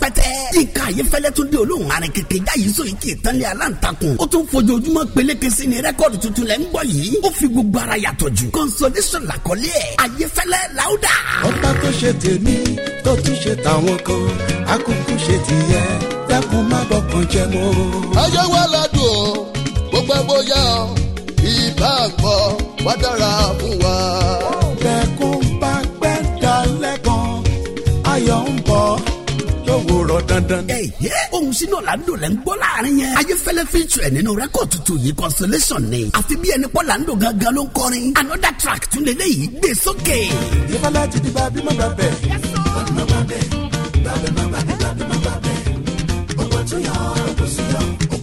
rẹpẹtẹ. yíká ayéfẹ́lẹ́ tún dé olóhùn arin kékeré jáyé sóyè kì í tán ní aláǹtakùn. ó tún fojoojúmọ́ peléke sí ni rẹ́kọ̀dì tuntun lẹ́ ń gbọ́ yìí. ó fi gbogbo ara yàtọ̀ jù. consolation làkọlé ẹ̀ ayéfẹ́lẹ́ làwùdà. ọba tó ṣe tèmi tó tún ṣe tàwọn kan akókó ṣe tìyẹ dákun má bọkàn jẹ mọ́. ayé wa ládùn ó gbogbo ẹ bóyá ìbá àgbọ̀ wá fún wa. bẹ́ẹ̀ bá gbẹ́ dalẹ̀ ayọ̀ ń bọ̀ òwúrọ̀ dandan. ẹ yẹ ohun sínú ọ̀làǹdò lẹ́ ń gbọ́ láàrin yẹn. ayéfẹ́lẹ́ fíjù ẹ̀ nínú rẹ́kọ̀dì tuntun yìí consolation ni. àfi bí ẹni pọ́ làǹdò gangan ló ń kọrin. another track tún lè léyìí gbé sókè. ìyẹ́fẹ́lá ti di bá bí màmá bẹ̀. bàbá màmá bẹ̀ bàbá màmá bẹ̀ bàbá màmá bẹ̀ ọ̀pọ̀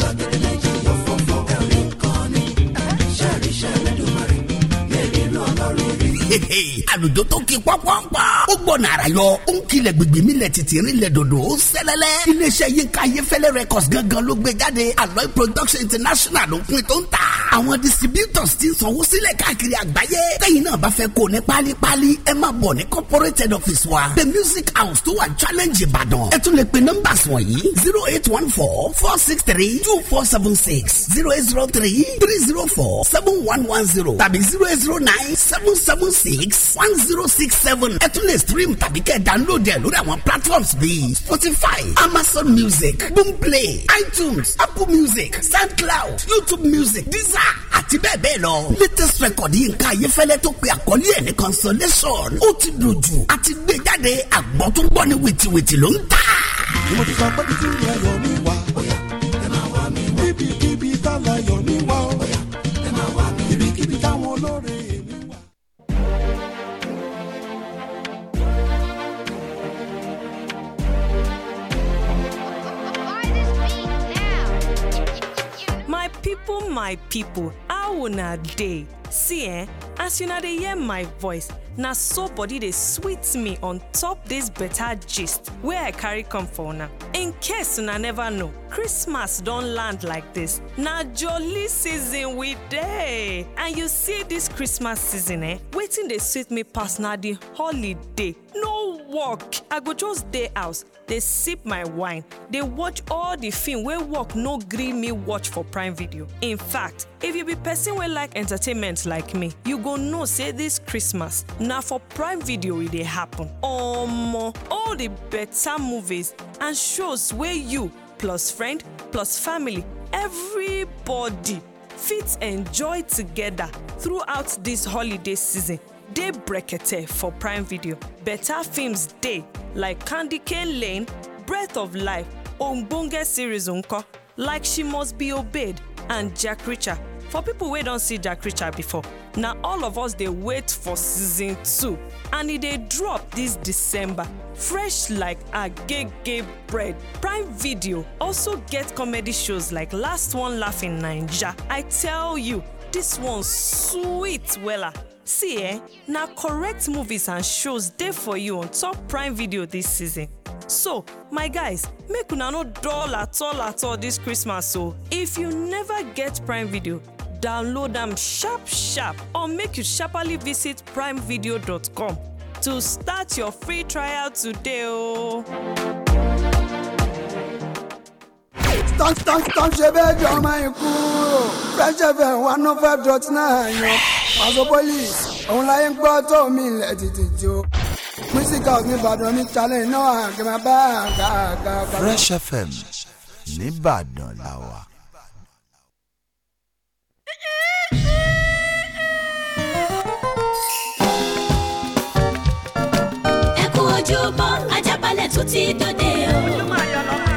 àlùjọ tó kí pọ́npọ́npọ́ ó gbọ́nà àrà yọ ó ń kilẹ̀ gbègbè mi lẹ̀ títì rí lẹ̀ dòdò ó sẹ́lẹ̀lẹ̀ iléeṣẹ́ yínká ayéfẹ́lẹ́ records gangan ló gbé jáde aloe production international ló pin tó ń ta àwọn distributors ti sanwó sílẹ̀ káàkiri àgbáyé tẹ́yìn náà bá fẹ́ kó ní pálípálí ẹ máa bọ̀ ní corporate head office wa the music house tó wà challenge ìbàdàn ẹ tún lè pe numbers wọ̀nyí zero eight one four four six three two four seven six zero eight zero three three zero four seven one one zero tàbí zero eight zero nine seven seven six six one zero six seven ẹ tún lè stream tàbí kẹ́ download ẹ lórí àwọn platforms bíi spotify amazon music boomplay itunes apple music soundcloud youtube music deezer àti bẹ́ẹ̀ bẹ́ẹ̀ lọ. latest record Yinka Ayéfẹ́lẹ́ tó pe àkọlé ẹ̀ ní consolation ó ti dojú àti gbé jáde àgbọ̀ tó ń gbọ́ ní wìtìwìtì ló ń tà. mo ti sọ pé títí ni ayọ̀ mi wá. bíbí bíbí tá a la yọ̀ mi. People, my people, how una dey see eh as una dey hear my voice na so body dey sweet me on top this better gist wey i carry come for una in case una never know christmas don land like this. na jolly season we dey and you see this christmas season eh wetin dey sweet me pass na the holiday no work i go just dey house dey sip my wine dey watch all the film wey work no gree me watch for prime video in fact if you be person wey like entertainment like me you go know say this christmas na for prime video e dey happen omo all the better movies and shows wey you plus friend plus family everybody fit enjoy together throughout this holiday season dey brekete for prime video better films day like candy cane lane breath of life ogbonge series unko like she must be obeyed and jack reacher for people wey don see jack reacher before na all of us dey wait for season 2 and e dey drop this december fresh like agege bread prime video also get comedy shows like last one laugh in naija i tell you this one sweet wella see eh na correct movies and shows dey for you on top prime video this season so my guys make una no dull at all at all this christmas o oh. if you never get prime video download am sharp sharp or make you sharparly visit primevideo.com to start your free trial today o. tán ṣe bẹ́ẹ̀ jọ ọmọ ikú fresh fm one oh five dot nine Paso òun láyé ń gbọ́ tó mi ilẹ̀ tètè jó mísíkà ògbìnbàdàn ní challenge náà àgbẹ̀mọ̀ bá àgbà àgbà. Fresh FM nìbàdàn làwà. ẹ kú dòde o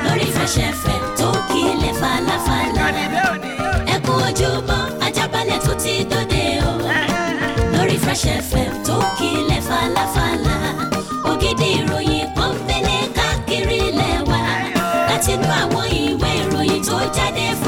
lórí Fresh FM tó kílẹ̀ falafala ẹ ojúbọ ajábalẹ̀ tó ti dòde. Fresh FM tó kílẹ̀ falafala ògidì ìròyìn kan fẹ́lẹ̀ káàkiri lẹ́wà látinú àwọn ìwé ìròyìn tó jáde fún.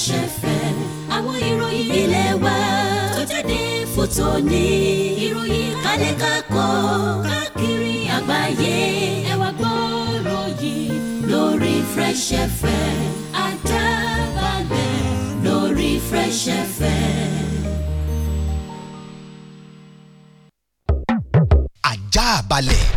Fresh FM àwọn ìròyìn ilé wa tó jáde fún tòní ìròyìn kálẹ̀ kakọ́ káàkiri àgbáyé ẹ wá gbọ́rọ̀ yìí lórí Fresh FM Àdábàgbẹ̀ lórí Fresh FM. àjà balẹ̀.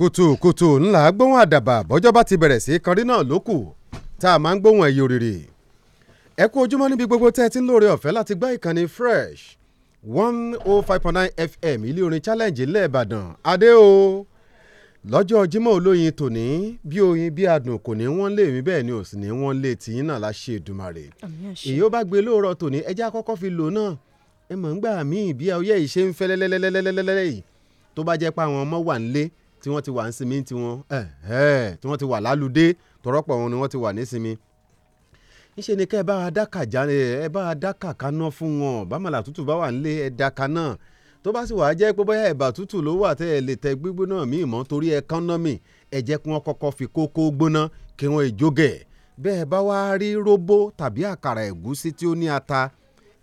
kùtùkùtù ńlá gbóhùn àdàbà bọ́jọ́ bá ti bẹ̀rẹ̀ sí kanrí náà lókù tá a máa ń gbóhùn ẹ̀yìn òrìrì ẹ kú ojúmọ́ níbi gbogbo tẹ́ ẹ ti ń lóore ọ̀fẹ́ láti gbá ìkànnì fresh one oh five point nine fm ilé orin challenge ńlẹ̀ ìbàdàn adé o lọ́jọ́ jímọ̀ olóyin tòní bí oyin bí adùn kò ní wọ́n lé mi bẹ́ẹ̀ ni ò sì ní wọ́n lé tìyín náà láṣẹ Èdùmàrè èyí ó bá gbé lóòrọ̀ tòní ẹjẹ́ àkọ́kọ́ fi lò náà ẹ mọ̀ ń gbà míì bí ọyẹ́ yìí ṣe ń fẹ́ lẹ́lẹ́lẹ́lẹ́lẹ́lẹ́lẹ́ yìí tó bá jẹ́ pé àwọn ọmọ wà ń lé tí wọ́n ti wà ń sinmi tí wọ́n tí wọ́n ti wà lálùdé tọ̀rọ̀pọ̀ wọn ni wọ́n ti wà nísinmi níṣẹ́ ni ká ẹ bá wa dákà já ẹ bá wa dákà kaná fún wọn bámàlà tútù bá wà nílé ẹ dákà tó bá sì wàá jẹ́ pé bóyá ẹ̀bà tútù ló wà tẹ́ ẹ lè tẹ gbígbóná míì mọ́ torí ẹkọ́nọ́mì ẹ jẹ́ kí wọ́n kọ́kọ́ fi kókó gbóná kí wọ́n ìjógẹ̀ bẹ́ẹ̀ bá wá rí róbó tàbí àkàrà ẹ̀gúsí tí ó ní ata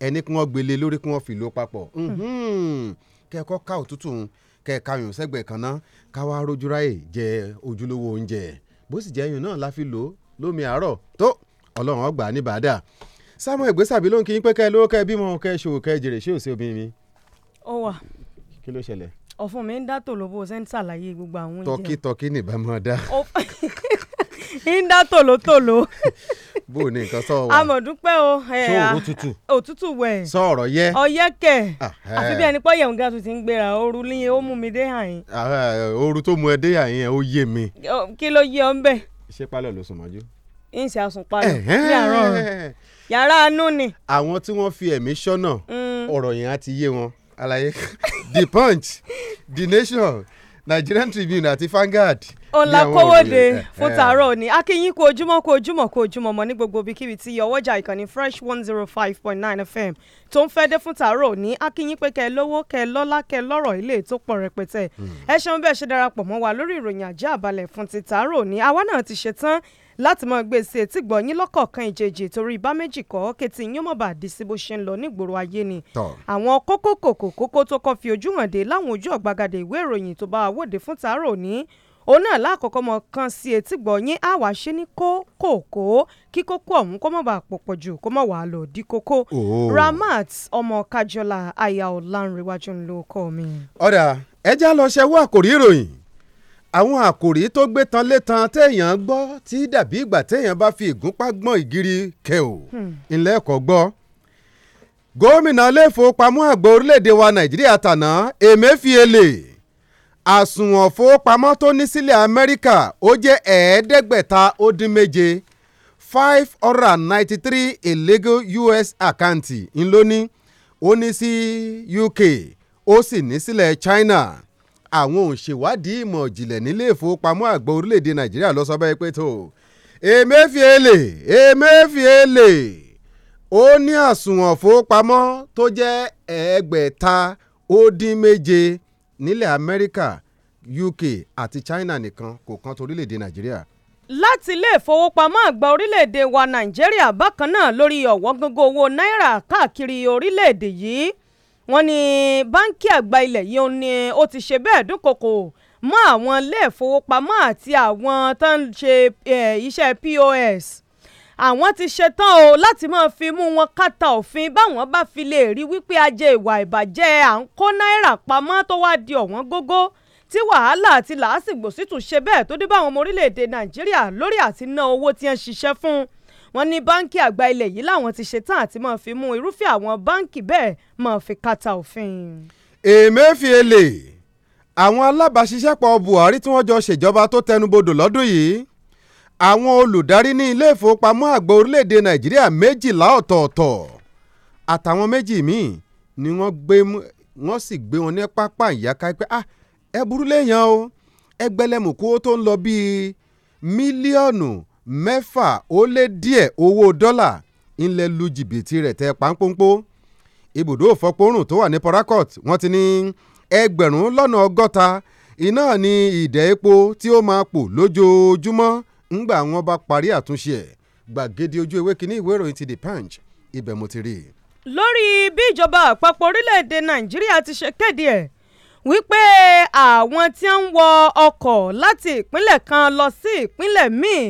ẹni kí wọ́n gbélé lórí kí wọ́n fi lò papọ̀ hmm. kẹ́kọ́ ká òtútù kẹkàyùn sẹ́gbẹ̀ẹ́ kan ná káwá rojúráyè jẹ ojúlówó oúnjẹ bó sì jẹ́ ẹyùn náà la fi lò ó lómi àárọ̀ tó ọlọ́run ọgbà níbàdà samuel gbèsàbí ló ń kí yín pé kẹ́ ẹ lówó kẹ́ ẹ bímọ kẹ́ ẹ ṣòwò kẹ́ ẹ jèrè ṣé ò sí obìnrin mi. ó wà. kí ló ṣẹlẹ̀. ọ̀fun mi ń dá tòlóbó ṣe ń ṣàlàyé gbogbo àwọn oúnjẹ. tọkítọkí nìbá máa ń dá tòlótòló. bó o ní nǹkan sọ wa. amọ̀dúpẹ́ o. sóòrò tútù. òtútù wẹ̀. sọ̀rọ̀ yẹ. ọyẹ́ kẹ̀. Ah, àfi bí ẹni pọ́yẹ̀ nǹkan tuntun ń gbéra ooru ní ó mú mi dé àyìn. Ah, ooru tó mú ẹ dé àyìn yẹn ó yé mi. kí ló yẹ ọ ń bẹ̀. ṣé pálọ̀ ló sùn mọ́jú. ń ṣe àsùnpalọ̀ ní àárọ̀ rẹ̀ yàrá anú ni. àwọn tí wọ́n fi ẹ̀mí ṣọ́nà mm. ọ̀rọ̀ yẹn á ti yé wọn àlàyé the punch the nation Nigerian Tribune àti Vanguard. òǹlà kówóde fún tàárọ̀ ni akínyìn kú ojúmọ́ kú ojúmọ́ kú ojúmọ́ mọ́ ní gbogbo ibikíbi tí ọwọ́jà ìkànnì fresh one zero five point nine FM tó ń fẹ́ dé fún tàárọ̀ ní akínyìn pé kẹ́ ẹ lówó kẹ́ ẹ lọ́lá kẹ́ ẹ lọ́rọ̀ ilé tó pọ̀ rẹpẹtẹ hmm. ẹ ṣeun bẹ́ẹ̀ ṣe darapọ̀ mọ́ wa lórí ìròyìn àjẹ́ àbálẹ̀ fún ti tàárọ̀ ní àwa náà ti ṣetán láti máa gbé sí etí lọ́kọ̀ọ̀kan ìjèjì torí ibà méjì kọ́ kété yín mọ̀ bá di sí bó ṣe ń lọ nígboro ayé ni. àwọn kókó kòkó kókó tó kọ́ fi ojú hàn dé láwọn ojú ọ̀gbagadè ìwé ìròyìn tó bá wòde fún tàárọ̀ ní òun náà lákòókò mọ kan sí etí gbọ́ yín á wàá ṣe ní kókòkó kí kókó ọ̀hún kó mọ̀ bá pọ̀pọ̀ jù kó mọ̀ wàá lọ di kókó. Oh. Ramat ọmọ Kájọlá aya Ọ̀lànrẹ̀wájú ń lo ọkọ mi. ọ̀dà ẹja lọ ṣẹ́wọ́ àkòrí ìròyìn àwọn àkòrí tó gbé tan létan téèyàn gbọ́ tí dàbí ìgbà téèyàn bá fi ìgúnpá gbọ́n ìgiri kẹ̀ ò ńlẹ́ hmm. ẹ̀kọ́ gbọ́ gómìnà iléèfowópamọ́ àgbà orílẹ̀-èdè wa nàìjíríà tàná emefiele àsùnwọ̀n fowópamọ́ tó ní sílẹ̀ amẹ́ríkà ó jẹ́ ẹ̀ẹ́dẹ́gbẹ̀ta ó dín méje five hundred and ninety-three illegal us accounts ńlóní ó ní sí uk ó sì ní sílẹ̀ china àwọn òǹṣèwádìí ìmọ̀ ìjìnlẹ̀ nílé ìfowópamọ́ àgbà orílẹ̀-èdè nàìjíríà lọ sọ bẹ́ẹ̀ pé tó emefiele emefiele ó ní àsùnwọ̀n fowópamọ́ tó jẹ́ ẹgbẹ̀ta ó dín méje nílẹ̀ amẹ́ríkà uk àti china nìkan kò kan torílẹ̀-èdè nàìjíríà láti ilé ìfowópamọ́ àgbà orílẹ̀-èdè wa nàìjíríà bákan náà lórí ọ̀wọ́ngógó owó náírà káàkiri orílẹ̀-èdè yìí wọ́n ní báńkì àgbà ilẹ̀ yìí ni ó ti ṣe bẹ́ẹ̀ dúnkokò mọ́ àwọn iléèfowópamọ́ àti àwọn tó ń ṣe iṣẹ́ POS àwọn ti ṣetán o láti máa fi mú wọn kàtà òfin báwọn bá fi lè rí wípé ajé ìwà ìbàjẹ́ à ń kó náírà pamọ́ tó wá di ọ̀wọ́n gógó tí wàhálà àti làásìgbò sì tún ṣe bẹ́ẹ̀ tó dé bá àwọn ọmọ orílẹ̀-èdè Nàìjíríà lórí àti ná owó tí wọ́n ṣiṣẹ́ fún un wọ́n ní báńkì àgbà ilẹ̀ yìí làwọn ti ṣetán àti máa fi mú irúfẹ́ àwọn báńkì bẹ́ẹ̀ máa fi kàtà òfin. èmẹ́fìẹ́lẹ̀ àwọn alábàáṣiṣẹ́pọ̀ Buhari tí wọ́n jọ ṣèjọba tó tẹnubodò lọ́dún yìí àwọn olùdarí ní ilé ìfowópamọ́ àgbà orílẹ̀-èdè Nàìjíríà méjìlá ọ̀tọ̀ọ̀tọ̀ àtàwọn méjì míì ni wọ́n gbé wọ́n sì gbé wọn ní pápá ìyáká pé ah ẹ burú léèyàn o ẹgbẹ̀lẹ́mùkú tó ń lọ bíi mílíọ̀nù mẹ́fà ó lé díẹ̀ owó dọ́là ńlẹ̀ lu jìbìtì rẹ̀ tẹ́ páńpóńpó ibùdó òfọpọ́rùn tó wà ní Port Harcourt wọ́n ti ní ẹgbẹ̀rún lọ́nà ọgọ́ta iná ní ìdẹ́ epo tí ó máa pò lójoojúmọ́ ńgbà wọn bá parí àtúnṣe ẹ̀ gbàgede ojú ewé kínní ìwé ìròyìn ti The Punch ibẹ̀ mo ti rí i. lórí bí ìjọba àpapọ̀ orílẹ̀-èdè Nàìjíríà ti ṣe kéde ẹ̀ wípé àwọn tí ń wọ ọkọ̀ láti ìpínlẹ̀ kan lọ sí ìpínlẹ̀ míì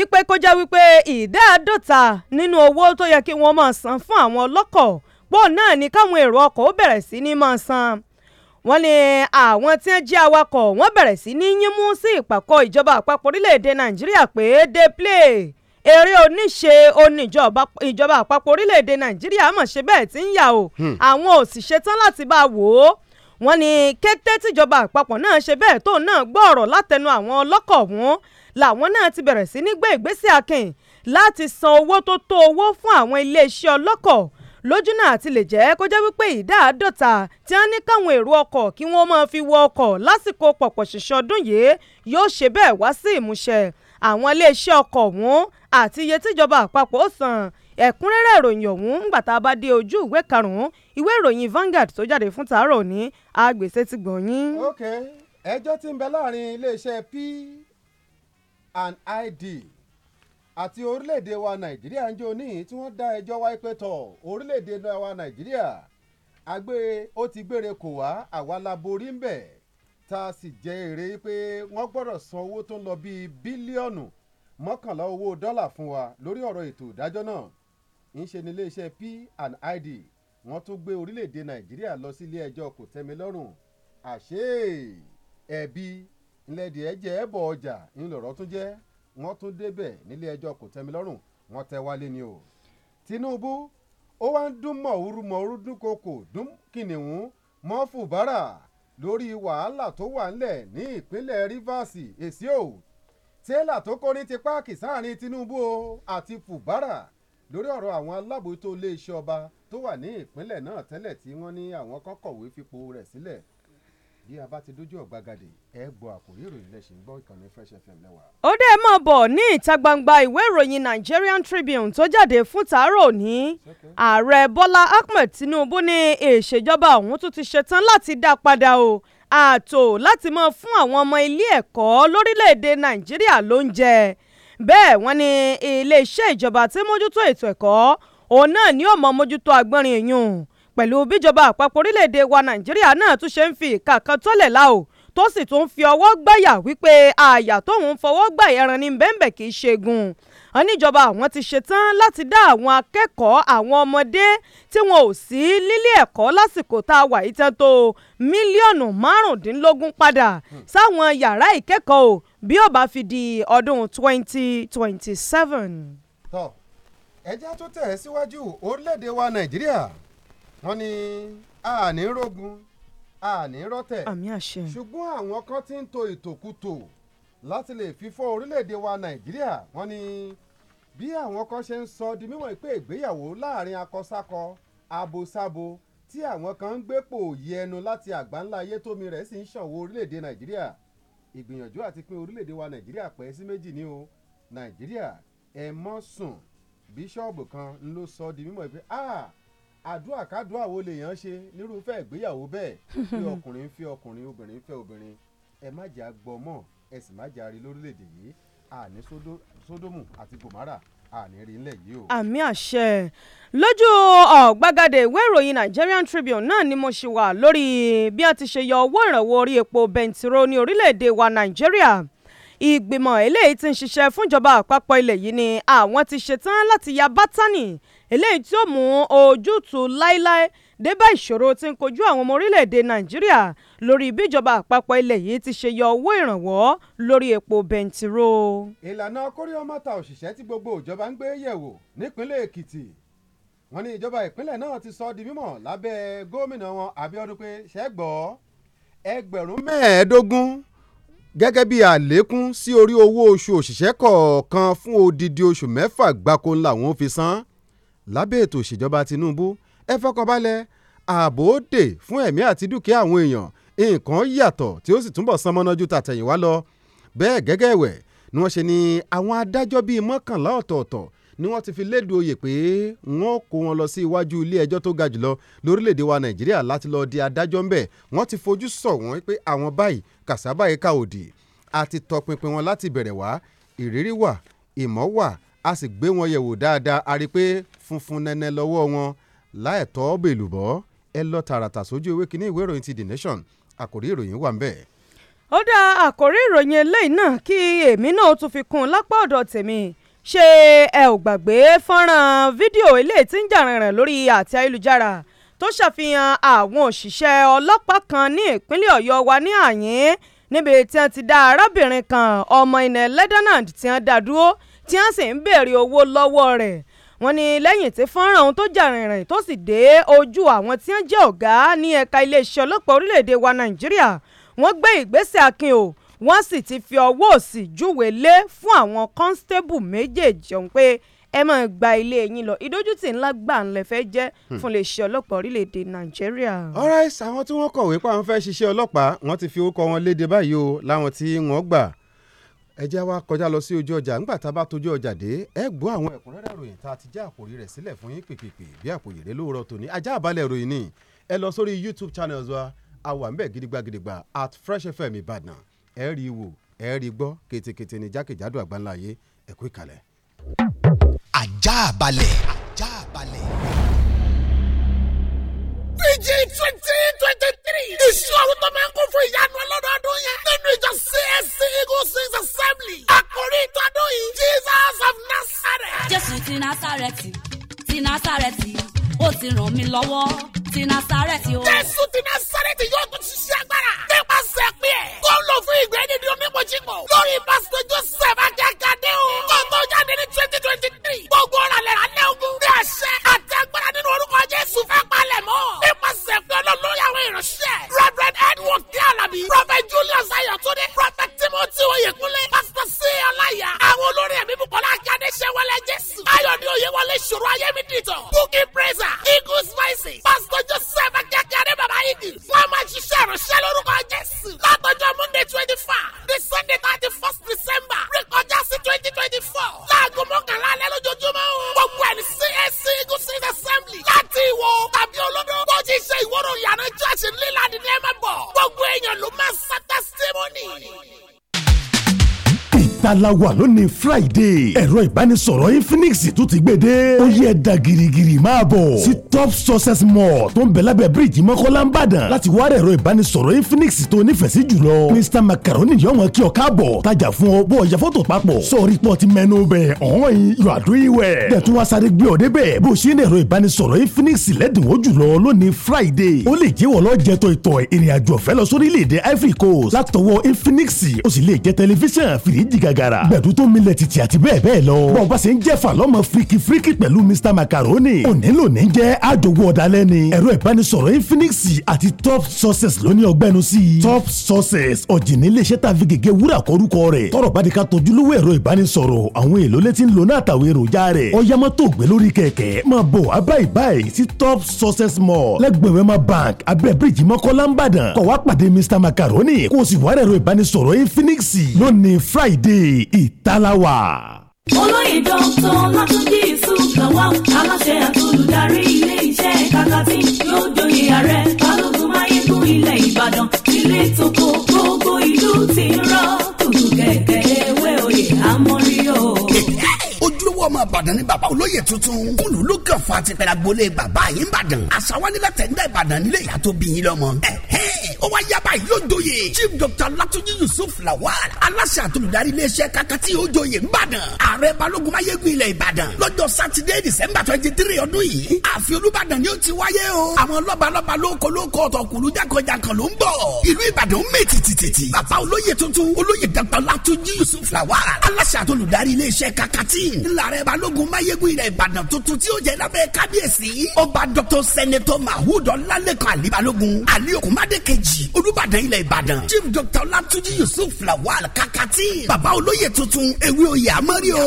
ìpè kó jẹ́ wípé ìdá àádọ́ta nínú owó tó yẹ kí wọ́n máa san fún àwọn ọlọ́kọ̀ pọ̀ náà ni káwọn èrò ọkọ̀ ó bẹ̀rẹ̀ sí ní máa san wọ́n ní àwọn tí ń jẹ́ awakọ̀ wọ́n bẹ̀rẹ̀ sí ní yínmú sí ìpàkọ́ ìjọba àpapọ̀ orílẹ̀-èdè nàìjíríà pé dey play eré oníṣe oníjọba àpapọ̀ orílẹ̀-èdè nàìjíríà mọ̀ ṣe bẹ́ẹ̀ tí ń yà o hmm. àwọn ò sì láti bá wò ó wọ́n ní kété tíjọba àpapọ̀ náà ṣe bẹ́ẹ̀ tóun náà gbọ́ ọ̀rọ̀ látẹnu àwọn ọlọ́kọ̀ ọ̀hún làwọn náà ti bẹ̀rẹ̀ sí ní gbé ìgbésẹ̀ akin láti san owó tó tó owó fún àwọn iléeṣẹ́ ọlọ́kọ̀ lójúnà àti lè jẹ́ kó jẹ́ wípé ìdá àádọ́ta tí wọ́n ní káwọn èrò ọkọ̀ kí wọ́n máa fi wọ ọkọ̀ lásìkò pọ̀pọ̀ ṣìṣọ́ ọdún yìí yóò ṣe bẹ́ẹ̀ wá sí ìmúṣẹ àwọn iléeṣẹ́ ọkọ̀ ọ̀hún àti iye tíjọba àpapọ̀ ó san ẹ̀kúnrẹ́rẹ́ ìròyìn ọ̀hún ńgbà tá a bá dé ojú ìwé karùn-ún ìwé ìròyìn Vanguard tó jáde fún tàárọ̀ ní agbèsè ti gbọ̀nyín. ok ẹjọ́ tí ń bẹ láàrin iléeṣẹ́ p and id àti orílẹ̀-èdè wa nàìjíríà ń jó ní tí wọ́n dá ẹjọ́ wáyé pé tọ̀ orílẹ̀-èdè wa nàìjíríà àgbẹ̀ ó ti gbére kò wá àwa la borí ń bẹ̀ tá a sì jẹ́ èrè pé wọ́n gbọ́dọ̀ san owó tó ń lọ bíi bílíọ̀nù mọ́kànlá owó dọ́là fún wa lórí ọ̀rọ̀ ètò ìdájọ́ náà ń ṣe ní iléeṣẹ́ p and id wọ́n tún gbé orílẹ̀-èdè nàìjíríà lọ sí ilé ẹjọ́ kò tẹ́mi lọ́rùn ńlẹ́dìẹ̀ jẹ́ ẹ̀bọ̀ ọjà ńlọrọ̀ tún jẹ́ wọ́n tún débẹ̀ nílé ẹjọ́ kòtẹ́milọ́rùn wọ́n tẹ́ wálé ni o. Tinubu ó wá ń dún mọ̀ọ́rú mọ̀ọ́rú dún koko dún kìnìún mọ́ fùbárà lórí wàhálà tó wà ńlẹ̀ ní ìpínlẹ̀ Rivers èsì o tẹ́lá tó kórí ti páàkì sáàrin Tinubu o àti fùbárà lórí ọ̀rọ̀ àwọn alábòójútó iléeṣẹ́ ọba tó wà ní ìpínlẹ̀ náà tẹ́lẹ̀ tí wọ́n ní àwọn kan fipò rẹ̀ sílẹ̀ bí a bá ti dójú ọ̀gbagadè ẹ gbọ́ àkórí ìròyìn lẹ́sìn gbọ́ ìkànnì fresh fm lẹ́wà. ó mọ̀ bọ̀ ní ìta gbangba ìwé ìròyìn nigerian tribune tó jáde fún tàárọ̀ òní ààrẹ bọ́lá ahmed tinubu ní ìṣèjọba òun tún ti ṣetán láti dá padà o ààtò láti máa fún àwọn ọmọ ilé ẹ̀kọ́ lórílẹ̀‐èdè nàìjíríà lóúnjẹ bẹ́ẹ̀ wọ́n ní iléeṣẹ́ ìjọba tí mójútó ètò ẹ̀kọ́ òun náà ni ó mọ mójútó agbọ́nrin èèyàn pẹ̀lú bíjọba àpapọ̀ orílẹ̀-èdè wa nàìjíríà náà tún ṣe ń fi ìka kan tọ́lẹ̀ la o tó sì tún fi ọwọ́ gbàyà wípé àyà tóun fọwọ́ gbà ẹran ní bẹ́ẹ̀nbẹ̀ kì í ṣegun wọn níjọba àwọn ti ṣetán láti dá àwọn akẹ́kọ̀ọ́ àwọn ọmọdé tí wọn ò sí nílé ẹ̀kọ́ lásìkò tá a wà yìí tán tó mílíọ̀nù márùndínlógún padà sáwọn yàrá ìkẹ́kọ̀ọ́ bí ó bá fi di ọdún twenty twenty seven. tọ́ ẹja tó tẹ̀ síwájú orílẹ̀-èdè wa nàìjíríà wọ́n ní àní rógun àní rọ́tẹ̀ ṣùgbọ́n àwọn kan ti ń to ìtòkùtò láti lè fífọ́ orílẹ̀-èdè wa nàìjíríà wọ́n ní bí àwọn kan ṣe ń sọ di mímọ̀ pé ìgbéyàwó láàrin akọsákọ abosábo tí àwọn kan ń gbépò yí ẹnu láti àgbáńlá ayé tómi rẹ̀ sì ń ṣànwó orílẹ̀-èdè nàìjíríà ìgbìyànjú àti pín orílẹ̀-èdè wa nàìjíríà pẹ́ sí méjì ní o nàìjíríà ẹ mọ́ sùn bíṣọ́ọ̀bù kan ń ló sọ di mímọ̀ pé ah àdúrà kádùá wo lèèyàn ṣe nírúfẹ́ ìgbéyàwó bẹ́ẹ̀ bí ọkùnrin ń fẹ́ ọkùnrin obìnrin ń fẹ́ obìnrin ẹ má jà gbọmọ ẹ sì má jà rí lórílẹ̀‐èdè yìí àní sódómù àti gòmárà àní rí nílẹ̀ yìí o. àmì àṣẹ lójú ọ̀gbagadè ìwé ìròyìn Nigerian Tribune náà ni mo ṣì wà lórí bí a ti ṣe yọ owó ìrànwọ́ orí epo bẹntiró ní orílẹ̀-èdè wa Nàìjíríà ìgbìmọ̀ eléyìí tí ń ṣiṣẹ́ fúnjọba àpapọ̀ ilẹ̀ yìí ni àwọn ti ṣetán láti ya bátánì eléyìí tí ó mú ojútùú láíláí dé bá ìṣòro tí ń kojú àwọn ọmọ orílẹ̀-èdè nàìjíríà lórí bíjọba àpapọ̀ ilẹ̀ yìí ti ṣe yọ owó ìrànwọ́ lórí epo bẹntiró. ìlànà kórí ọmọ ta òṣìṣẹ́ tí gbogbo ìjọba ń gbé yẹ̀wò nípínlẹ̀ èkìtì wọn ní ìjọba ìpínlẹ̀ náà ti sọ di mímọ̀ lábẹ́ gómìnà wọn àbíọ́dún pé ṣẹ́gbọ́ ẹgbẹ̀rún mẹ́ẹ̀ẹ́dógún gẹ́gẹ́ bí àlékún sí orí owó oṣù òṣìṣẹ́ kọ̀ọ̀kan fún odidi oṣù mẹ́fà gbáko làwọn fi san lábẹ́ ètò ìṣèjọba Tinubu ẹ fọkànbalẹ̀ ààbò dè fún ẹ̀mí àti dúkìá àwọn èèyàn nǹkan yàtọ̀ tí ó sì túnbọ̀ san mọ́ná ju tàtẹ̀yìnwá lọ bẹ́ẹ̀ gẹ́gẹ́ ẹ̀wẹ̀ ni wọ́n ṣe ni àwọn adájọ́ bíi mọ́kànlá ọ̀tọ̀ọ̀tọ̀ ni wọ́n ti fi léde oyè pé wọ́n kó wọn lọ sí iwájú ilé ẹjọ́ tó ga jùlọ lórílẹ̀‐èdè wa nàìjíríà láti lọ́ọ́ di adájọ́ ńbẹ̀ wọ́n ti fojú sọ wọ́n pé àwọn báyìí kàṣábà yìí ká òdì àti tọpinpin wọn láti bẹ̀rẹ̀ wá ìrírí wà ìmọ̀ wà a sì gbé wọn yẹ̀wò dáadáa a rí i pé funfun nẹ́nẹ́ lọ́wọ́ wọn láẹ̀tọ́ bèlùbọ́ ẹ lọ tààràtà sójú ewé kínní ìwé ìròyìn ti the nation àkòrí ìròyìn wà ń bẹ̀. ó dá àkòrí ìròyìn eléyìí náà kí èmi náà tún fi kún un lápá ọ̀dọ̀ tèmi ṣé ẹ ò gbàgbé fọ́nrán fídíò eléyìí tí ń jà rìnrìn lórí àti ayélujára tó ṣàfihàn àwọn òṣìṣẹ́ ọlọ́pàá kan ní ìpínlẹ̀ ọ̀yọ́ wa ní àyín níbi tí wọ́n ti dá arábìnrin kan ọmọ ilẹ̀ lebanon tí wọ́n dá dúró tí wọ́n sì ń béèrè owó lọ́wọ́ rẹ̀ wọ́n ní lẹ́yìn tí fọ́nrán ohun tó jà rìnrìn tó sì dé ojú àwọn tí wọ́n jẹ́ ọ̀gá ní ẹ̀ka iléeṣẹ́ ọlọ́pàá orílẹ̀-èdè wa nàìjíríà wọ́n gbé ìgbésẹ̀ akin o wọ́n sì ti fi ọwọ́ òsì júwèé lé fún àwọn kọ́ństébù méjèèjì ọ̀hún pé ẹ máa gba ilé yín lọ ìdójútì ńlá gbà ńlẹ fẹ́ jẹ́ hmm. fún iléeṣẹ́ ọlọ́pàá orílẹ̀-èdè nàìjíríà. alright àwọn tí wọ́n kọ̀wé pa àwọn fẹ́ ṣiṣẹ́ ọlọ́pàá wọ́n ti fi orúkọ wọn léde báyìí o láwọn tí wọ́n gbà ẹ jẹ́ wá kọjá lọ sí ojú ọjà nígbà tá a bá tójú ọjà dé ẹ gbọ́ àwọn ẹ̀kúnrẹ́rẹ́ ìròyìn tá a ti já àkòrí rẹ̀ sílẹ̀ fún yín pèpèpè bí àpò yèrè lóòrọ̀ tòní ajá àbálẹ̀ ìròyìn ni ẹ lọ sórí YouTube channels wa àwa ń bẹ gidigba gidigba at Fresh FM Ìbàdàn ẹ rí i wò ẹ rí i gbọ́ ketekete ní jákèjádò àgbáńlá ayé ẹ kú ìkàlẹ̀. ajá balẹ̀ ajá balẹ̀. bíjì twenty twenty three iṣu àwọn tó máa ń kún fún ìyanu ọlọ́dọọdún yẹn nínú ìjọ CSC Eagles Sings Assembly àkórí ìtọ́dún yìí Jesus of Nazareth. Jésù ti Nazareth ti Nazareth O ti ràn mí lọ́wọ́ ti Násárẹ́tì o. Jésù ti Násárẹ́tì yóò tún ṣiṣẹ́ agbára. Nípasẹ̀ pé ẹ̀. Tó ń lò fún ìgbẹ́ nínú mímọ́jímọ̀. Lórí pásítọ̀ Joseph Akíákadé o. Kó tó jáde ní twenty twenty three. Gbogbo ọ̀rọ̀ lẹ̀ rà lẹ́gùn. Bí àṣẹ àti agbára nínú orúkọ Jésù fẹ́ palẹ̀ mọ́. Nípasẹ̀ pé olólórí àwọn ìránṣẹ́. Reverend Edward K. Alabi. Prophet Julius Ayọ̀túndé. Prophet Timothy Oyekunle. Pastor C. Ọláyà. Àwọn olórí ẹ̀mí Bùkọ́lá oníṣẹ́ wọlé jésù. ayọ̀dẹ òye wọlé ṣòro ayé mi dìtọ̀. bukki praiser eagle spices pastor joseph akẹ́kẹ́ baba igi. wọ́n máa ṣiṣẹ́ ìránṣẹ́ lórúkọ jésù. látọjọ́ monday twenty five the sunday thirty first december rékọjá sí twenty twenty four. láago mọ́kànlá alẹ́ lójoojúmọ́ o. gbogbo ẹni CAC eagle street assembly. láti ìwọ tàbí olódó. bó ti ṣe ìwọ́rọ̀ ìyànà church lílàdí ní ẹ máa bọ̀. gbogbo èèyàn ló máa sá testimony mẹ́ta la wà lónìí friday ẹ̀rọ ìbánisọ̀rọ̀ infinix tún ti gbé dé ó yẹ da girigiri máa bọ̀ sí top success mall tó ń bẹ̀ lábẹ́ bíríìjì mọ́kọ́lá ń bàdàn láti wá ẹ̀rọ ìbánisọ̀rọ̀ infinix tó nífẹ̀ẹ́ sí jùlọ mr macaroni yóò wọn kí ọ káàbọ̀ tajà fún ọ bó ọjà fọ́tò papọ̀ sọ̀rí pọ̀ ti mẹ́nu bẹ̀ ọ̀hún yìí yọ àdúyìí wẹ̀ dẹ̀tún wá sáré gbé ọ débẹ̀ bó ṣe ń ẹ̀rọ ìbánisọ̀rọ̀ infinix lẹ́dínwó jùlọ lónìí friday ó lè jẹ́ wọ́lọ́ jẹ́tọ̀ ìtọ̀ ìrìnàjò ọ̀fẹ́ lọ sórílẹ̀-èdè ivory coast látọwọ́ infinix ó sì lè jẹ́ tẹlifíṣàn fìríjì gàg gàràgàrà gbẹ̀dú tó milẹ̀ tìtì àti bẹ́ẹ̀ bẹ́ẹ̀ lọ. bọ́n bá ṣe ń jẹ́ fàlọ́mọ fíríkì fíríkì pẹ̀lú Mr Macaroni òní lóní jẹ́ àjogún ọ̀dàlẹ́ ẹ̀rọ ìbánisọ̀rọ̀ Infinix àti Top Sources lóní ọgbẹ́nu sí i Top Sources ọ̀jìnì iléeṣẹ́ tàbí gègé wúrà kọ́rúkọ rẹ̀ tọrọ bá di ká tojúlówó ẹ̀rọ ìbánisọ̀rọ̀ àwọn èlò létí ń lò náà àtàwọn èròjà rẹ̀ ọ̀yámọ́tò lónìí Friday ìtaláwà. olóyè dr látúndí sùkàwá aláṣẹ àtolùdarí ilé iṣẹ́ ẹ̀ka yóò joyè ààrẹ balógun máyégún ilẹ̀ ìbàdàn ilé tòkó gbogbo ìlú ti ń rọ́ kùkù kẹ̀kẹ́ ewé oyè àmọ́rí o ojúlówó ọmọ ìbàdàn ni bàbá olóyè tuntun kúlù ló kàn fún àtìpẹ́rẹ́ bàbá yìí ń bàdàn àṣà wa nílẹ̀ tẹ̀ ń dá ìbàdàn nílé ìyá tó bí yín lọ́mọ ẹ̀ yìí ó wá yaba yìí ló joyè chief doctor latunji yusuf lawal aláṣẹ àtolùdarí iléeṣẹ́ kakati ó joyè nìbàdàn ààrẹ balógun mayegun ilẹ̀ ìbàdàn lọ́jọ́ sátidé december twenty three ọdún yìí ààfin olúbàdàn ni ó ti wáyé o àwọn lọ́balọ́ba lóko lóko ọ̀tọ̀kùlú jákọ̀jákọ̀ ló ń bọ̀ ìlú ìbàdàn mé tìtìtìtì bàbá olóyè tuntun olóyè Doctor latunji yusuf lawal aláṣẹ àtolùdarí iléeṣẹ́ kakati ńlárẹ̀ balógun mayegun ilẹ̀ ìbàdàn tuntun tí ó jẹ lábẹ́ kábíyèsí ọba dr senator mahud ọlálẹ́kan àlíbalógun àlíokùnmádéke kejì olùbàdàn ilẹ̀ ìbàdàn chief doctor olatunji yusuf lawal kakati Baba, olóyè tuntun ewé oyè amórí o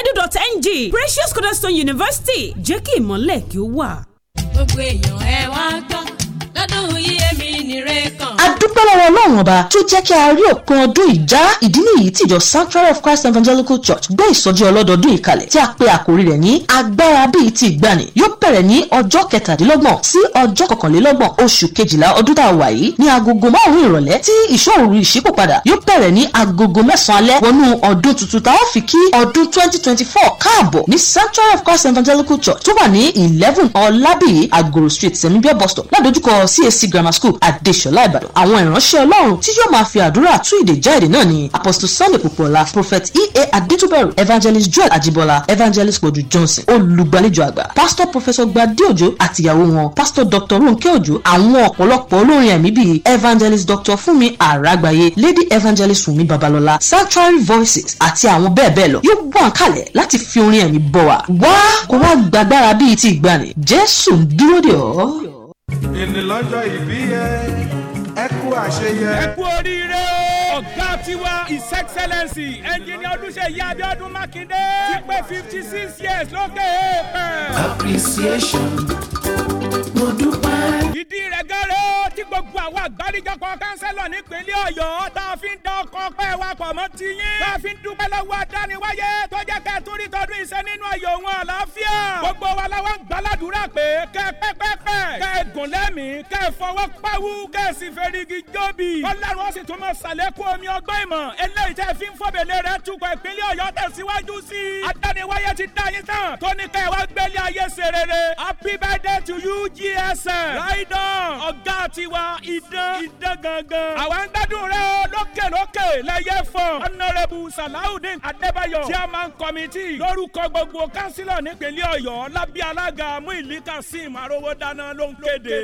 edu.ng Precious Cornerstone University jẹ́ kí ìmọ̀lẹ̀ kí ó wà. gbogbo èèyàn ẹ wá gbọ́ gbádùn yíyé mi nìre kan. adúpẹ́ lọ́wọ́ ọlọ́run ọba tó jẹ́ kí a rí òpin ọdún ìjà ìdí nìyí tìjọ sanctuary of christ evangelical church gbé ìsọjí ọlọ́dọọdún ìkàlẹ̀ tí a pe àkórí rẹ̀ ní agbára bíi ti ìgbàanì yóò bẹ̀rẹ̀ ní ọjọ́ kẹtàdínlọ́gbọ̀n sí ọjọ́ kọkànlélọ́gbọ̀n oṣù kejìlá ọdún tá a wà yìí ní agogo márùn-ún ìrọ̀lẹ́ tí ìṣòro ìṣípòpadà yóò bẹ̀rẹ̀ ní agogo mẹ́sàn-án alẹ́ wọnú ọdún tuntun tá a fi kí ọdún twenty twenty four káàbọ̀ ní sanctuary of christ evangelical church tó wà ní eleven ọlábìyí agoro street sẹ́mibíọ́ bus stop ládojúkọ CAC Grammar School Adéṣọlá Ìbàdàn àwọn ìránṣẹ́ Ọlọ́run tí yóò máa fi àdúrà tú ìdè já náà ni Apostle Sunday Popoola Prophet E.A. Adétúbẹ̀rù Evangelist Joel Ajibola Evangelist Pọ̀jù Johnson olùgbàlejò àgbà Pastor Professor Gbadé Òjó àtìyàwó wọn Pastor Dr. Ronke Òjó àwọn ọ̀pọ̀lọpọ̀ olórin ẹ̀mí bíi Evangelist Dr. Fúnmi Aragbaye. Lady Evangelist Wùmí Babalọ́lá Sanctuary Voices àti àwọn bẹ́ẹ̀ bẹ́ẹ̀ lọ yóò wà kálẹ̀ láti fi orin ẹ̀mí bọ̀ wá wá kó wá gbàgbára bíi ti ìgbàanì Jésù ń dúró dè ọ́ ìní lọ́jọ́ ìbí yẹ ẹ kú àṣeyẹ. ẹ kú oríire o. ọ̀gá tiwa his excellency ẹnjìnìà olùṣeyí abiodun makinde ti pé fifty six years lókè èèpẹ̀. appreciation mo dúpẹ́. ìdí rẹ̀ gẹ́rẹ́ tí gbogbo àwọn àgbáríjọpọ̀ kánsẹ́lọ̀ nípínlẹ̀ ọ̀yọ́ tá a fi ń dán ọkọ̀ ọpẹ́ wa pọ̀ mọ́ tiyín. tá a fi ń dúpẹ́ lọ́wọ́ adániwáyé tó jẹ́ kẹ́ẹ́ torí tọ́ sínú iṣẹ́ nínú ayọ̀ wọn àlàáfíà. gbogbo wa la wá ń gbàládùúrà pé kẹ́ pẹ́pẹ́pẹ́ kẹ́ gùn lẹ́mìí kẹ́ fọwọ́ pawú kẹ́ sì ferigi jóbi. ọlọ́run ó sì tún mọ sàlékún omi ọgbọ́n ìmọ̀ eléyìí tẹ́ fi ń fọ́bẹ̀lẹ̀ rẹ̀ tukọ̀ ìpínlẹ̀ ọ̀yọ́ tẹ̀síwájú sí adániwáyé ti dá yín tán tó ní kẹ́ wá gbélé ayé ṣe happy birthday to you GSM. ráìdán ọ̀gá tiwa idán idán gangan. àwa ń gbádùn rẹ o lẹ́yẹ fún. honourable salawudeen adébáyọ̀ chairman committee lórí orúkọ gbogbo kánsílọ̀ nípínlẹ̀ ọ̀yọ́ lábẹ́ alága Muili Kazeem Arówódáná ló ń kéde.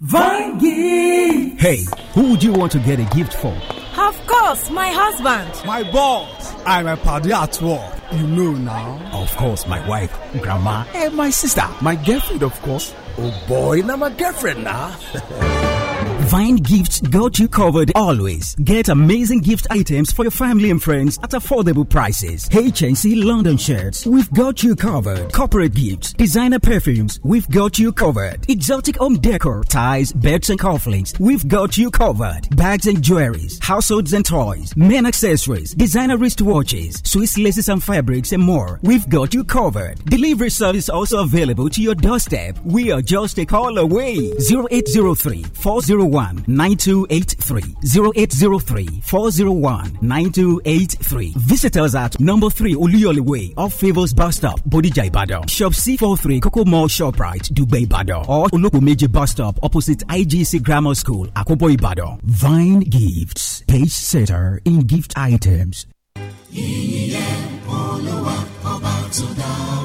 Vangi! Hey, who would you want to get a gift for? Of course, my husband. My boss. I'm a party at work. You know now. Of course, my wife, grandma, and my sister. My girlfriend, of course. Oh boy, now my girlfriend now. Vine Gifts got you covered always. Get amazing gift items for your family and friends at affordable prices. HNC London shirts, we've got you covered. Corporate gifts, designer perfumes, we've got you covered. Exotic home decor, ties, beds and cufflinks, we've got you covered. Bags and jewelries, households and toys, men accessories, designer wristwatches, Swiss laces and fabrics and more. We've got you covered. Delivery service also available to your doorstep. We are just a call away. 0803 401 401 9283 0803 401 9283. Visitors at number 3 Oluyole Way off Favors Bus Stop, Bodija Ibadan. Shop C43 Coco Mall Shoprite, Dubai Ibadan. Or Olopomeji Bus Stop opposite IGC Grammar School, Akobo Ibadan. Vine Gifts, page setter in gift items. olúwa tó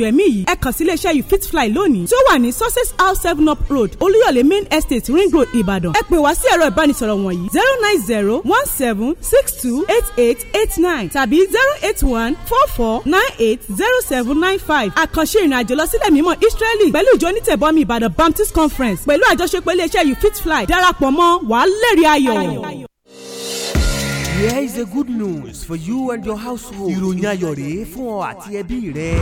àjò ẹ̀mí yìí ẹ kàn sí iléeṣẹ́ yìí fitfly lónìí tí ó wà ní success house seven up road olúyọ̀lé main estate ring road ìbàdàn ẹ pè wá sí ẹ̀rọ ìbánisọ̀rọ̀ wọ̀nyí zero nine zero one seven six two eight eight eight nine tàbí zero eight one four four nine eight zero seven nine five àkànṣe ìrìnàjò lọ sílẹ̀ mímọ́ israeli pẹ̀lú ìjọ onítẹ̀bọmi ìbàdàn baptist conference pẹ̀lú àjọṣepọ̀ iléeṣẹ́ yìí fitfly darapọ̀ mọ́ wàá lẹ́rìí ayọ̀. Here is a good news for you and your household. Ìròyìn ayọ̀ rèé fún ọ àti ẹbí rẹ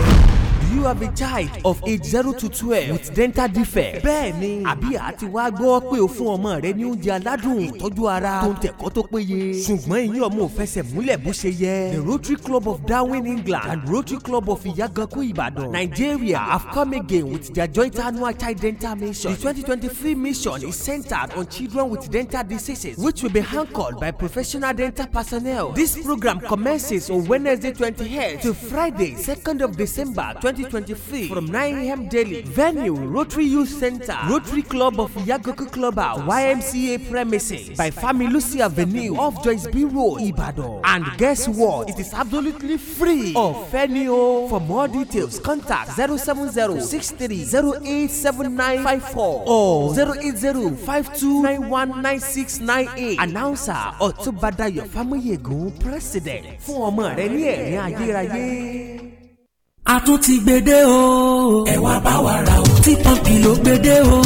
you have a child of age zero to twelve with dental defect. bẹ́ẹ̀ni àbí a ti wá gbọ́ pé o fún ọmọ rẹ ní oúnjẹ aládùn ìtọ́jú ara tó ń tẹ̀kọ́ tó péye. ṣùgbọ́n ìyín ọmọ ò fẹsẹ̀ múlẹ̀ bó ṣe yẹ. the Rotary Club of Darwin, England and Rotary Club of Iyaganku, Ibadan, Nigeria have come again with their joint annual child dental mission. the twenty twenty three mission is centered on children with dental diseases which will be handled by professional dental personnel. this program commences on Wednesday twenty-eight to Friday second of December twenty. 2023 from 9 a.m. daily. Venue Rotary Youth Center, Rotary Club of Yagoku Clubhouse, YMCA premises by Family Lucy Avenue off Joyce B Road, Ibadan. And guess what? It is absolutely free of any o. For more details, contact 07063087954 or 08052919698. Announcer Ọ̀túnbàdàyọ̀ Fámúyègún President. Fún ọmọ rẹ ní ẹ̀rín ayérayé a tún ti gbede o. ẹ wá bá wa ra o. tí pọ́ǹpì ló gbede o.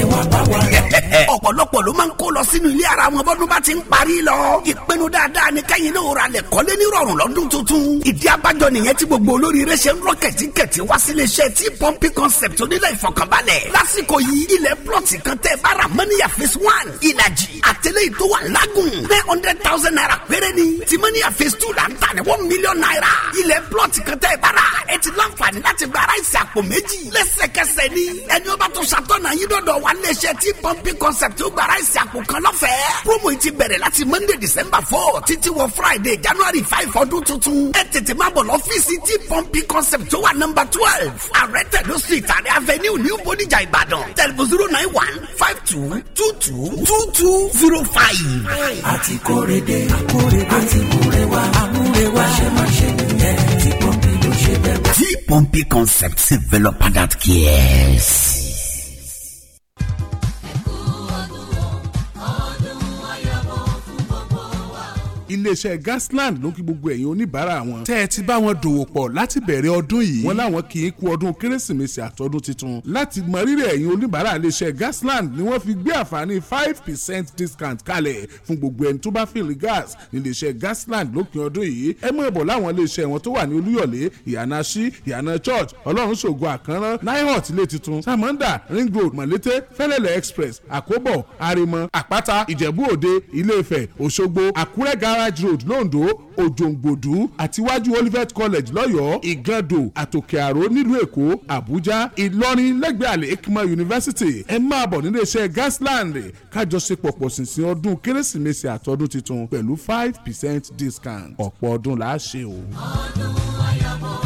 ẹ wá bá wa ra o. ọ̀pọ̀lọpọ̀ ló máa ń kó lọ sínú ilé ara wọn bọ́dún bá ti ń parí lọ. ìpinnu dáadáa ni kẹ́yìn náà ra lẹ̀ kọ́lé ní rọ̀rùn lọ́dún tuntun. ìdí abájọ nìyẹn tí gbogbo olóríire ṣe ń rọ kẹ̀tíkẹ̀tí wá sílé iṣẹ́ tí pọ́ǹpì concept onílẹ̀ ìfọkànbalẹ̀. lásìkò yìí one ìlàjì àtẹlẹ́ ìtò wà lágùn nine hundred thousand naira péré ni tí mọ́níyà two là one million naira ilẹ̀ plọ̀tì kan tẹ bára ẹ ti láǹfààní láti gba ráìsì àpò méjì lẹ́sẹ̀kẹsẹ̀ ni ẹni ọba tó ṣàtọ̀nà yín dọ̀dọ̀ wa léṣe tí pọ́ńpì concept ó gba ráìsì àpò kan lọ́fẹ̀ẹ́ promo yìí ti bẹ̀rẹ̀ láti monday december four títí wọ friday january five ọdún tuntun ẹ tètè má bọ̀ lọ́fíìsì tí pọ́ńpì concept ó wà nọ́mbà twelve àrẹ tẹ̀lé street àrẹ avenue new bodijà ìbàdàn tẹlifù zero nine one five two two two two two zero five. àti kórede àkórede àti múrewa àmúrewa ṣe máa ṣe Ti pompi konsept se velo padat iléeṣẹ́ Gasland ló kí gbogbo ẹ̀yin oníbàárà wọn tẹ́ ẹ ti bá wọn dòwò pọ̀ láti bẹ̀rẹ̀ ọdún yìí wọn láwọn kì í kú ọdún kérésìmesì àtọdún tuntun láti mọ rírì ẹ̀yin oníbàárà iléeṣẹ́ Gasland ni wọ́n fi gbé àǹfààní five percent discount kalẹ̀ fún gbogbo ẹni tó bá fìlì gas níléeṣẹ́ Gasland lópin ọdún yìí ẹ mọ̀ ẹ̀bọ̀ láwọn iléeṣẹ́ wọn tó wà ní Olúyọ̀lé ìyànà sí ìyànà church ọlọ́run ṣògo àkànrán nihot ilé tuntun samanda ring road mọ̀lété fẹ́lẹ́lẹ̀ express àkóbọ̀ àrèmọ àpáta ìjẹ̀bú òde ilé Ifẹ̀ òṣogbo àkúrẹ́gà garage road londo òjòǹgbòdú àtiwájú olivet college lọ́yọ́ọ́ ìgàndò àtòkè àró nílùú èkó àbújá ìlọrin lẹ́gbẹ̀ẹ́ àlè ekima university ẹ máa bọ̀ nílé iṣẹ́ gasland kájọṣepọ̀ pọ̀ sísìn ọdún kérésìmesì àtọdún tuntun pẹ̀lú five percent discount ọ̀pọ̀ ọdún la ṣe o. ọdún ayọ̀bọ̀.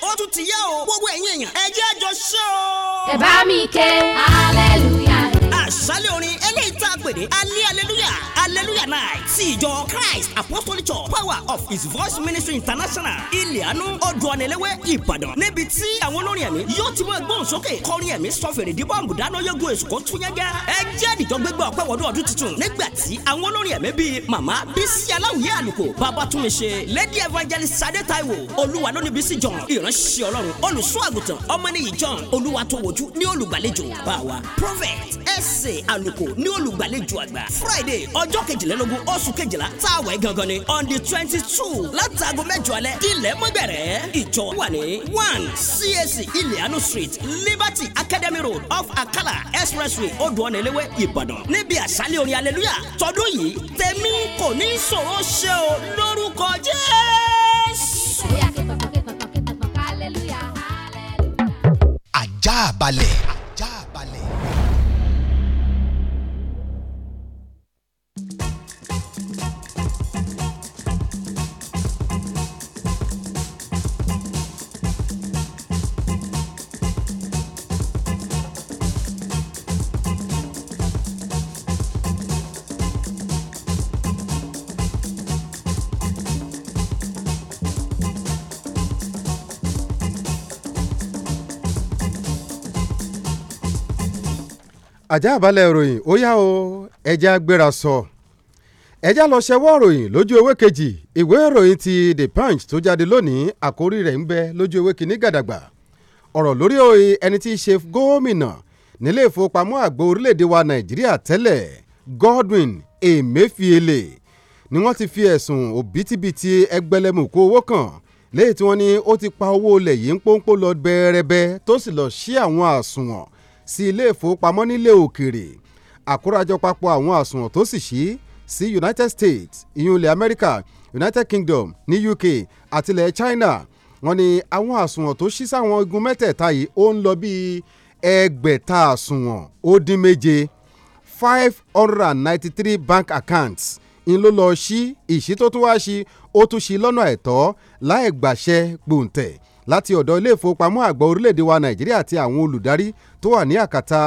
ó tún ti yá o gbogbo ẹ̀yin èèyàn ẹ jẹ́ àjọ ṣó. ẹ bá mi ké hallelujah. àṣálẹ̀ orin ẹlẹ́ pèrè alẹ́ hallelujah hallelujah night sí ìjọ christ apostolic church power of his voice ministry international ilẹ̀ àánú ọdún ọ̀nẹ́lẹ́wẹ́ ìbàdàn níbi tí àwọn olórin ẹ̀mí yóò ti mọ ẹgbọ́n sókè kọrin ẹ̀mí sọfèrè di bọ́ǹbù dáná yégun èsù kó tún yẹn gá ẹ jẹ́ ìdìjọ́ gbégbá ọpẹ́ wọdún ọdún tuntun nígbà tí àwọn olórin ẹ̀mí bíi màmá bísí aláwìyé àlùkò babatunmise lady evangelist sade taiwo olúwa lónìí bísí john ìránṣẹ́ ọlọ́run olùṣọ́ àgùntàn ọmọnìyí john olúwa tó wojú ní olùgbàlejò bá wa prophet ẹ̀sẹ̀ àlùkò ní olùgbàlejò lálejò àgbà friday ọjọ́ kejìlélógún oṣù kejìlá tá a wẹ̀ gangan ni on the twenty two látago mẹ́jọ alẹ́ ilẹ̀ mọ́gbẹ̀rẹ̀ ìjọ wà ní one cac ilianu street liberty academy road off akala expressway odùọ̀nẹ́lẹ́wé ìbàdàn níbi àṣálẹ̀ orin aleluya tọdún yìí tèmi kò ní sọ̀rọ̀ ṣe o lórúkọ jésù. àjà balẹ̀. ajá àbálẹ̀ ìròyìn ó yá o ẹja gbéra sọ ẹja lọ ṣẹwọ́ ìròyìn lójú ewé kejì ìwé ìròyìn ti The Punch tó jáde lónìí àkórí rẹ̀ ń bẹ lójú ewé kìíní gàdàgbà ọ̀rọ̀ lórí ẹni tí í ṣe gómìnà nílé ìfowópamọ́ àgbà orílẹ̀-èdè wa Nàìjíríà tẹ́lẹ̀ Godwin Emefiele ni wọ́n ti fi ẹ̀sùn òbítíbitì ẹgbẹ̀lẹ́mùkú owó kan léyìí tí wọ́n ní ó ti pa owó olè yìí ń pọ́npọ́ lọ bẹ́ẹ̀rẹ́bẹ́ tó sì lọ sí àwọn àsùnwọ̀n sí ilé ìfowópamọ́ nílé òkèrè àkórajọ papọ̀ àwọn àsùnwọ̀n tó sì ṣí sí United States ìyún ilẹ̀ Amẹ́ríkà United Kingdom ní UK àti ilẹ̀ China wọ́n ní àwọn àsùnwọ̀n tó ṣí sáwọn igun mẹ́tẹ̀ẹ̀ta yìí ó ń lọ bíi ẹgbẹ̀ta àsùnwọ̀n ó dín méje five hundred and ninety-three bank accounts ń ló lọ sí ìṣí tó tún wá sí ó tún sí lọ́nà ẹ̀tọ́ láì gbàṣẹ gbòǹtẹ̀ láti ọ̀dọ̀ ilé ìfowópamọ́ àgbà orílẹ̀-èdè wa nàìjíríà àti àwọn olùdarí tó wà ní àkàtà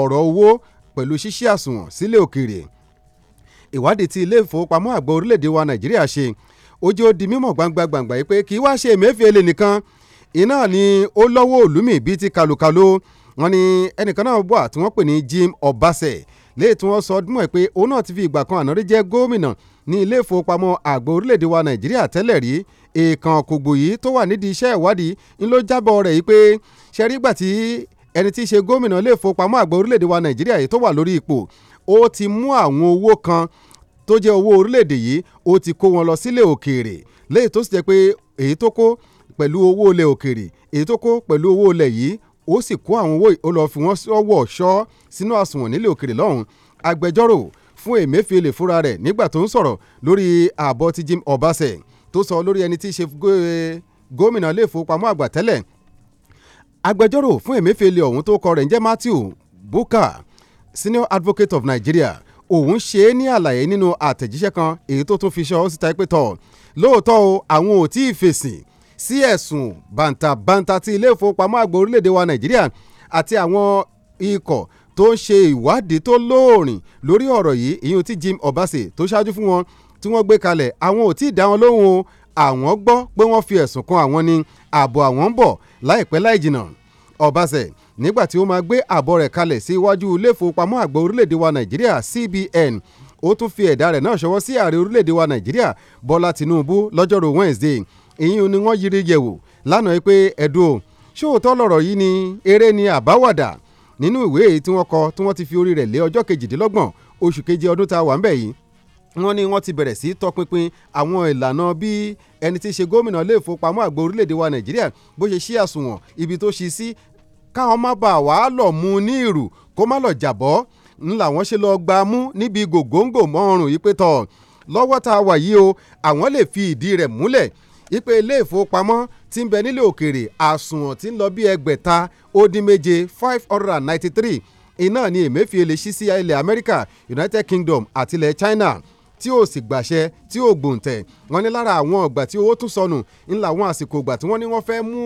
ọ̀rọ̀ owó pẹ̀lú ṣíṣí àsùnwọ̀n sílẹ̀ òkèèrè ìwádìí tí ilé ìfowópamọ́ àgbà orílẹ̀-èdè wa nàìjíríà ṣe ó ó di mímọ̀ gbangba gbangba yìí pé kì í wá ṣe Emefiele nìkan iná ni ó lọ́wọ́ olùmí bíi ti kàlùkàlù wọn ni ẹnìkan náà wà tí wọ́n pè ní Jim Obase léè tí wọ́n sọ ọdún mọ̀ pé òun náà ti fi ìgbà kan ànárí jẹ́ gómìnà ní ilé ìfowópamọ́ àgbà orílẹ̀-èdè wa nàìjíríà tẹ́lẹ̀ rí èèkàn kògbò yìí tó wà nídìí iṣẹ́ ìwádìí ń ló jábọ̀ rẹ̀ yìí pé ṣẹ́rígbà tí ẹni tí í ṣe gómìnà ilé ìfowópamọ́ àgbà orílẹ̀-èdè wa nàìjíríà yìí tó wà lórí ipò ó ti mú àwọn owó kan tó jẹ́ owó orílẹ̀-èdè yìí ó ti kó wọn lọ sílẹ̀ òkèèrè léyìí tó sì jẹ́ pé èyí tó kó pẹ̀lú owó ilẹ̀ òkèèrè èyí tó kó pẹ̀lú owó ilẹ̀ yìí ó sì kó àwọn owó ó lọ fi wọ́n sọ́wọ́ ṣọ́ sínú àsùnwọ̀n nílẹ̀ òkèèrè lọ́hùn agbẹjọ́rò fún Emefiele fúnra rẹ̀ nígbà tó ń sọ̀rọ̀ lórí àbọ̀ ti Jim Obase tó sọ lórí ẹni tí í ṣe e, gómìnà ilé ìfowópamọ́ àgbà tẹ́lẹ̀ agbẹjọ́rò fún Emefiele ọ̀hún tó kọ rẹ̀ ń jẹ́ Matthew Buka senior advocate of Nigeria òun ṣe é ní àlàyé nínú àtẹ̀jíṣẹ́ kan èyí tó tún fi ṣọ́ ó síta pé tọ̀ lóòótọ́ o àwọn ò tí ì fèsì sí ẹ̀sùn bàǹtàbàǹtà ti ilé ìfowópamọ́ àgbà orílẹ̀-èdè wa Nàìjíríà àti àwọn ikọ̀ tó ń ṣe ìwádìí tó lóòrìn lórí ọ̀rọ̀ yìí ìyún tí Jim Obase tó ṣáájú fún wọn tí wọ́n gbé kalẹ̀ àwọn ò tí ì dá wọn lóhùn o àwọn gbọ́ pé wọ́n fi ẹ̀sùn kan àwọn ni ààbò àwọn ń bọ̀ láìpẹ́ láì jìnnà ọ̀básẹ̀ nígbà tí ó máa gbé àbọ̀ rẹ̀ kalẹ̀ sí iwájú ilé àgbà orílẹ̀-èdè wa nàìjíríà CBN ó tún fi ẹ̀dá rẹ̀ náà ṣọwọ́ sí ààrẹ orílẹ̀-èdè wa nàìjíríà bọ́lá tinubu lọ́jọ́rò wednesday ìyún ni wọ́n yiri yẹ̀wò lánàá pé ẹ̀dùn o ṣóòótọ́ lọ̀rọ̀ yìí ni eré ni àbáwàdà nínú ìwé èyí tí wọ́n kọ tí wọ́n ti fi orí rẹ̀ lé ọjọ́ kejìdínlọ́gbọ̀n oṣù keje ọdún tá wà ń bẹ̀ yìí wọ́n ní wọ́n ti bẹ̀rẹ̀ sí tọpinpin àwọn ìlànà bí ẹni tí í ṣe gómìnà ilé ìfowópamọ́ àgbà orílẹ̀-èdè wa nàìjíríà bó ṣe ṣí àsùnwọ̀n ibi tó ṣí sí káwọn má bàa wàá lọ̀ mú ní ìrù kó má lọ̀ jàbọ́ ń làwọn ṣe lọ gba mú níbi gògóńgò mọ́ ọrùn yìí pé tọ̀ lọ́wọ́ tá a wà yìí o àwọn lè fi ìdí rẹ̀ múlẹ̀ ipe ilé ìfowópamọ́ ń bẹ nílé òkèrè àsùnwọ̀n tí ń lọ bí ẹgbẹ̀ta ó dín méje five hundred and ninety three iná ni Emefiele ṣí sí ilẹ̀ Amẹ́ríkà United Kingdom àti ilẹ̀ China tí ò sì gbàṣẹ tí ò gbòǹtẹ̀ wọ́n ní lára àwọn ọ̀gbà tí owó tún sọnù ńlá àwọn àsìkò ọ̀gbà tí wọ́n ní wọ́n fẹ́ mú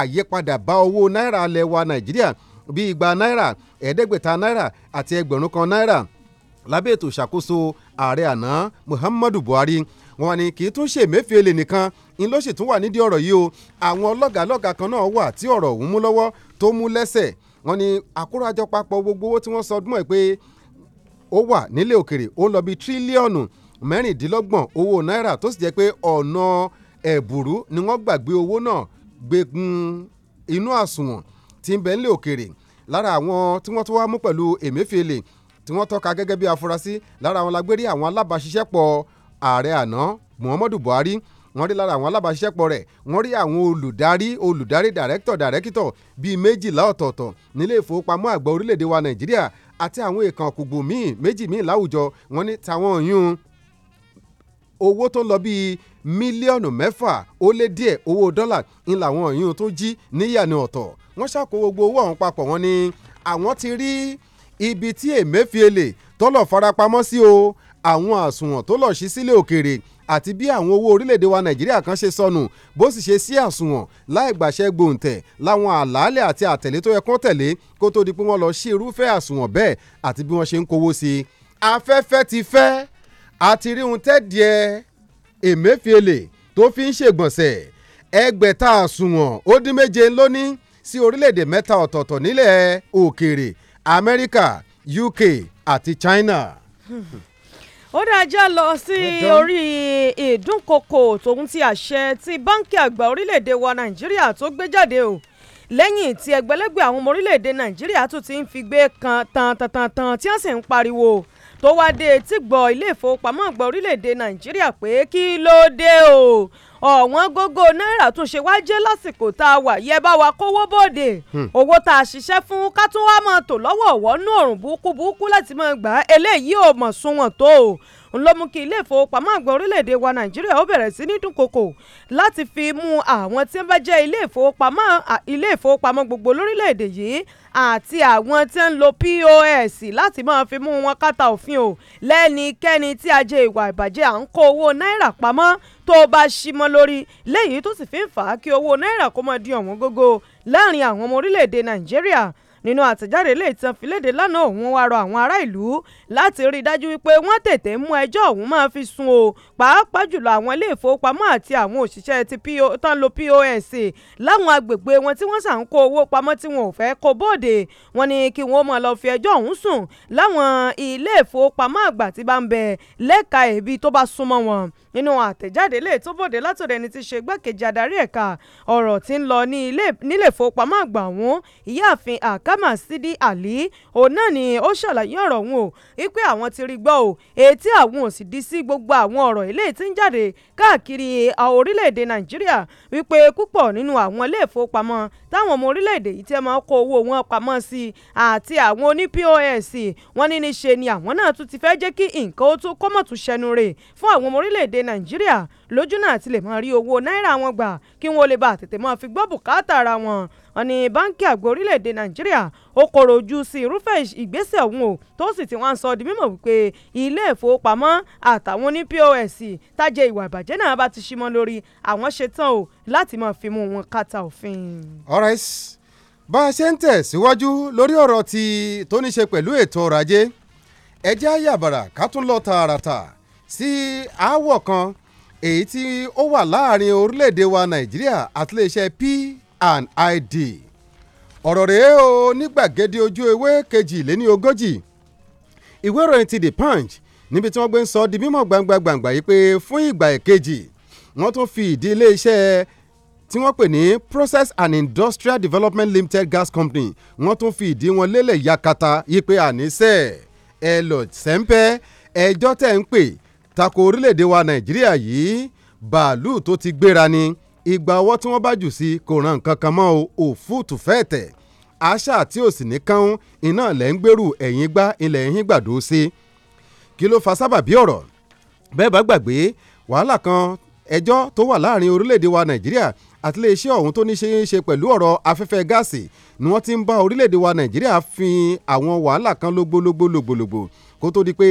àyípadà bá owó náírà alẹ́ wa nàìjíríà bíi igba náírà ẹ̀ẹ́dẹ́gbẹ̀ta náírà àti ẹgbẹ̀rún kan náírà lábẹ́ ètò ìṣàkóso ààrẹ àná muhammadu buhari wọ́n ní kì í tún ṣe mẹ́fẹ́lẹ́ nìkan ń ló sì tún wà nídìí ọ̀rọ̀ yìí o àwọn ọlọ́gàálọ́gàá kan náà wà tí ọ̀rọ̀ ọ̀hún mú lọ́wọ́ tó mú lẹ́sẹ̀ wọ́n ní àkórajọ gbogbo owó tí wọ́n sọ ọdún mọ́ pé ó wà nílé òkèrè ó ń lọ bí tírílíọ̀nù mẹ́rìndínlọ́gbọ̀n owó náírà tó sì jẹ́ pé ọ̀nà ẹ̀bùrú ni wọ́n gbàgbé owó náà gbẹ̀gùn inú àsùnwọ̀n tí ń bẹ nílé òkèrè lára àwọn tí wọ́n tún wá mú pẹ̀lú Emefiele tí wọ́n tọ́ka gẹ́gẹ́ bí afurasí lára àwọn lágbérí àwọn alábàáṣiṣẹ́pọ̀ ààrẹ àná Muhammadu Buhari wọ́n rí lára àwọn alábàáṣiṣẹ́pọ̀ rẹ̀ wọ́n rí àwọn olùdarí olùdarí dàrẹ́kítọ̀ dàrẹ́kítọ̀ bíi méjìlá ọ̀tọ̀ọ̀tọ̀ nílé ìfowópamọ́ àgbà orílẹ̀-èdè wa Nàìjíríà àti àwọn èèkàn kùgbù míì méjì míì láwùjọ wọn ní tàwọn ọ̀yún owó tó lọ bíi mílíọ̀nù mẹ́fà ó lé díẹ̀ owó dọ́là ń làwọn ọ̀yún tó jí níyànní ọ̀tọ̀ wọ́n ṣàkó gbogbo owó àwọn papọ̀ wọn ni àwọn ti rí ibi tí èméfiele tó farapamọ́ sí o àwọn àsùnwọ̀n tó lọ sí sílé òkèrè àti bí àwọn owó orílẹ̀-èdè wa nàìjíríà kan ṣe sọnù bó sì ṣe sí àsùnwọ̀n láì gbàṣẹ gbòǹtẹ̀ láwọn àlàálẹ̀ àti àtẹ̀lé tó yẹ kán tẹ̀lé kó tó di pé wọ́n lọ sí irúfẹ́ àsùnwọ̀n bẹ́ẹ̀ àti bí wọ́n ṣe ń kówó sí i. afẹ́fẹ́ ti fẹ́ àti rí ohun tẹ́díẹ̀ èmẹ́fìlè tó fi ń ṣègbọ̀nsẹ̀ ẹgbẹ̀ta àsùnwọ̀n ó dín méje lónìí sí orílẹ̀-èdè mẹ́ta ọ̀tọ̀ọ̀tọ̀ nílẹ̀ òkèèrè Amẹ́ríkà UK àti China ó dájá lọ sí orí ìdúnkokò tòun ti àṣẹ ti báńkì àgbà orílẹ̀-èdè wa nàìjíríà tó gbé jáde o lẹ́yìn tí ẹgbẹ̀lẹ́gbẹ̀ àwọn ọmọ orílẹ̀-èdè nàìjíríà tún ti ń fi gbé kan tan tan tan tan tí wọ́n sì ń pariwo tó wá dé etí gbọ́ ilé ìfowópamọ́ àgbà orílẹ̀-èdè nàìjíríà pé kí ló dé o ọ̀wọ́n gógó náírà tún ṣe wá jẹ́ lásìkò tá a wà yẹ bá wa kówó bòde hmm. owó tá a ṣiṣẹ́ fún ká tún wá máa tò lọ́wọ́ ọ̀wọ́nú òrùn burúkú burúkú láti máa gbà á eléyìí ò mọ̀ sunwọ̀n tó o n ló mú kí ilé ìfowópamọ́ àgbà orílẹ̀-èdè wa nàìjíríà ó bẹ̀rẹ̀ sí ní dúnkokò láti fi mú àwọn tí wọ́n bá jẹ́ ilé ìfowópamọ́ ilé ìfowópamọ́ gbogbo lórílẹ̀-èdè yìí àti àwọn tí ń lo POS láti máa fi mú wọn kátà òfin o lẹ́nikẹ́ni tí ajé ìwà ìbàjẹ́ à ń kó owó náírà pamọ́ tó bá ṣí mọ́ lórí léyìí tó sì fi ń fà á kí owó náírà kó máa di ọ̀wọ́n gógó láàrin àwọn ọmọ orílẹ̀-èdè Nàìjíríà nínú àtẹ̀jáde ilé ìtàn fìlédè lánàá òun wá rọ àwọn ará ìlú láti rí i dájú wípé wọ́n tètè mú ẹjọ́ òun máa fi sùn o pàápàá jùlọ àwọn ilé ìfowópamọ́ àti àwọn òṣìṣẹ́ ti tán lo POS láwọn agbègbè wọn tí wọ́n sà ń kó owó pamọ́ tí wọn ò fẹ́ kó bóde wọn ni kí wọ́n máa lọ fi ẹjọ́ òun sùn láwọn ilé ìfowópamọ́ àgbà tí bá ń bẹ lẹ́ka ẹ̀bí tó bá súnmọ́ wọn nínú àtẹ̀jáde ilé tó bòde látọ̀dọ̀ ẹni tí ṣe igbákejì adarí ẹ̀ka ọ̀rọ̀ tí ń lọ ní ilé ìfowópamọ́ àgbà ọ̀hún ìyáàfin àká kama Sidi Ali òun náà ni ó ṣàlàyé ọ̀rọ̀ òun o wípé àwọn ti rí gbọ́ o etí àwọn ò sì di sí gbogbo àwọn ọ̀rọ̀ eléyìí tí ń jáde káàkiri orílẹ̀-èdè Nàìjíríà wípé púpọ̀ nínú àwọn ilé ìfowópamọ́ táwọn ọmọ orílẹ̀-èdè yìí ti máa kó owó wọn pamọ́ sí àti àwọn oní POS wọn ní níṣe ni àwọn náà tún ti fẹ́ jẹ́ kí nǹkan ó tún kọ́mọ̀tún ṣẹnu rè fún àwọn ọmọ orílẹ̀-èdè Nàìjíríà lójú náà ti lè máa rí owó náírà wọn gbà kí wọn lè bá tètè máa fi gbọ́ bùkátà ara wọn wọn báńkì àgbà orílẹ̀-èdè nàìjíríà ó kọ̀rọ̀ ojú sí irúfẹ́ ìgbésẹ̀ ọ̀hún o tó sì ti wọ́n sọ di mímọ̀ wípé ilé ìfowópamọ́ àtàwọn oní pọ́s tájẹ ìwà ìbàjẹ́ náà bá ti ṣímọ́ lórí àwọn ṣetán o láti máa fi mú wọn kàtà òfin. alright bá a ṣe ń tẹ̀síwájú lórí ọ̀rọ̀ tí tó ní ṣe pẹ̀lú ètò ọrọ̀ ajé ẹjẹ́ àyàbàrà ká tààràtà sí aáwọ̀ kan èyí tí ó wà láàrin orílẹ̀-èdè wa nàìjíríà àti iléeṣẹ́ P&ID ọ̀rọ̀ rèé o ní gbàgede ojú ewé kejì lé ní ogójì ìwé ìròyìn ti The Punch níbi tí wọ́n gbé ń sọ di mímọ̀ gbangba-gbàngbà yìí pé fún ìgbà èkejì wọ́n tún fi ìdí iléeṣẹ́ tí wọ́n pè ní Process and Industrial Development Limited Gas Company wọ́n tún fi ìdí wọn lélẹ̀ yakata yìí pé àníṣe ẹ lọ sẹ́ńpẹ́ ẹjọ́ tẹ̀ ń pè tako orílẹ̀-èdè wa nàìjíríà yìí bàálù tó ti gbéra ni ìgbà ọwọ́ tí wọ́n bá jù sí kò ràn nǹkan kan mọ́ o òfúùtù fẹ́ẹ̀ tẹ̀ àṣà tí ò sì ní kánú iná lẹ̀ ń gbèrú ẹ̀yìn gbá ilẹ̀ ẹ̀yìn gbàdó sí kí ló fa sábàbí ọ̀rọ̀ bẹ́ẹ̀ bá gbàgbé wàhálà kan ẹjọ́ tó wà láàrin orílẹ̀-èdè wa nàìjíríà àti iléeṣẹ́ ọ̀hún tó ní ṣe é ṣe pẹ̀lú ọ̀rọ̀ afẹ́fẹ́ gáàsì ni wọ́n ti ń bá orílẹ̀-èdè wa nàìjíríà fi àwọn wàhálà kan lógbólógbó kó tó di pé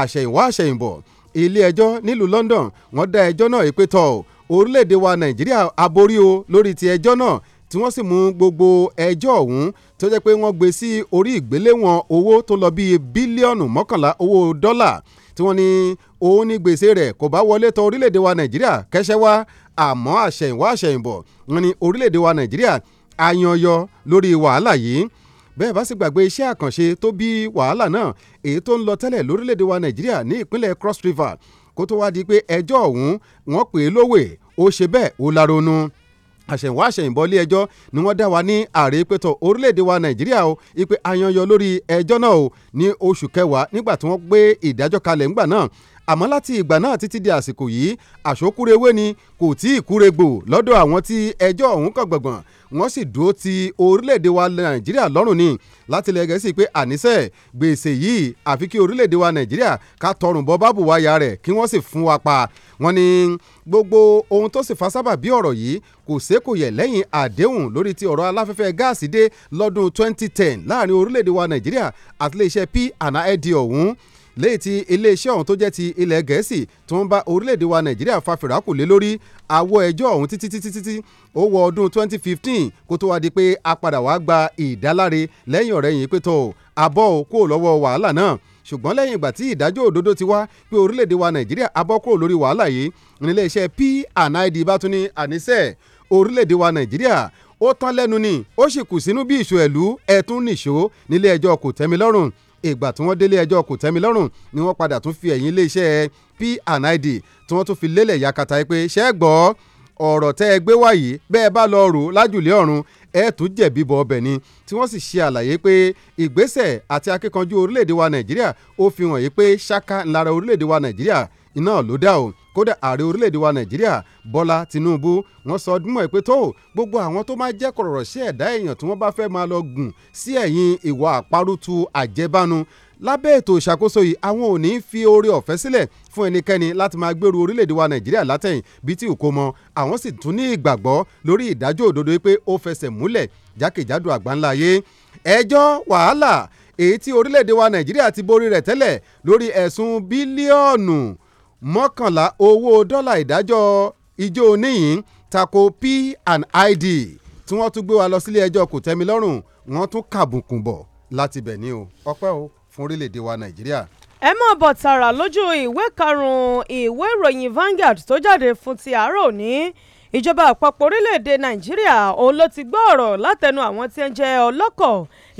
àṣẹ̀yìnwá àṣẹ̀yìnbọ̀ ilé-ẹjọ́ nílùú London wọ́n dá ẹjọ́ náà èpè tọ̀ orílẹ̀-èdè wa Nàìjíríà aborí o lórí ti ẹjọ́ náà tí wọ́n sì mú gbogbo ẹjọ́ ọ̀hún tó jẹ́ pé wọ́n gbé sí orí ìgbéléwọ̀n owó tó lọ bíi bílíọ̀nù mọ́kànlá owó dọ́là tí wọ́n ní òun ní gbèsè rẹ̀ kò bá wọlé tọ orílẹ̀-èdè wa Nàìjíríà kẹ́sẹ́ wá àmọ́ àṣẹ̀yìnwá àṣẹ̀yìnbọ̀ wọ́n ní orílẹ̀-èdè wa Nàìjíríà ayanyan lórí wàhálà yìí bẹ́ẹ̀ bá sì gbàgbé iṣẹ́ àkànṣe tó bí wàhálà náà èyí tó ń lọ tẹ́lẹ̀ lórílẹ̀‐èdè wa nàìjíríà ní ìpínlẹ̀ cross river kó tó wá di pé ẹjọ́ ọ̀hún wọ́n pè é lówè ó ṣe bẹ́ẹ̀ ó laronú àṣẹ̀wá àṣẹ̀yìnbọ̀ ilé ẹjọ́ ni wọ́n dá wa ní ààrẹ ìpẹ́tọ̀ orílẹ̀-èdè wa nàìjíríà o ìpè ayanyan lórí ẹjọ́ náà o ní oṣù kẹwàá nígbà tí wọ́n gbé ìdájọ́ kalẹ̀ ńgbà náà àmọ́ láti ìgbà náà títí di àsìkò yìí àṣókúrewé ni kò tí ì kúregbò lọ́dọ̀ àwọn tí ẹjọ́ ọ̀hún kàn gbọ̀ngbọ̀n wọ́n sì dúró ti orílẹ̀-èdè wa nàìjíríà lọ́rùn ni láti ilẹ̀ gẹ̀ẹ́sì pé àníṣe gbèsè yìí àfi kí orílẹ̀-èdè wa nàìjíríà ká tọrùn bọ́ bábù wáyà rẹ̀ kí wọ́n sì fún wa pa wọ́n ní gbogbo ohun tó sì fa sábà bí ọ̀rọ̀ yìí kò sé kò yẹ̀ lẹ́yìn àdéhùn lórí ti ọ̀rọ̀ aláfẹ́fẹ́ gáàsì dé lọ́dún 2010 láàrin orílẹ̀-èdè wa nàìjíríà àti iléeṣẹ́ p and id ọ̀hún léyìí tí iléeṣẹ́ ọ̀hún tó jẹ́ ti ilẹ̀ gẹ̀ẹ́sì tí wọ́n bá orílẹ̀-èdè wa nàìjíríà fa fìràkù lé lórí àwọ̀ ẹjọ́ ọ̀hún títí títí títí ó wọ ọdún 2015 kó tó wá di pé a padà wá gba ìdáláre lẹ́yìn ọ̀rẹ́ yìí pé tó abọ́ ò kúrò lọ́wọ́ wàhálà náà ṣùgbọ́n lẹ́yìn ìgbà tí ìdájọ́ òdodo ti wá pé orílẹ̀-èdè wa nàìjíríà abọ́ kúrò lórí wàhálà yìí níléeṣẹ́ P&ID bá tún ní àníṣe orílẹ̀-èdè wa nàìjíríà ó tán lẹ́nu ni ó sì kù sínú bí ìṣó ẹ̀lú ẹ̀tún nìṣó nílé ẹjọ́ kò tẹ́milọ́rùn ìgbà tí wọ́n délé ẹjọ́ kò tẹ́mi lọ́rùn ni wọ́n padà tún fi ẹ̀yìn iléeṣẹ́ P&ID tí wọ́n tún fi lélẹ̀ yakata pé ṣẹ́ gbọ́ ọ̀rọ̀ tẹ́ ẹ gbé wáyé bẹ́ẹ̀ bá lọ rò lájùlé ọ̀run ẹ tún jẹ̀bi bọ̀ ọbẹ̀ ni tí wọ́n sì ṣe àlàyé pé ìgbésẹ̀ àti akíkanjú orílẹ̀-èdè wa Nàìjíríà ó fi hàn yí pé ṣáká ńlára orílẹ̀-èdè wa Nàìjíríà iná ló dá o kódà ààrẹ orílẹ̀-èdè wa nàìjíríà bọ́lá tinubu wọ́n sọ ọdún mọ́ ẹ pé tó gbogbo àwọn tó máa jẹ́ kọ̀rọ̀rọ̀ sí ẹ̀dá èèyàn tí wọ́n bá fẹ́ máa lọ gùn sí ẹ̀yìn ìwà àparùtù àjẹbánu lábẹ́ ètò ìṣàkóso yìí àwọn ò ní fi oore ọ̀fẹ́ sílẹ̀ fún ẹnikẹ́ni láti máa gbèrú orílẹ̀-èdè wa nàìjíríà látẹ̀yìn bíi tí òkò mọ àwọn sì tún ní ìgbàgbọ́ lórí ìdájọ́ òdodo pé ó fẹsẹ̀ múlẹ̀ jákèjádò àgbáńlá ayé ẹjọ́ wàhálà èyí tí orílẹ̀-èdè wa nàìjíríà ti borí rẹ̀ tẹ́lẹ̀ lórí ẹ̀sùn bílíọ̀nù mọ́kànlá owó dọ́là ìdájọ́ ijó oníyìn tako P&ID tí wọ́n tún gbé wa lọ sílé ẹjọ́ kòtẹ́milọ́rùn wọ́n tún kàbùkùn bọ̀ láti bẹ̀ ní o ọpẹ́ o fún orílẹ̀-èdè wa Nàìjíríà ẹ mọ̀ bọ̀ tààrà lójú ìwé karùn-ún ìwé ìròyìn Vanguard tó jáde fún ti àárọ̀ òní ìjọba àpapọ̀ orílẹ̀-èdè nàìjíríà òun ló ti gbọ́ ọ̀rọ̀ látẹnu àwọn tí ń jẹ́ ọlọ́kọ̀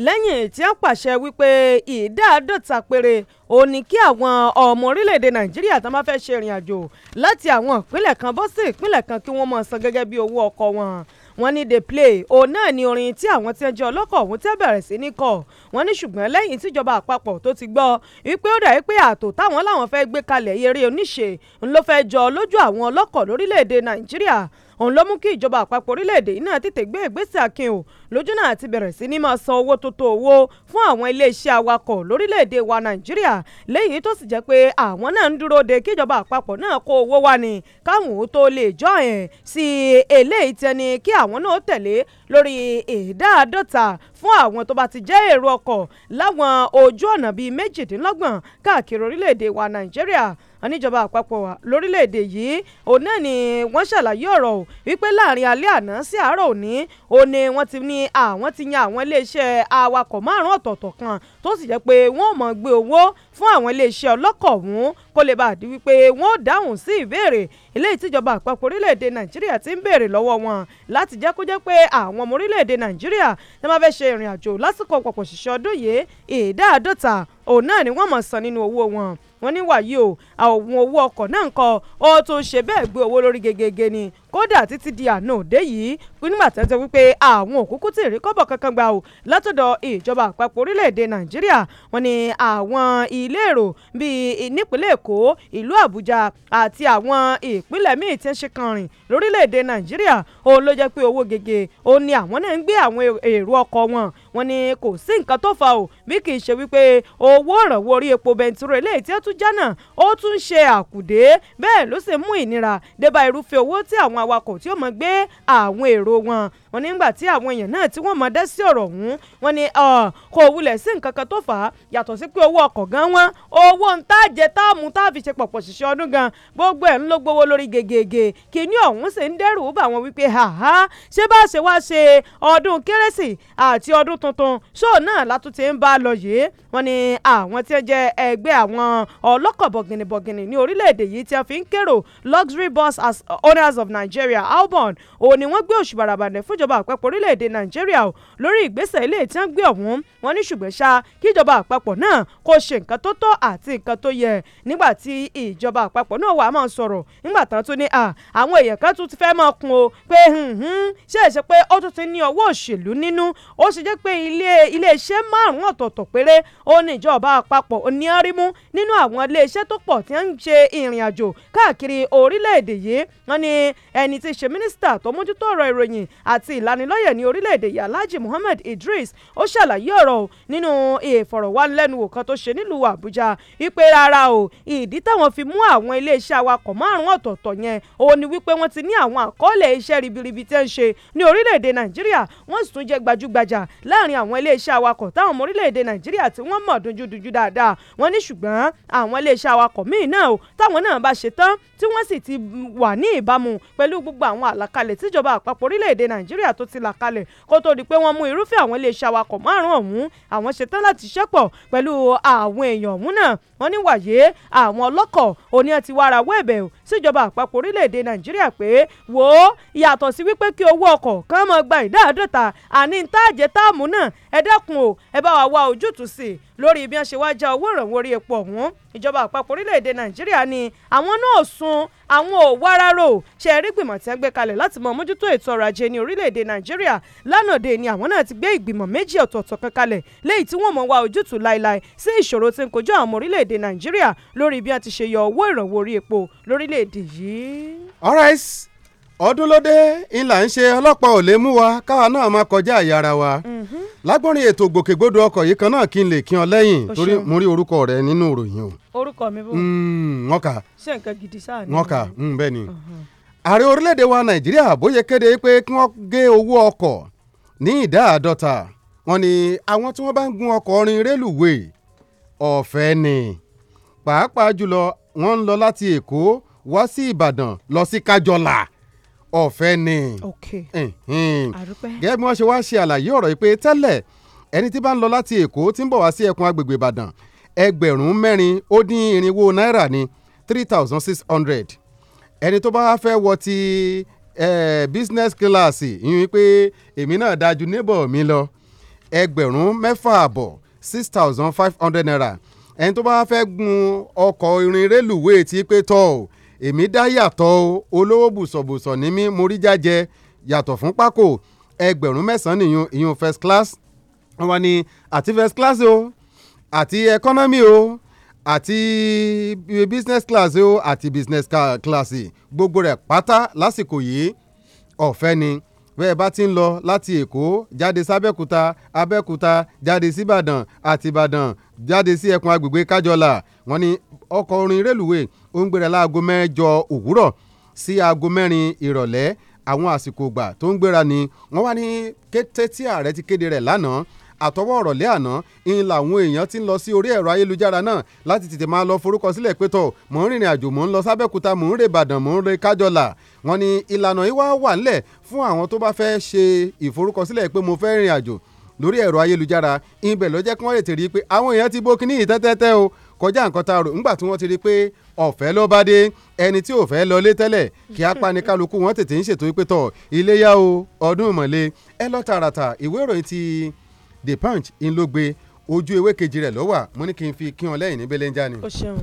lẹ́yìn tí wọ́n pàṣẹ wípé ìdáàdọ́ta péré ó ní kí àwọn ọmọ orílẹ̀-èdè nàìjíríà tó máa fẹ́ ṣe ìrìn àjò láti àwọn ìpínlẹ̀ kan bọ́ sí ìpínlẹ̀ kan kí wọ́n máa san gẹ́gẹ́ bí owó ọkọ̀ wọn wọ́n ní the play òun náà ni orin tí àwọn tí ń jẹ́ ọlọ́kọ̀ ọ̀hún tẹ́ bẹ̀rẹ̀ sí ní kọ wọ́n ní ṣùgbọ́n lẹ́yìn tíjọba àpapọ̀ tó ti gbọ́ wípé ó dàbí pé ààtò táwọn làwọn fẹ́ gbé kalẹ̀ eré oníṣe ń ló fẹ́ jọ lójú àwọn ọlọ́kọ̀ lórílẹ̀-èdè nàìjíríà òun ló mú kí ìjọba àpapọ̀ orílẹ̀-èdè yìí náà tètè gbé ìgbésẹ̀ akin o lójú náà àti bẹ̀rẹ̀ sí ní máa san owó tó tó owó fún àwọn iléeṣẹ́ awakọ̀ lórílẹ̀-èdè wa nàìjíríà léyìí tó sì jẹ́ pé àwọn náà ń dúró de kíjọba àpapọ̀ náà kó owó wá ni káwọn ò tó lè jọ ẹ̀ sí eléyìí tẹni kí àwọn náà tẹ̀lé lórí ìdáàdọ́ta fún àwọn tó bá ti jẹ́ èrò ọkọ̀ láwọn ojú ọ̀nà bíi méjìdínlọ́gbọ̀n káàkiri orílẹ̀-èdè wa nàìjíríà níjọba àpapọ̀ wa lórílẹ̀‐èdè yìí òun náà ni wọ́n ṣàlàyé ọ̀rọ̀ o wípé láàrin alẹ́ àná sí àárọ̀ òní òun ni wọ́n ti ní àwọn ti yan àwọn iléeṣẹ́ awakọ̀ márùn-ún ọ̀tọ̀ọ̀tọ̀ kan tó sì jẹ́ pé wọ́n ò mọ̀ gbé owó fún àwọn iléeṣẹ́ ọlọ́kọ̀ ọ̀hún kó lè bá di wípé wọ́n ò dáhùn sí ìbéèrè eléyìí tíjọba àpapọ̀ orílẹ̀-èdè nàìjíríà ti ń béèrè lọ́wọ́ wọn láti jẹ́ kó jẹ́ pé àwọn ọmọ orílẹ̀-èdè nàìjíríà tí wọ́n fẹ́ ṣe ìrìn àjò lásìkò pọ̀pọ̀ ṣìṣẹ́ ọdún yìí ìdá àádọ́ta òun náà ni wọ́n mọ̀ san nínú owó wọn wọ́n ní wàyí o àwọn owó ọkọ̀ náà ń kọ́ ó tún ṣe bẹ́ẹ̀ gbé owó lórí gegege ni kódà títí di àná òde yìí nígbà tó ń sọ wípé àwọn òkúkú tí ìrí kọ́bọ̀ kankan gbà o látọ̀dọ̀ ìjọba àpapọ̀ orílẹ̀-èdè nàìjíríà wọn ni àwọn ilé èrò bíi nípínlẹ̀ èkó ìlú àbújá àti àwọn ìpínlẹ̀ míì ti ń ṣe kànrìn lórílẹ̀-èdè nàìjíríà òun ló jẹ́ pé owó gègé òun ni àwọn náà ń gbé àwọn èrò ọkọ̀ wọn wọn ni kò sí nǹkan tó fa o bí kì í ṣe wípé owó ìrànwọ́ orí epo bẹntiró eléyìí tí ó tún jánà ó tún ṣe àkùdé bẹ́ẹ̀ ló sì mú ìnira débà irúfẹ́ owó tí àwọn awakọ̀ tí ó mọ̀ gbé àwọn èrò wọn wọn nígbà tí àwọn èèyàn náà tí wọ́n mọ̀ dá sí ọ̀rọ̀ ọ̀hún wọn ni kò wulẹ̀ sí nǹkan kan tó fà á yàtọ̀ sí pé owó ọkọ̀ gan wọn owó ń tá táàmù tá ṣe pọ̀pọ̀ ṣiṣẹ́ ọdún gan gbogbo ẹ̀ ń ló gbowó lórí gègègè kìíní ọ̀hún sì ń dẹ́rù bà wọ́n wípé haha ṣé bá ṣe wá ṣe ọdún kérésì àti ọdún tuntun ṣóò náà látún ti ń bá a lọ yìí wọn ni àwọn tí ó jẹ ẹgbẹ́ àwọn ọlọ́kọ̀ bọ̀gìnìbọ̀gìnì ní orílẹ̀-èdè yìí tí fi ń kérò luxury bus owners of Nigeria albon òun ni wọ́n gbé òṣùbàràbàdàn fúnj ìjọba àpapọ̀ orílẹ̀-èdè nàìjíríà o lórí ìgbésẹ̀ ilé tí wọ́n gbé ọ̀hún wọn ní ṣùgbọ́n ṣá kí ìjọba àpapọ̀ náà kó ṣe nǹkan tó tọ́ àti nǹkan tó yẹ nígbà tí ìjọba àpapọ̀ náà wà á máa sọ̀rọ̀ nígbà tán tún ní àwọn èèyàn kan tún ti fẹ́ máa kun o pé ṣe é ṣe pé ó tún ti ní ọwọ́ òṣèlú nínú ó ṣe jẹ́ pé ilé-iṣẹ́ márùn-ún ọ̀tọ̀ọ̀tọ̀ péré ó ní àti ìlanilọ́yẹ̀ ní orílẹ̀-èdè yìí Alhaji Muhammad Idris ó ṣàlàyé ọ̀rọ̀ o nínú ìfọ̀rọ̀wánilẹ́nuwò kan tó ṣe nílùú Àbújá wípé rárá o ìdí táwọn fi mú àwọn iléeṣẹ́ awakọ̀ márùn-ún ọ̀tọ̀ọ̀tọ̀ yẹn òun ni wípé wọ́n ti ní àwọn àkọọ́lẹ̀ iṣẹ́ ribiribi tẹ́ ń ṣe ní orílẹ̀-èdè Nàìjíríà wọ́n sì tún jẹ́ gbajúgbajà láàrin àwọn iléeṣẹ́ awakọ̀ táwọn ọmọ orílẹ̀-èdè Nàìjíríà tí wọ́n mọ̀ dunjúdunjú dáadáa wọ́n ní ṣùgbọ́n àwọn iléeṣẹ́ awakọ̀ míì náà o táwọn náà bá ṣe tán tí nàìjíríà tó ti là kalẹ̀ kó tó di pé wọ́n mú irúfẹ́ àwọn iléeṣẹ́ awakọ̀ márùn-ún ọ̀hún àwọn ṣetán láti ṣẹ́pọ̀ pẹ̀lú àwọn èèyàn ọ̀hún náà wọ́n ní àwọn ọlọ́kọ̀ òní ẹ̀ ti wá ara wọ́ síjọba àpapọ̀ orílẹ̀-èdè nàìjíríà pé wò ó yàtọ̀ sí wípé kí owó ọkọ̀ kán mọ́ gba ìdáàdọ́ta àní ń táàjẹ́ táàmù náà ẹ dẹ́kun o ẹ bá wa wá ojútùú sí i lórí bí wọ́n ṣe wá já owó ìrànwọ́ orí epo ọ̀hún ìjọba àpapọ̀ orílẹ̀-èdè nàìjíríà ni àwọn náà sun àwọn ò wárárò ṣe rí gbìmọ̀ tí wọ́n gbé kalẹ̀ láti mọ mójútó ètò ọrọ̀ ajé ní orílẹ̀-èdè nàìjíríà lánàá ni àwọn náà ti gbé ìgbìmọ̀ méjì ọ̀tọ̀ọ̀tọ̀ kan kalẹ̀ léyìí tí wọ́n mọ̀ wá ojútùú láéláé sí ìṣòro tí ń kojú àwọn orílẹ̀-èdè nàìjíríà lórí bí wọ́n ti ṣe yọ owó ìrànwọ́ orí epo lóríl lórílẹ̀‐èdè yìí. alright ọdún ló dé ńlá ń ṣe ọlọ́pàá ò lè mú wa káwa náà máa kọjá àyà ara wa mhm. lágbórin ètò gbòkègbodò ọkọ̀ yìí kan náà kí n lè kí ọ lẹ́yìn torí mo rí orúkọ rẹ nínú ìròyìn o. orúkọ mi bò. Hmm, wọn kà. ṣé nǹkan gidi sáà ni. wọn kà hmm, bẹ́ẹ̀ ni. Uh-huh. ààrẹ orílẹ̀-èdè wa nàìjíríà bóyá kéde pé kí wọ́n gé owó ọkọ̀ ní ìdá àádọ́ta wọ́n ní àwọn tí wọ́n bá ń gun ọkọ̀ orin rélùwéè ọ̀fẹ́ ni pàápàá jùlọ wọ́n ń lọ láti èkó wá sí ìbàdàn lọ sí kájọlà ọ̀fẹ́ ni. gẹ́gẹ́ bí wọ́n ṣe wá ṣe àlàyé ọ̀rọ̀ yìí pé tẹ́lẹ̀ ẹni tí bá ń lọ láti èkó tí ń bọ̀ wá sí ẹkùn agbègbè ìbàdàn ẹgbẹ̀rún mẹ́rin ó dín irinwó náírà ni three thousand six hundred ẹni tó bá fẹ́ wọ ti eh, business class ìyún pé èmi náà dájú níbọ̀ mi lọ ẹgbẹ̀rún mẹ́fà àbọ̀ six thousand five hundred naira ẹni tó bá fẹ́ gun ọkọ̀ irin rélùwéè tí pé tọ́ ò èmi dá yàtọ̀ o olówó bùsọ̀bùsọ̀ ní mí mo rí jájẹ yàtọ̀ fún pákó ẹgbẹ̀rún mẹ́sàn-án nìyún ìyún first class wọn ni àti first class o àti economy o àti business class o àti business class gbogbo rẹ̀ pátá lásìkò yìí ọ̀fẹ́ ni bẹ́ẹ̀ bá ti ń lọ láti èkó jáde sábẹ́kúta abẹ́kúta jáde síbàdàn àtìbàdàn jáde sí ẹkùn agbègbè kájọlà wọ́n ní ọkọ̀ orin rélùwé ó ń gbéra láago mẹ́jọ òwúrọ̀ sí aago mẹ́rin ìrọ̀lẹ́ àwọn àsìkò ìgbà tó ń gbéra ni wọ́n wá ní kété tí ààrẹ ti kéde rẹ̀ lánàá àtọwọ́ ọ̀rọ̀lẹ́ àná ń làwọn èèyàn ti ń lọ sí orí ẹ̀rọ ayélujára náà láti tètè máa lọ forúkọ sílẹ̀ pé tọ̀ mò ń rìnrìn àjò mò ń lọ sábẹ́kúta mò ń re ìbàdàn mò ń re kájọlà wọ́n ní ìlànà yìí wá wà ńlẹ̀ fún àwọn tó bá fẹ́ ṣe ìforúkọsílẹ̀ pé mo fẹ́ rìnrìn àjò lórí ẹ̀rọ ayélujára ibẹ̀ ló kí wọ́n lè tèrè pé àwọn èèyàn ti bó kíní yìí o kọjá nǹkan tá a rò ńgbà tí wọ́n ti rí i pé ọ̀fẹ́ ló bá dé ẹni tí ò fẹ́ lọlé tẹ́lẹ̀ kí apanikálukú wọn tètè ń ṣètò pé tọ̀ iléyà o ọdún ìmọ̀le ẹ lọ tààràtà ìwé ìròyìn ti the punch ń ló gbé ojú ewé kejì rẹ̀ lọ́wà mo ní kí n fi kí wọn lẹ́yìn ní belenja ni. o ṣeun.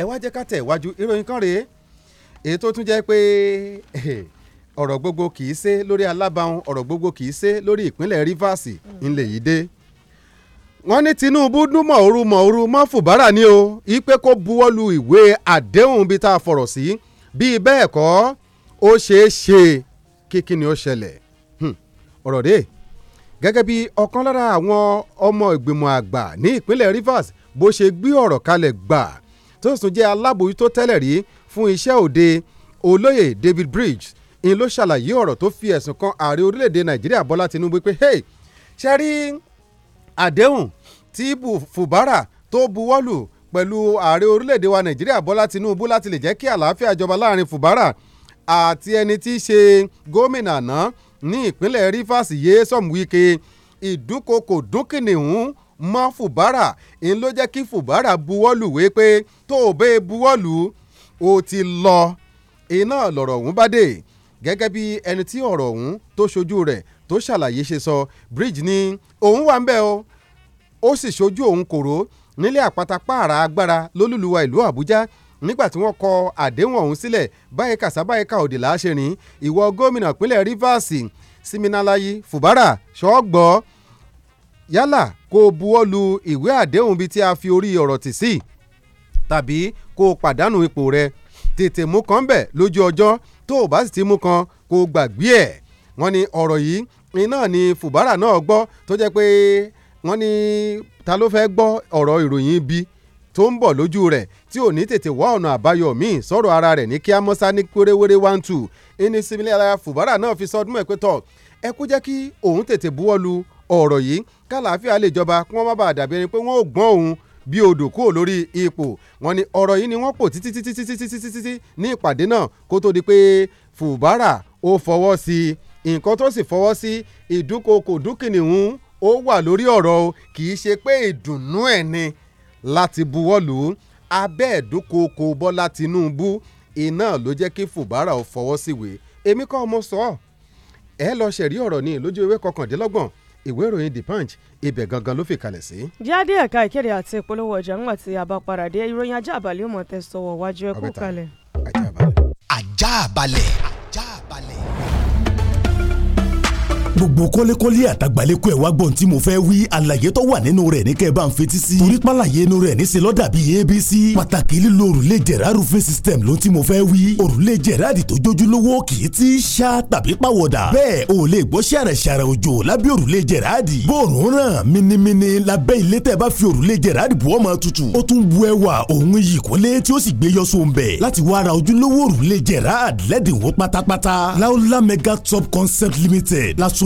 ẹ wá jẹ́ ká tẹ̀ wájú ìròyìn kan rèé èyí tó tún jẹ́ pé ọ̀rọ̀ gbogbo kì í ṣe lórí alábàáhùn ọ̀rọ̀ gbogbo kì í ṣe lórí ìpínlẹ̀ rivers mm. ńlẹ̀ yìí dé wọ́n ní Tinubu dún mọ̀ọ́rú mọ̀ọ́rú mọ́ Fubara ni o ipe kó buwọ́ lu ìwé àdéhùn bíi tá a fọ̀rọ̀ sí bíi bẹ́ẹ̀ kọ́ ó ṣeé ṣe kíkí ni ó ṣẹlẹ̀ hmm, ọ̀rọ̀ dé gẹ́gẹ́ bí ọ̀kan lára àwọn ọmọ ìgbìmọ̀ àgbà ní ìpínlẹ̀ Rivers bó ṣe gbé ọ̀rọ̀ kalẹ̀ gbà tó sì tún jẹ́ alábòójútó tẹ́lẹ̀ rí fún iṣẹ́ òde olóyè David Bridge in ló ṣàlàyé ọ̀rọ̀ tó fi ẹ̀sùn kan ààrẹ orílẹ̀-èdè Nàìjíríà Bọ́lá Tinubu pé hey ṣe rí àdéhùn tí Fubara tó buwọ́lù pẹ̀lú ààrẹ orílẹ̀-èdè wa Nàìjíríà Bọ́lá Tinubu láti lè jẹ́ kí àlàáfíà jọba láàrin Fubara àti ẹni tí í ṣe gómìnà àná ní ìpínlẹ̀ Rivers Nyesom Wike ìdúnkokò dúnkìnìún mọ́ Fubara ń ló jẹ́ kí Fubara buwọ́lù wé pé tó o bẹ́ẹ̀ buwọ́lù o ti lọ iná lọ̀rọ̀ ọ̀hún bá dé gẹ́gẹ́ bí ẹni tí ọ̀rọ̀ ọ̀hún tó ṣojú rẹ̀ tó ṣàlàyé ṣe sọ Bridge ni òun wà ń bẹ̀ o ó sì ṣojú òun kòró nílé àpáta pààrà agbára lólùlùwà ìlú àbújá nígbà tí wọ́n kọ àdéhùn ọ̀hún sílẹ̀ báyìí kàṣà báyìí ká òdì láṣẹ rìn ìwọ gómìnà ìpínlẹ̀ Rivers Siminalayi Fubara ṣọ́gbọ́ yálà kó o buwọ́ lu ìwé àdéhùn bíi tí a fi orí ọ̀rọ̀ tì sí tàbí kó o pàdánù ipò rẹ tètè mú kan bẹ̀ lójú ọjọ́ tó o bá sì ti mú kan kó gbàgbé ẹ̀ wọ́n ní ọ̀rọ̀ yìí iná ni Fubara náà gbọ́ tó jẹ́ pé wọ́n ní ta ló fẹ́ gbọ́ ọ̀rọ̀ ìròyìn ibi tó ń bọ̀ lójú rẹ̀ tí ò ní tètè wá ọ̀nà àbáyọ míì sọ̀rọ̀ ara rẹ̀ ní kíá mọ́sá ní wérewére one two ẹni similara fùbárà náà fi sọdún ẹ̀ pé tọ̀ ẹ kú jẹ́ kí òun tètè buwọ́ lu ọ̀rọ̀ yìí kálàáfíà lè jọba kí wọ́n má bàa dàbí ẹni pé wọ́n ò gbọ́n òun bí odò kúrò lórí ipò wọn ni ọ̀rọ̀ yìí ni wọ́n pò títí títí títí ní ìpàdé ó wà lórí ọ̀rọ̀ o kì í ṣe pé ìdùnnú ẹ̀ ni láti buwọ́lù abẹ́ ẹ̀dúnkooko Bọ́lá Tinubu iná ló jẹ́ kí Fubara ó fọwọ́ síwèé èmi kọ́ mo sọ ọ́ ẹ lọ ṣẹ̀rí ọ̀rọ̀ ni lójú ewé kọkàndínlọ́gbọ̀n ìwé ìròyìn the punch ibẹ̀ gangan ló fi kalẹ̀ sí. jáde ẹ̀ka ìkéde àti ìpolówó ọjà ńgbà tí a bá padà ìròyìn ajá àbálẹ̀ ó mọ̀ tẹ́ sọ̀wọ́ wájú ẹ kalẹ̀. ajá àbálẹ̀. ajá àbálẹ̀. ajá àbálẹ̀ gbogbo kọ́lékọ́lé àtàgbàlékọ́ ẹ̀ wá gbọ́n tí mo fẹ́ wí àlàyé tó wà nínú rẹ̀ ní kẹ́ ẹ bá ń fetí sí. torí pàlàyé inú rẹ̀ níṣẹ́ lọ́dà bíi abc pàtàkì lílo òrùlé jẹ̀rá roofing system ló tí mo fẹ́ wí òrùlé jẹ̀rá àdì tó jójúlówó kì í ti ṣá tàbí pàwọ̀dà bẹ́ẹ̀ o lè gbọ́ ṣàrẹ̀ṣàrẹ̀ òjò lábẹ́ òrùlé jẹ̀rá àdì bóòrùn ràn minimini lábẹ́ ilé tẹ́ bá fi òrùlé jẹ̀rá àdì bu ọmọ tutù ó tún bu ẹwà òun iyì kọ́lé tí ó sì gbé yọ sóńbẹ̀ láti wá ra òjúlówó òrùlé jẹ̀rá àdì lẹ́dínwó pátápátá láúlá mega top concept limited lásù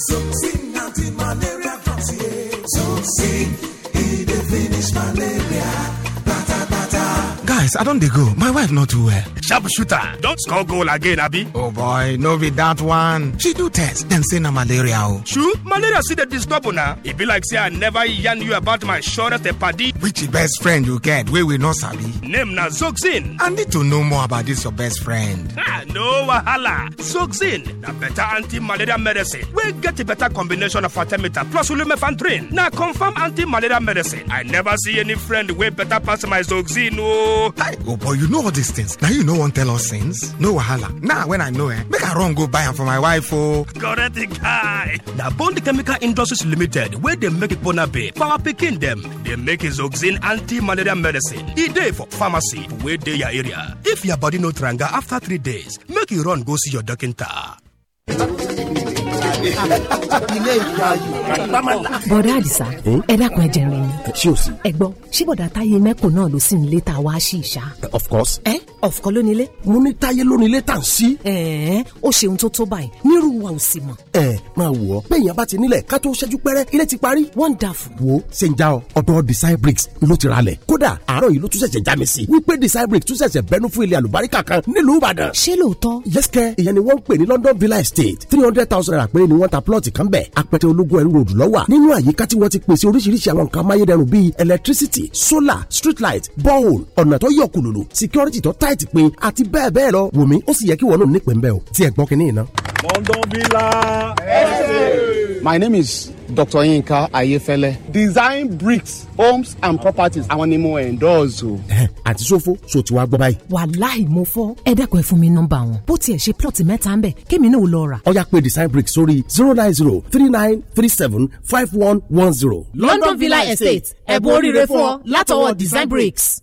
Succeed, anti-malaria, not see. Succeed. I don't dey go. My wife not too well. Sharp shooter, don't score goal again, Abby. Oh boy, no be that one. She do test, then say na malaria o. Oh. True, malaria see the disturb una. E be like say I never yarn you about my surest party. Which best friend you get wey we not, sabi? Name na Zoxin. I need to know more about this your best friend. Ha, no wahala. Zoxin The better anti-malaria medicine We get a better combination of artemether plus lumefantrine. Now confirm anti-malaria medicine. I never see any friend wey better pass my Zoxin Oh. oh boy you know all these things now you no wan tell us things no wahala now when i know eh make i run go buy am for my wife oh. correct guy Now bond chemical industries limited where they make it bay for picking them, they make make isoxin anti-malaria medicine e for pharmacy wey dey your area if your body no tranga after three days make you run go see your doctor. ilé ìwà yìí. bọ̀dá àdìsá ẹ dákun ẹ jẹrin ni. ṣé o sì. ẹ gbọ́ ṣé bọ̀dá táyé mẹ́kùn náà ló sì ń lé ta wá sí ìṣá. of course. ẹ ọ̀fọ̀ lónílé. mo ní táyé lónílé tà ń sí. ẹ ẹ ó ṣe tó tó báyìí nírú wa ò sì mọ. ẹ máa wọ bẹyìn abá ti nílẹ̀ ká tó ṣẹ́jú pẹ́rẹ́ ilé ti parí. wonderful. wo ṣe ń já ọ ọ̀dọ̀ design bricks ló ti ralẹ̀ kódà àárọ̀ yìí ló tún ṣẹ̀ṣẹ̀ já mi sí. wípé design bricks tún ṣẹ̀ṣẹ̀ bẹnu fún ilé àlùbáríkà kan nílùú ìbàdàn. ṣé lóòótọ́. yẹ́sìkẹ́ ìyẹn ni wọ́n pè ní London Villa Estate three hundred thousand naira péré ni wọ́n ta plọ́ọ̀tì kan bẹ̀ apẹtẹ ológun ẹ̀rú ròdù lọ́wà nínú àyíká tí wọ́n ti pèsè oríṣiríṣi àwọn nǹkan amáyédẹrùn electricity solar street light borehole ọ̀nà security tó wẹ́bsáìtì pé àti bẹ́ẹ̀ bẹ́ẹ̀ lọ wò ó sì yẹ kí wọ́n lòun nípìn ń o tí gbọ́n kínní iná. London Villa Estate. My name is Dr. Yinka Ayefele. Design bricks, homes and properties. Àwọn ni mo endorse o. Àti sófo so ti wá gbọ́ báyìí. Wàláì mo fọ́. Ẹ dẹ́kun mi nọ́mbà wọn. Bó tiẹ̀ ṣe plọ̀tì mẹ́ta ń bẹ̀, kémi náà lọ rà. Ó pé Design bricks sórí zero nine zero three nine three seven five one one zero. London Villa Estate, ẹ̀bùn oríire fún ọ látọwọ́ Design bricks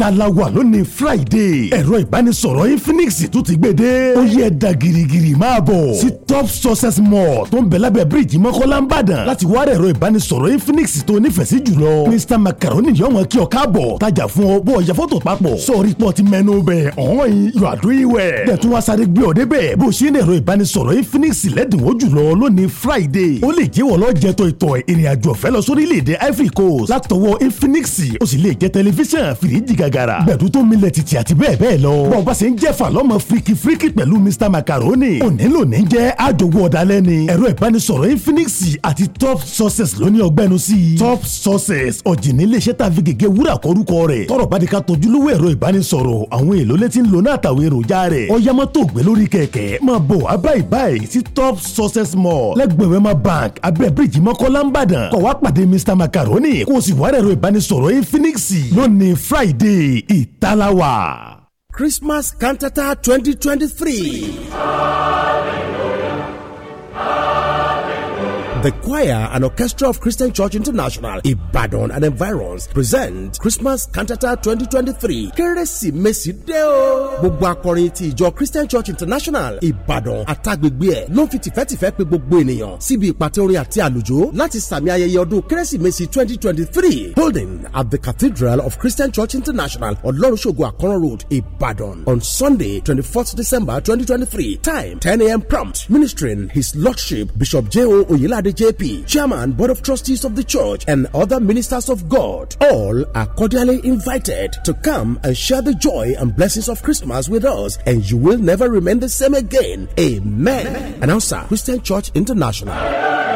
mẹ́ta la wà lónìí friday ẹ̀rọ ìbánisọ̀rọ̀ infinix tún ti gbé dé ó yẹ da girigiri máa bọ̀ sí top success mall tó ń bẹ̀ lábẹ́ bíríìjì mọ́kànlá ń bàdàn láti wá ẹ̀rọ ìbánisọ̀rọ̀ infinix tó nífẹ̀ẹ́ sí jùlọ mr macaroni yóò wọn kí ọ káàbọ̀ tajà fún ọ bó ọjà fọ́tò papọ̀ sọ̀rí pọ̀ ti mẹ́nu bẹ̀ ọ̀hún yìí yọ àdó ìwẹ̀ dẹ̀tún wa sáré gbé ọ débẹ̀ bó ṣe ń ẹ̀rọ ìbánisọ̀rọ̀ infinix lẹ́dínwó jùlọ lónìí friday ó lè jẹ́wọ́ lọ́jẹ̀tọ̀ ìtọ̀ ìrìnàjò ọ̀fẹ́ lọ sórílẹ̀-èdè ivory coast látọwọ́ infinix ó sì lè jẹ́ tẹlifíṣàn fìríjìgà gàgàrà gbẹ̀dú tó milẹ̀ tìtì àti bẹ́ẹ̀ bẹ́ẹ̀ lọ. bọ́n ń jẹ́ fàlọ́mọ fíríkì fíríkì pẹ̀lú Mr Macaroni òní lónìí jẹ́ àjogún ọ̀dàlẹ̀ ẹ̀rọ ìbánisọ̀rọ̀ Infinix àti Top Sources lóní ọgbẹ́nu sí i Top Sources ọ̀jìnì iléeṣẹ́ tá a fi gègé wúrà kọ́rúkọ rẹ̀ tọ́rọ̀ bá di ká tojúlówó ẹ̀rọ ìbánisọ̀rọ̀ àwọn èlò létí ń lò náà àtàwọn èròjà rẹ̀ ọ̀yámọ́tò gbé lórí kẹ̀kẹ́ máa bọ̀ wá báyìí sí Top Sources Mall lẹ́gbẹ̀wẹ́ máa bank abẹ́ bíríìjì mọ́kọ́lá ń bàdàn kọ̀ wá pàdé Mr Macaroni kó o sì wá ẹ̀rọ ìbánisọ̀rọ̀ Infinix lónìí Friday ìtàláwà. Christmas Cantata twenty twenty three. The choir and orchestra of Christian Church International, Ibadan and Environs present Christmas Cantata 2023. Kérésìmesì dé o. Gbogbo akọrin ti ìjọ Christian Church International, Ìbàdàn àtàgbègbè ẹ̀ ló ń fi tìfẹ́tìfẹ́ pe gbogbo ènìyàn síbi ìpàtẹ orin àti àlùjó láti sàmì ayẹyẹ ọdún Kérésìmesì 2023 holding at the Cathedral of Christian Church International, Olorunsogun Akoran Road, Ìbàdàn on Sunday 24th December 2023 time 10 a.m. prompt ministering his lordship Bishop J.O. Oyelade JP, Chairman, Board of Trustees of the Church, and other ministers of God. All are cordially invited to come and share the joy and blessings of Christmas with us, and you will never remain the same again. Amen. Amen. Announcer, Christian Church International.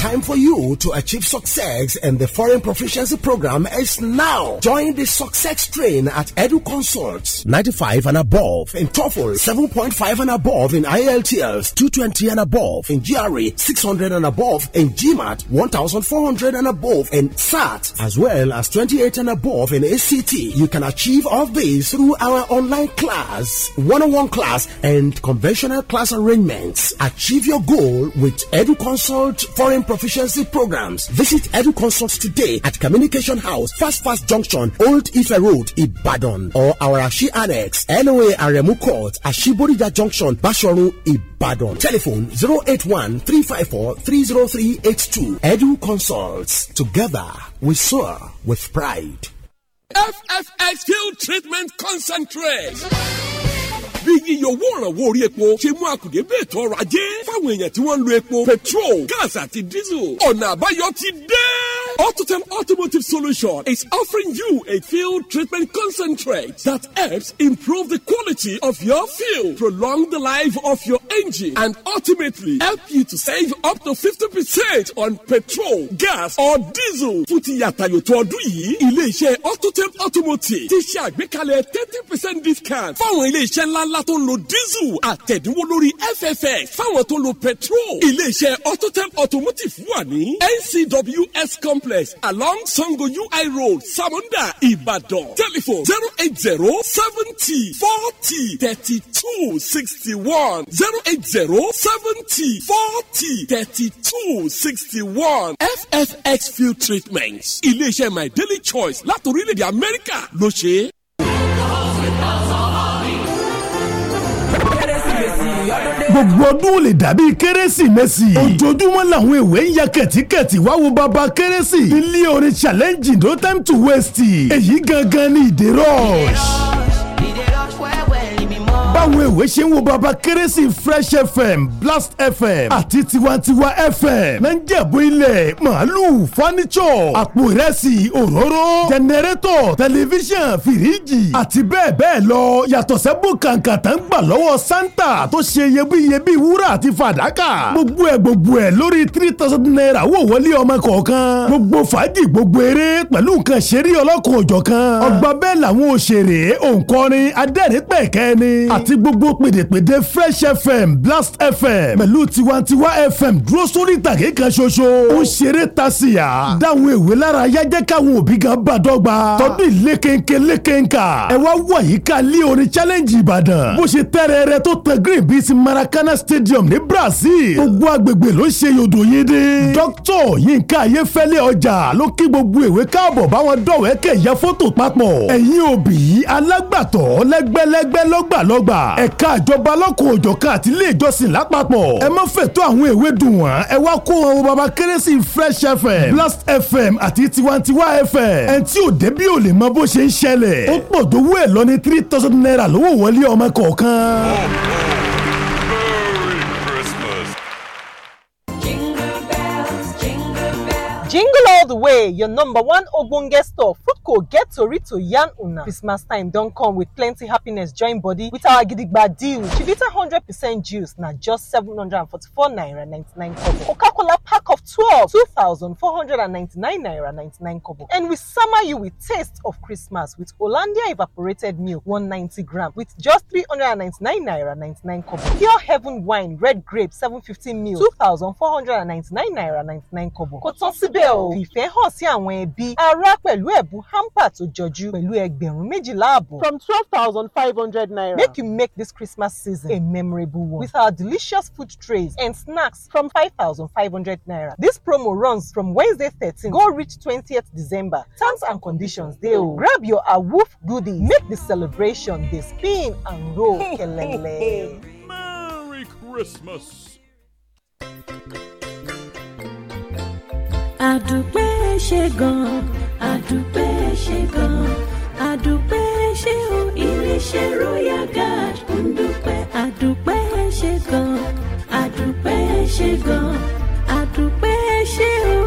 time for you to achieve success and the foreign proficiency program is now. Join the success train at Edu Consults 95 and above in TOEFL 7.5 and above in IELTS 220 and above in GRE 600 and above in GMAT 1400 and above in SAT as well as 28 and above in ACT. You can achieve all these through our online class, one-on-one class and conventional class arrangements. Achieve your goal with Edu Consult Foreign proficiency programs. Visit Edu Consults today at Communication House, Fast Fast Junction, Old Ife Road, Ibadan, or our Ashi Annex, NOA Aremu Court, Ashiborida Junction, Bashoru, Ibadan. Telephone 081 354 30382. Edu Consults. Together, we soar with pride. FFX Field Treatment Concentrate bí yíyọ owó ìrànwọ́ orí epo ṣe mú àkùdé bẹ́ẹ̀ tọ́ ọrọ̀ ajé fáwọn èèyàn tí wọ́n ń lo epo petrol gas àti diesel ọ̀nà àbáyọ ti dé. Autotem Automotive Solution is offering you a fuel treatment concentrate that helps improve the quality of your fuel, prolong the life of your engine, and ultimately help you to save up to 50% on petrol, gas, or diesel. Fúti ti yàtàyò tó ọdún yìí, ilé-iṣẹ́ Autotem Automotive ti ṣe àgbékalẹ̀ 30% discount fáwọn ilé-iṣẹ́ ńláńlá tó ń lo diesel àtẹ̀dínwó lórí ffx fáwọn tó ń lo petrol iléeṣẹ́ autotem automotive wà ní ncws complex along sango ui road samonda ibadan telephone zero eight zero seventy forty thirty two sixty one zero eight zero seventy forty thirty two sixty one ffx fuel treatment iléeṣẹ́ my daily choice láti orílẹ̀-èdè amẹ́ríkà ló ṣe é. gbogbo ọdún lè dàbí kérésìmesì. ojoojúmọ́ làwọn èwe ń ya kẹ̀tíkẹ̀tì wá wo baba kérésì. ilé orin challenge no time to waste. èyí gangan ni rush. ìdè rush ìdè rush wẹ́ẹ́ báwọn èwe ṣe ń wo baba kérésì fresh fm blast fm àti tiwantiwa fm náà ń jẹ̀bú ilẹ̀ màálù fánítsọ̀ àpò ìrẹsì òróró jẹnẹrétọ̀ tẹlifíṣàn fìríjì àti bẹ́ẹ̀ bẹ́ẹ̀ lọ yàtọ̀ sẹ́bù kàǹkà tá gbà lọ́wọ́ santa tó ṣe iyebíye bíi wúrà àti fàdákà gbogbo ẹ̀ gbogbo ẹ̀ lórí three thousand naira wò wọlé ọmọ kọ̀ọ̀kan gbogbo fàájì gbogbo eré pẹ̀lú nǹkan ṣeré ọlọ́kùn òjọ̀kan ọgbà bẹ́ẹ̀ làwọn òṣèré àti gbogbo pèdèpèdè fresh fm blast fm pẹ̀lú tiwantiwa fm dúró sórí ìtàgé kan ṣoṣo ó ṣeré tasiya dáhùn èwe lára yájẹ́ káwọn òbí gan bá dọ́gba tọ́dún ìlékeńké lékeńká ẹ wá wọ̀ yìí ká lé orin challenge ìbàdàn bó ṣe tẹ́rẹ̀ẹ́rẹ́ tó tẹ green bíi ti maracana stadium ní brazil gbogbo agbègbè ló ṣe yòdò yín dé dókítọ̀ yínká ayéfẹ́lẹ́ ọjà ló kí gbogbo èwe káàbọ̀ báwọn dọ̀wẹ́kẹ̀ ya fọ́tò papọ̀ ẹ̀yin òbí alágbàtọ́ lẹ́gbẹ́lẹ́gbẹ́ lọ́gbàlọ́gb gbà ẹ̀ka ìjọba alákòó òjọ̀ká àti ilé ìjọsìn lápapọ̀ ẹ má fẹ̀tọ́ àwọn èwe dùn wọ́n ẹ wá kó wọn wo baba kérésì fresh fm blast fm àti tiwantiwa fm ẹn tí ò débi ò lè mọ bó ṣe ń ṣẹlẹ̀ ó pọ̀ tó wú ẹ̀ lọ ní three thousand naira lówó wọlé ọmọ kọ̀ọ̀kan. jingle all the way your number one ogbonge store fruitco get tori to yarn una christmas time don't come with plenty happiness join body with our gidigba deal chivita hundred percent juice now just 744 naira 99 kobo coca-cola pack of 12, 2,499 naira 99 kobo and we summer you with taste of christmas with hollandia evaporated milk 190 gram with just 399 naira 99 kobo pure heaven wine red grape 750 mil 2,499 naira 99 kobo kò síbẹ̀ ò ìfẹ́ hàn sí àwọn ẹbí ará pẹ̀lú ẹ̀bùn hamper tó jọjú pẹ̀lú ẹgbẹ̀rún méjìlá àbọ̀. from twelve thousand five hundred naira. make you make this Christmas season a memorable one with our delicious food trays and snacks from five thousand five hundred naira. this promo runs from Wednesday thirteen go reach twentieth December terms and conditions dey o. grab your awoof goodies make the celebration dey spin and roll kelele. Merry Christmas àdùpẹ́ ṣe gan-an àdùpẹ́ ṣe gan-an àdùpẹ́ ṣe o iléeṣẹ́ royal guard ń dúpẹ́ àdùpẹ́ ṣe gan-an àdùpẹ́ ṣe gan-an àdùpẹ́ ṣe o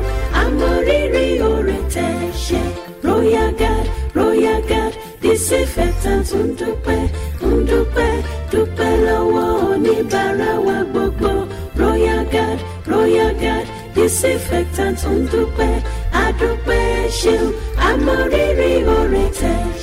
àmọ̀rírì oore tẹ̀ ṣe royal guard royal guard disinfectant ń dúpẹ́ ń dúpẹ́ dúpẹ́ lọ́wọ́ oníbàárà wa gbogbo royal guard royal guard disinfectant ń dúpẹ́ adúpẹ́ ṣeun amọ̀rírì oore tẹ̀.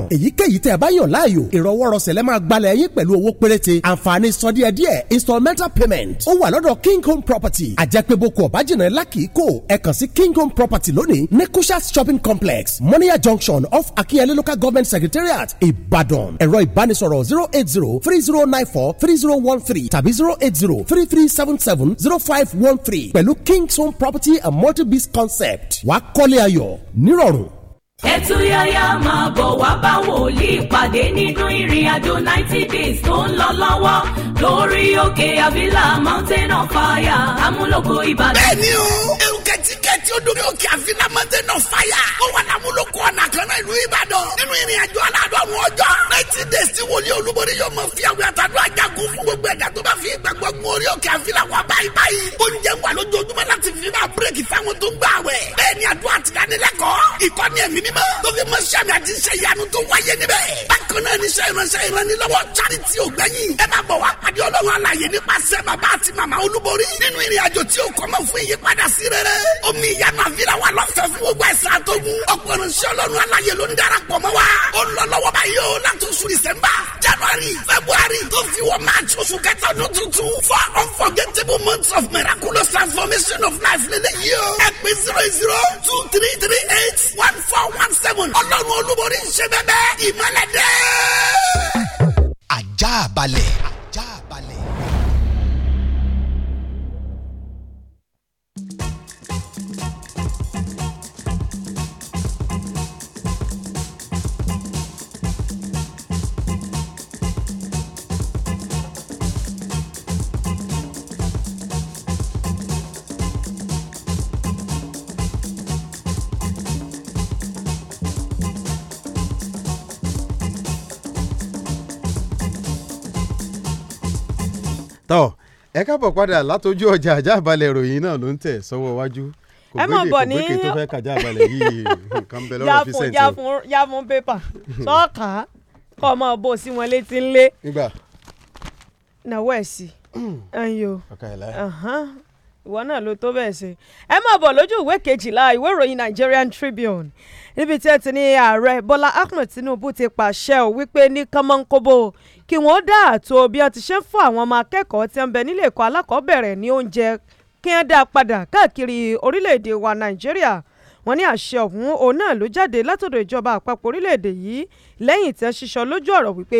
lọ́rùn èyíkéyìí tẹ́ ẹ bá yàn láàyò ìrọwọ́rọsẹ̀ lẹ́ máa gbalẹ̀ ẹ̀yìn pẹ̀lú owó péréte àǹfààní sọdíẹ̀díẹ̀ installmental payment ó wà lọ́dọ̀ king home property àjẹpéboko ọ̀bájìnà lákì kò ẹ kàn sí king home property lónìí ní kushas shopping complex moniya junction off akinyele local government secretariat ìbàdàn ẹ̀rọ ìbánisọ̀rọ̀ zero eight zero three zero nine four three zero one three tàbí zero eight zero three three seven seven zero five one three pẹ̀lú king home property and multi-biz concept wàá kọ́lé ayọ̀ nírọ̀rùn ẹtúyáyá máa bọ̀ wá bá wòlíì pàdé nínú ìrìn àjò ninety days tó ń lọ lọ́wọ́ lórí òkè àbílà mountain of fire amúlòkọ ìbàdàn. bẹ́ẹ̀ni o tí ó dórí òkè àfínà mountain of fire. ó wà lámúlòkọ ọ̀nà kan náà ìlú ìbàdàn. nínú ìrìn àjò aládọ́run ọjọ́. ninety days tí wòlíì olúborí yóò mọ fi àwọn àtàdúrà jagun fún gbogbo ẹ̀dá tó bá fi ìgbàgbọ́ gun orí òkè àfínà wà báyìí báyìí. oúnjẹ wà lójoojúmọ́ láti fi máa bírèkì fáwọn tó ń gbà wẹ̀. bẹ́ẹ̀ àdúrà ti dání lẹ́kọ̀ọ́. ìkọ́ni ìyanu àfihàn wa lọ́fẹ̀ẹ́ fún gbogbo ẹ̀sìn àtọ́gùn. ọkùnrin sí ọlọ́run ló ń darapọ̀ mọ́ wa. ó lọ lọ́wọ́ báyìí o láti oṣù december january february tó fi wọ march oṣù kẹta ọdún tuntun. four unforgettable months of miraculous transformation of life lélẹ́yìí o. ẹ pé zero zero two three three eight one four one seven. ọlọ́run olúborí ń ṣe bẹ́ẹ̀ bẹ́ẹ̀ ìmọ̀lẹ́dẹ́. ajá balẹ̀. tọ́ ẹ káàbọ̀ padà látọjú ọjà ajá ìròyìn náà ló ń tẹ̀ sọ́wọ́ wájú ẹ mọ̀ bọ̀ ní kògbékè tó o. pépà sọ́ọ̀kà kọ́ ọmọ bó sí wọn létí ńlé. nígbà. ẹ̀ sí ẹ̀yọ ìwọ náà ló tó bẹ́ẹ̀ ṣe ẹ mọ̀ bọ̀ lójú ìwé kejìlá ìwé ìròyìn Nigerian Tribune níbi tí ẹ ti ní ààrẹ Bọ́lá Ahmed Tinubu ti pàṣẹ ò wípé ní kánmọ́nkóbó kí wọ́n dá àtò bí wọ́n ti ṣe ń fún àwọn ọmọ akẹ́kọ̀ọ́ tí ń bẹ nílé ẹ̀kọ́ alákọ̀ọ́bẹ̀rẹ̀ ní oúnjẹ kí wọ́n dá padà káàkiri orílẹ̀-èdè wa Nàìjíríà wọ́n ní àṣẹ ọ̀hún òun náà ló jáde látọ̀dọ̀ ìjọba àpapọ̀ orílẹ̀-èdè yìí lẹ́yìn tí wọ́n ṣiṣọ́ lójú ọ̀rọ̀ wípé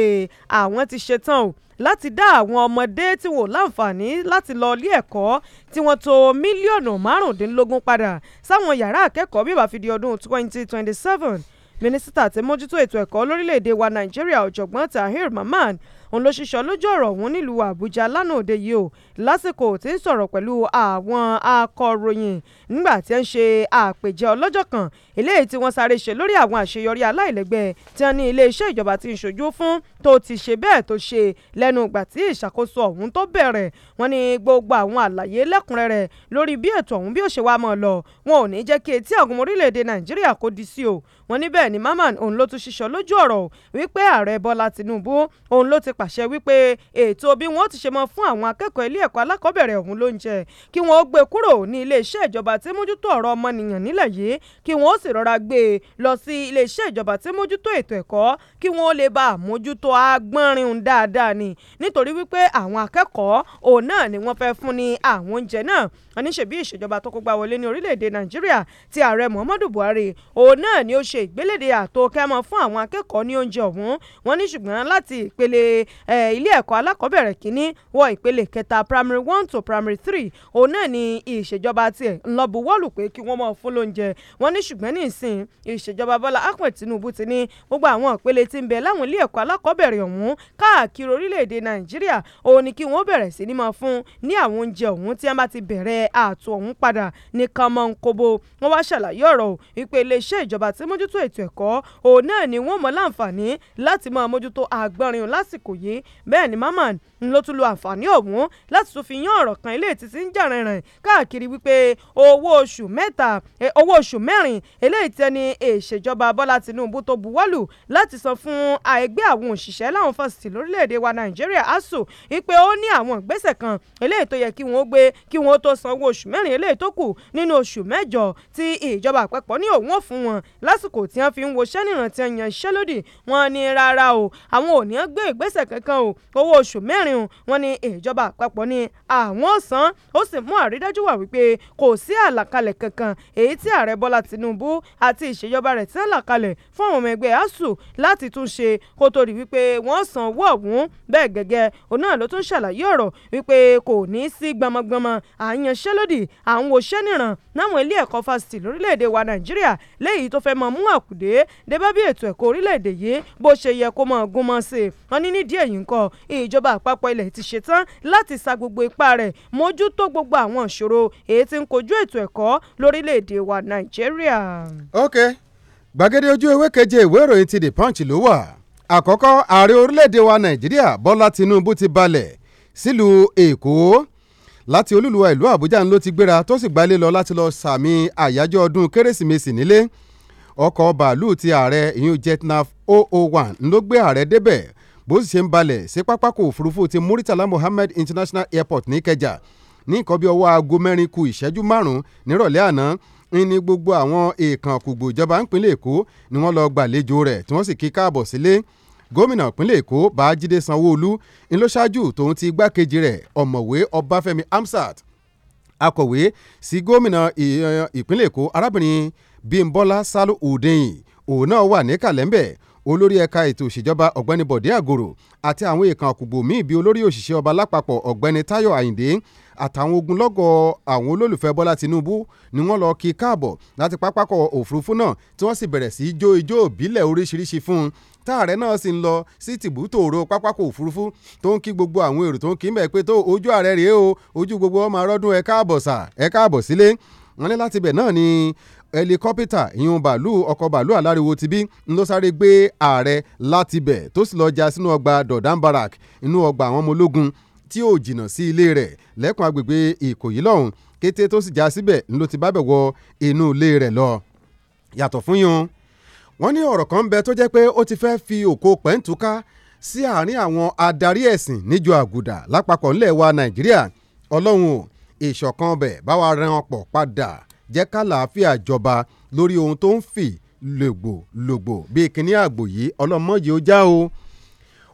àwọn ti ṣetán o láti dá àwọn ọmọdé tí wọn ò láǹfààní láti lọ ilé ẹ̀kọ́ tí wọ́n tó mílíọ̀nù márùndínlógún padà sáwọn yàrá akẹ́kọ̀ọ́ bí ó bá fi di ọdún twenty twenty seven mínísítà tí mójútó ètò ẹ̀kọ́ lórílẹ̀‐èdè wa nàìjíríà ọ̀jọ̀gbọ́n tahir mamman òun ló ṣiṣọ́ lójú ọ̀rọ̀ ọ̀hún nílùú àbújá lánàá òde yìí o lásìkò tí ń sọ̀rọ̀ pẹ̀lú àwọn akọ̀ròyìn nígbà tí ń ṣe àpèjẹ ọlọ́jọ́ kan eléyìí tí wọ́n sáré ṣe lórí àwọn àṣeyọrí aláìlẹ́gbẹ́ tí wọ́n ní iléeṣẹ́ ìjọba ti ń ṣojú fún tó ti ṣe bẹ́ẹ̀ tó ṣe lẹ́nu ìgbà tí ìṣàkóso ọ̀hún tó bẹ̀rẹ̀ wọ́n ní gbogbo àwọn àlàyé lẹ́kùnrẹ́rẹ́ lórí bí ètò ọ̀hún bí ó ṣe wá mọ́ lọ wọn ò ní jẹ́ kí etí àgùn orílẹ̀-èdè nàìjíríà kó di sí o wọ́n ní ni maman òun ló tún ṣíṣọ lójú ọ̀rọ̀ wípé ààrẹ bọ́lá tìǹbù òun ló ti pàṣẹ wípé ètò bí wọ́n ti ṣe mọ fún àwọn akẹ́kọ̀ọ́ ilé ẹ̀kọ́ alákọ̀ọ́bẹ̀rẹ̀ ọ̀hún lóúnjẹ kí wọ́n ó gbé e kúrò ní iléeṣẹ́ ìjọba tí mójútó ọ̀rọ̀ ọmọnìyàn nílẹ̀ yìí kí wọ́n ó sì rọra gbé e lọ sí iléeṣẹ́ ìjọba tí mójútó ètò ẹ̀kọ́ kí wọ́n lè bá àmójútó agbọ́nrin dáadáa ni nítorí wípé àwọn akẹ́kọ̀ọ́ òun náà ni wọ́n fẹ́ fún ní àwọn oúnjẹ náà wọ́n ní ṣèbí ìṣèjọba tó kógbá wọlé ní orílẹ̀-èdè nàìjíríà ti ààrẹ muhammadu buhari òun náà ni ó ṣe ìgbéléde àtò kẹ́mọ fún àwọn akẹ́kọ̀ọ́ ní oúnjẹ ọ̀hún wọ́n ní ṣùgbọ́n láti ìpele ilé ẹ̀kọ́ alákọ̀ọ́bẹ̀rẹ̀ kínní wọ ìpele kẹta primary one to primary three òun náà ni ìṣèjọba tiẹ̀ ńlọ́buwọ́lù pé kí wọ́n máa fún lóúnjẹ wọ́n ní ṣùgbọ́n ní ìsìn ìṣèjọba bọ́lá ahmed tinubu ti ní gbogbo àwọn ìpele tí ń bẹ láwọn ilé ẹ̀kọ́ alákọ̀ọ́bẹ̀rẹ̀ ọ̀hún káàkiri orílẹ̀ ni kí wọ́n bẹ̀rẹ̀ sí ní ilẹ̀ ààtò ọ̀hún padà ní kánmọ́nkóbó wọ́n wá ṣàlàyé ọ̀rọ̀ o wípé iléeṣẹ́ ìjọba tí mójútó ètò ẹ̀kọ́ òun náà ni wọ́n mọ̀ láǹfààní láti máa mójútó àgbọ̀nrín lásìkò yìí bẹ́ẹ̀ ni Mamman ló tún lo àǹfààní ọ̀hún láti tún fi yán ọ̀rọ̀ kan ilé ìtìsí ń jà rìnrìn káàkiri wípé owó oṣù mẹ́ta e, owó oṣù mẹ́rin eléyìí tẹni ìṣèjọba Bọ́lá Tinubu tó buwọ́lù láti san fún ẹgbẹ́ àwọn òṣìṣẹ́ láwọn fásitì lórílẹ̀‐èdè wa Nàìjíríà ASUU wípé ó ní àwọn ìgbésẹ̀ kan eléyìí tó yẹ kí wọ́n gbé kí wọ́n tó san san owó oṣù mẹ́rin eléyìí tó kù nínú oṣù mẹ́jọ tí ìjọba àpapọ̀ ní òun ò fún wọn lásìkò tí wọ́n fi ń woṣẹ́ nìran tí iṣẹ́ lódì wọn ní rárá o àwọn ò ní gbé ìgbésẹ̀ kankan o owó oṣù mẹ́rin o wọn ní ìjọba àpapọ̀ ní àwọn ò san ó sì mú àrídájú wà wípé kò sí àlàkalẹ̀ kankan èyí tí ààrẹ Bọ́lá Tinubu àti ìṣèjọba rẹ̀ ti ń là fún àwọn ọmọ ẹgbẹ́ ASUU láti tún ṣe kó tó di wípé wọ́n san owó ọ̀hún bẹ́ẹ̀ gẹ́gẹ́ òun náà ló tún ṣàlàyé ọ̀rọ̀ wípé kò ní sí gbọmọgbọmọ à ìyanṣẹ́lódì àwọn òṣìṣẹ́ nìràn náwọn ilé ẹ̀kọ́ fásitì lórílẹ̀‐èdè wa nàìjíríà léyìí tó fẹ́ mọ mú àkùdé débá bí ètò ẹ̀kọ́ orílẹ̀‐èdè yìí bó ṣe yẹ kó mọ gún mọ́ sí i wọ́n ní nídìí èyí ń ìjọba àpapọ̀ ilẹ̀ ti ṣetán láti sa gbogbo ipá rẹ̀ mójútó gbogbo àwọn ìṣòro èyí tí ń kojú ètò ẹ̀kọ́ lórílẹ̀‐èdè wa nàìjíríà. ok gbàgede ojú ewé keje sílùú èkó láti olúluwa ìlú àbújá ń ló ti gbéra tó sì gbalé lọ láti lọ sàmì àyájọ́ ọdún kérésìmesì nílé ọkọ̀ bàálù ti ààrẹ ìyún jetnaf 001 ń ló gbé ààrẹ débẹ̀ bó sì ṣe ń balẹ̀ sí pápákọ̀ òfurufú ti muritala mohammed international airport ní kẹjà ní nǹkan bí ọwọ́ aago mẹ́rin ku ìṣẹ́jú márùn-ún nírọ̀lẹ́ àná ní gbogbo àwọn èèkàn kùgbò ìjọba ìpínlẹ̀ èkó ni wọ́n lọ gbàlejò rẹ̀ tí wọ́n sì kí káàbọ̀ sílé si gómìnà ìpínlẹ̀ èkó bàájídé sanwóolu ńlọṣáájú tòun ti igbákejì rẹ̀ ọ̀mọ̀wé ọbáfẹ́mi amsat akọ̀wé sí gómìnà ìpínlẹ̀ èkó arábìnrin bímbọ́lá sálù òdeyìn òun náà wà ní kàlẹ́ńbẹ̀ olórí ẹ̀ka ètò òṣèjọba ọ̀gbẹ́ni bọ̀dé àgòrò àti àwọn èèkàn àkùgbò míì bíi olórí òṣìṣẹ́ ọba lápapọ̀ ọ̀gbẹ́ni táyọ̀ àyìndé àtàwọn ogunlọ́gọ̀ àwọn olólùfẹ́ bọ́lá tinúbú ni wọ́n lọ kí káàbọ̀ láti pápákọ̀ òfurufú náà tí wọ́n sì bẹ̀rẹ̀ sí í jó ijó ìbílẹ̀ oríṣiríṣi fún un táàrẹ náà sì ń lọ sí tìbútò òro pápákọ̀ òfurufú tó ń kí gbogbo àwọn èrò tó ń kí ń bẹ̀ pé tó ojú ààrẹ rèé o ojú gbogbo ọmọ arọ́dún ẹ káàbọ̀ sà ẹ káàbọ̀ sílé wọn ní láti bẹ̀ náà ni ẹlikọ́pítà ìyún bàálù ọkọ̀ bàálù aláriwo ti bí ń lọ sáré gbé ààrẹ láti bẹ̀ tó sì lọ́ọ́ já sínú ọgbà dọ̀dán barak inú ọgbà àwọn ọmọ ológun tí ò jìnnà sí ilé rẹ̀ lẹ́kùn agbègbè ìkòyí lọ́hùn kété tó sì já síbẹ̀ ń ti bá bẹ̀ wọ inú ilé rẹ̀ lọ yàtọ̀ fún yun wọ́n ní ọ̀rọ̀ kan bẹ tó jẹ́ pé ó ti fẹ́ fi òkò pẹ́ǹtúká sí àárín àwọn adarí ẹ̀sìn níjọ àgùdà lápapọ̀ ńlẹ̀ wa nàìjíríà ọlọ́run ò ìṣọ̀kan ọbẹ̀ báwa ran ọ̀pọ̀ padà jẹ́ ká làáfíà jọba lórí ohun tó ń fì lògbò lògbò bíi kíní àgbò yìí ọlọ́mọye ó já o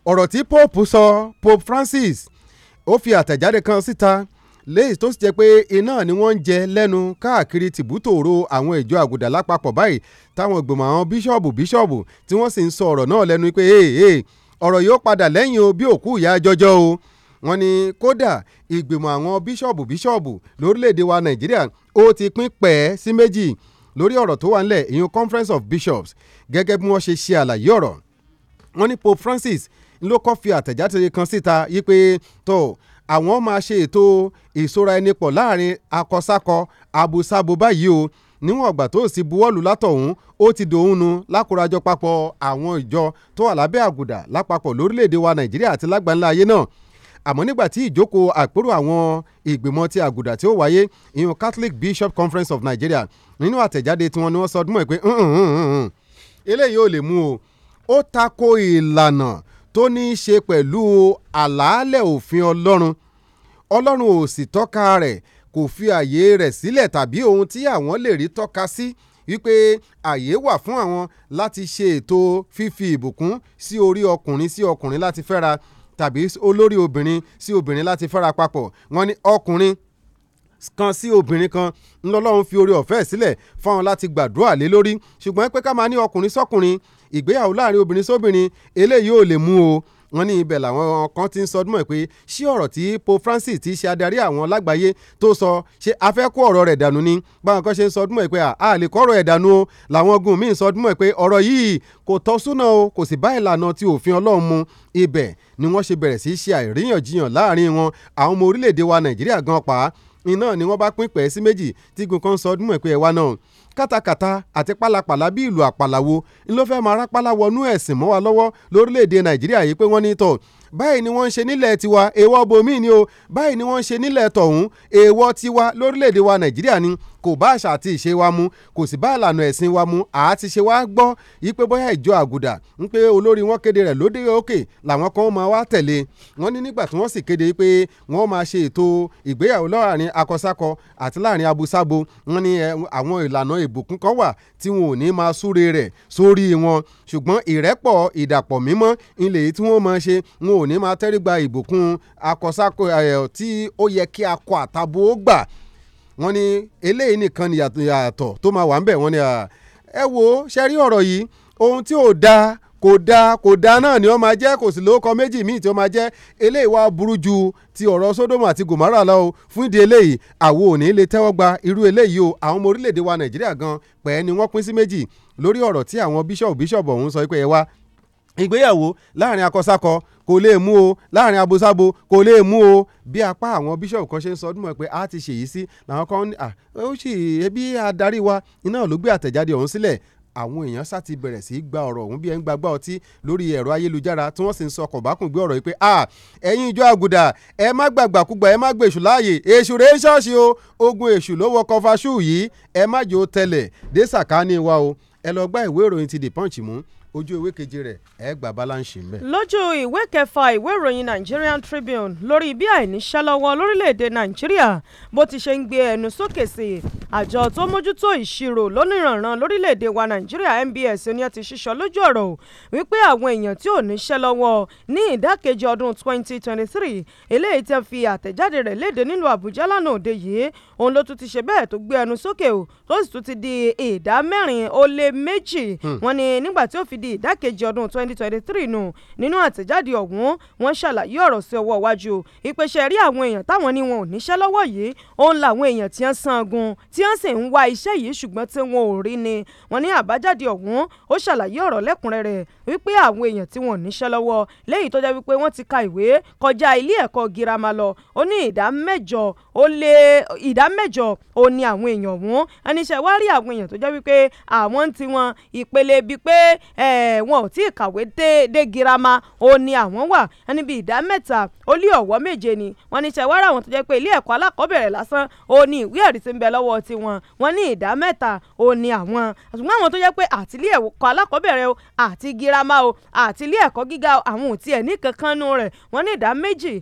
ọ̀rọ̀ tí pope sọ pope francis ó fi àtẹ̀jáde kan síta lẹ́yìn tó sì jẹ́ pé iná ni wọ́n ń jẹ lẹ́nu káàkiri tìbútòrò àwọn ìjọ àgùdà lápapọ̀ báyìí táwọn ìgbìmọ̀ àwọn bíṣọ̀bù bíṣọ̀bù tí wọ́n sì ń sọ ọ̀rọ̀ náà lẹ́nu pé ọ̀rọ̀ yóò padà lẹ́yìn o bí òkú ìyá jọjọ́ o wọ́n ní kódà ìgbìmọ̀ àwọn bíṣọ̀bù bíṣọ̀bù lórílẹ̀‐èdè wa nàìjíríà ó ti pín pẹ́ẹ́ sí méjì lórí ọ̀rọ̀ tó wà nílẹ̀ ìyún conference of bishops gẹ́gẹ́ bí wọ́n ṣe ṣe àlàyé ọ̀rọ̀ wọ́n ní pope francis ló kọ́ fi àtẹ̀jáde kan síta yí pé tó àwọn máa ṣe ètò ìsora ẹni pọ̀ láàrin akọsákọ abusábo báyìí o níwọ̀n ọgbà tó sì buwọ́lù látọ̀hún ó ti dòun nu lákòrajọ papọ̀ àwọn ìjọ tó wà lábẹ́ àgùdà lápapọ̀ lórílẹ̀‐èdè wa nàìjíríà àti lágbàńlá ayé náà àmọ́ nígbà tí ìjókòó àpérò àwọn ìgbìmọ̀ ti àgùdà tí ó wáyé ìyẹn Catholic Bishop Conference of Nigeria nínú àtẹ̀jáde tiwọn ni wọ́n sọ ọdún mọ́ ẹ̀ pé eléyìí ò lè mú o ó tako ìlànà tó ní í ṣe pẹ̀lú àlàálẹ̀ òfin ọlọ́run ọlọ́run ò sì tọ́ka rẹ̀ kò fi àyè rẹ̀ sílẹ̀ tàbí ohun tí àwọn lè rí tọ́ka sí wípé àyè wà fún àwọn láti ṣe ètò fífi ìbùkún sí orí ọkùnrin sí ọkùnrin láti fẹ́ra tàbí olórí obìnrin sí obìnrin láti fẹ́ra papọ̀ wọ́n ní ọkùnrin kan sí obìnrin kan ńlọ́lọ́run fi orí ọ̀fẹ́ sílẹ̀ fáwọn láti gbàdúrà lé lórí ṣùgbọ́n pé ká máa ní ọkùnrin sọ́kùnrin so ìgbéyàwó láàrin obìnrin sóbìnrin eléyìí ò lè mú o wọ́n ní ibẹ̀ làwọn kan ti ń sọdún mọ́ pé ṣé ọ̀rọ̀ tí Pope Francis ti ṣe adarí àwọn lágbàáyé tó sọ ṣé a fẹ́ kó ọ̀rọ̀ rẹ̀ dànù ni báwọn kan ṣe ń sọdún mọ́ pé a ẹ̀ dànù o làwọn ogun míì sọdún mọ́ pé ọ̀rọ̀ yìí kò tọ́ súnà o kò sì bá ìlànà ti òfin Ọlọ́run mu ibẹ̀ ni wọ́n ṣe bẹ̀rẹ̀ sí ṣe àríyànjiyàn láàrin wọn àwọn ọmọ orílẹ̀-èdè wa Nàìjíríà gan pa iná ni kátàkátà àti pálapàla bí ìlú àpàlàwo ńlọ fẹ́ máa rápálá wọnú ẹ̀sìn mọ́ wa lọ́wọ́ lórílẹ̀‐èdè nàìjíríà yìí pé wọ́n ní tọ̀ báyìí ni wọ́n ń ṣe nílẹ̀ tiwa èèwọ̀ bomi ni o báyìí ni wọ́n ń ṣe nílẹ̀ tọ̀hún èèwọ̀ tiwa lórílẹ̀‐èdè wa nàìjíríà ni kò bá àṣà àti ìṣe wa mu kò sì bá ìlànà ẹ̀sìn wa mu àá ti ṣe wá gbọ́ ipe bóyá ìjọ àgùdà ń pé olórí wọn kéde rẹ̀ lóde òkè làwọn kan máa wá tẹ̀lé wọn ní nígbà tí wọ́n sì kéde pé wọ́n máa ṣe ètò ìgbéyàwó láàrin akọsákọ àti láàrin abusábo wọn ní àwọn ìlànà ìbùkún kan wà tí wọn ò ní máa súre rẹ̀ sórí wọn ṣùgbọ́n ìrẹ́pọ̀ ìdàpọ̀ mímọ́ ilẹ̀ tí wọ́n máa ṣe wọn ò ní máa tẹ́rí gba ìbùkún akọsákọ tí ó yẹ kí akọ àtabo gbà wọ́n ní eléyìí nìkan ni yàtọ̀ tó máa wà ń bẹ̀ wọ́n ní ẹ wo ṣe rí ọ̀rọ̀ yìí ohun tí ò dáa kò dáa kò dáa náà ni ó máa jẹ́ kò sì lóókọ méjì míì tí ó máa jẹ́ eléyìí wá burú ju ti ọ̀rọ̀ Sódómù àti Gòmárà lọ fún ìdí eléyìí àwo ò ní lè tẹ́wọ́ gba irú eléyìí o àwọn ọmọ orílẹ̀-èdè wa Nàìjíríà gan pẹ́ẹ́ ni wọ́n pín sí méjì lórí ọ̀rọ̀ tí àwọn bíṣọ̀bù bíṣọ̀bù ọ̀hún sọ pé ẹ wá ìgbéyàwó láàrin akọsákọ kò lè mú o láàrin abosábo kò lè mú o bí apá àwọn bíṣọ̀bù kan ṣe ń sọ ọdún pé a ti ṣèyí sí làwọn kan ní à ó sì ebi adarí wa iná ló gbé àtẹ̀jáde ọ̀hún sílẹ̀ àwọn èèyàn sá ti bẹ̀rẹ̀ sí í gba ọ̀rọ̀ ọ̀hún bí ẹ̀ ń gbagbá ọtí lórí ẹ̀rọ ayélujára tí wọ́n sì ń sọ kọ̀bákùn gbé ọ̀rọ̀ yìí pé à ẹ̀yin ìjọ àgùdà ẹ má gbàgbàkúgbà ẹ má gbèṣù láàyè èṣù rẹ̀ ń ṣọ́ọ̀ṣì o ogun èṣù ló wọ kọfà ṣù yìí ẹ má jò tẹlẹ̀ dé sàkáání wa o ẹ lọ gbá ìwé ìròyìn ti The Punch mú ojú ìwé keje rẹ̀ ẹ̀ gbà balance mbẹ́. lójú ìwé kẹfà ìwé ìròyìn Nigerian Tribune lórí bí àìníṣẹ́ lọ́wọ́ lórílẹ̀‐èdè Nàìjíríà bó ti ṣe ń gbé ẹnu sókè sí àjọ tó mójútó ìṣirò lóníranran lórílẹ̀‐èdè wa Nàìjíríà NBS ni ẹ ti ṣíṣọ lójú ọ̀rọ̀ wípé àwọn èèyàn tí ò níṣẹ́ lọ́wọ́ ní ìdákejì ọdún 2023 eléyìí tẹ́ fi àtẹ̀jáde rẹ̀ léde nílùú Àbújá lánàá òde yìí òun ló tún ti ṣe bẹ́ẹ̀ tó gbé ẹnu sókè o tó sì tún ti di ìdá mẹ́rin ó lé méjì hmm. wọ́n ní nígbà tí ó fi di di ìdákejì ọdún 2023 nù nínú àtẹ̀jáde ọ̀hún wọ́n ṣàlàyé ọ̀rọ̀ sí ọwọ́ iwájú ìpèsè rí àwọn èèyàn táwọn ni wọn ò níṣẹ́ lọ́wọ́ yìí òun làwọn èèyàn tí wọ́n sangun tí wọ́n sì ń wá iṣẹ́ yìí ṣùgbọ́n tí wọn ò rí ni wọ́n ní àbájáde ọ̀hún ó ṣàlàyé ọ̀rọ̀ lẹ́kùnrẹ́rẹ́ wípé àwọn èèyàn tí wọn ò níṣẹ́ lọ́wọ́ léyìí tó jẹ́ wípé wọ́n ti ka ìwé kọjá ilé ẹ̀kọ́ girama lọ ó ní ìdá mẹ́jọ ó lé ìdá mẹ́jọ òun ni àwọn èèyàn ọ̀hún ẹniṣẹ́ wá rí àwọn èèyàn tó jẹ́ wípé àwọn ń tiwọn ìpele bíi pé wọn ò tí ì kàwé dé girama òun ni àwọn wà ẹni bíi ìdá mẹ́ta ó lé ọ̀wọ́ méje ni wọ́n níṣẹ́ wá rà wọn tó jẹ́ pé ilé ẹ̀kọ́ alákọ̀ọ́bẹ̀rẹ̀ lásán òun ni ìwé ẹ̀rí ti ń bẹ lọ́wọ́ tiwọn wọ́n ní ìdá mẹ́ta òun ni àwọn ṣùgbọ́n àwọn tó jẹ́ pé àti ilé ẹ̀kọ́ alákọ̀ọ́bẹ̀rẹ̀ o àti girama o àti ilé ẹ̀kọ́ gíga àwọn ò tiẹ̀ ní kankan nù rẹ̀ wọ́n ní ìdá méjì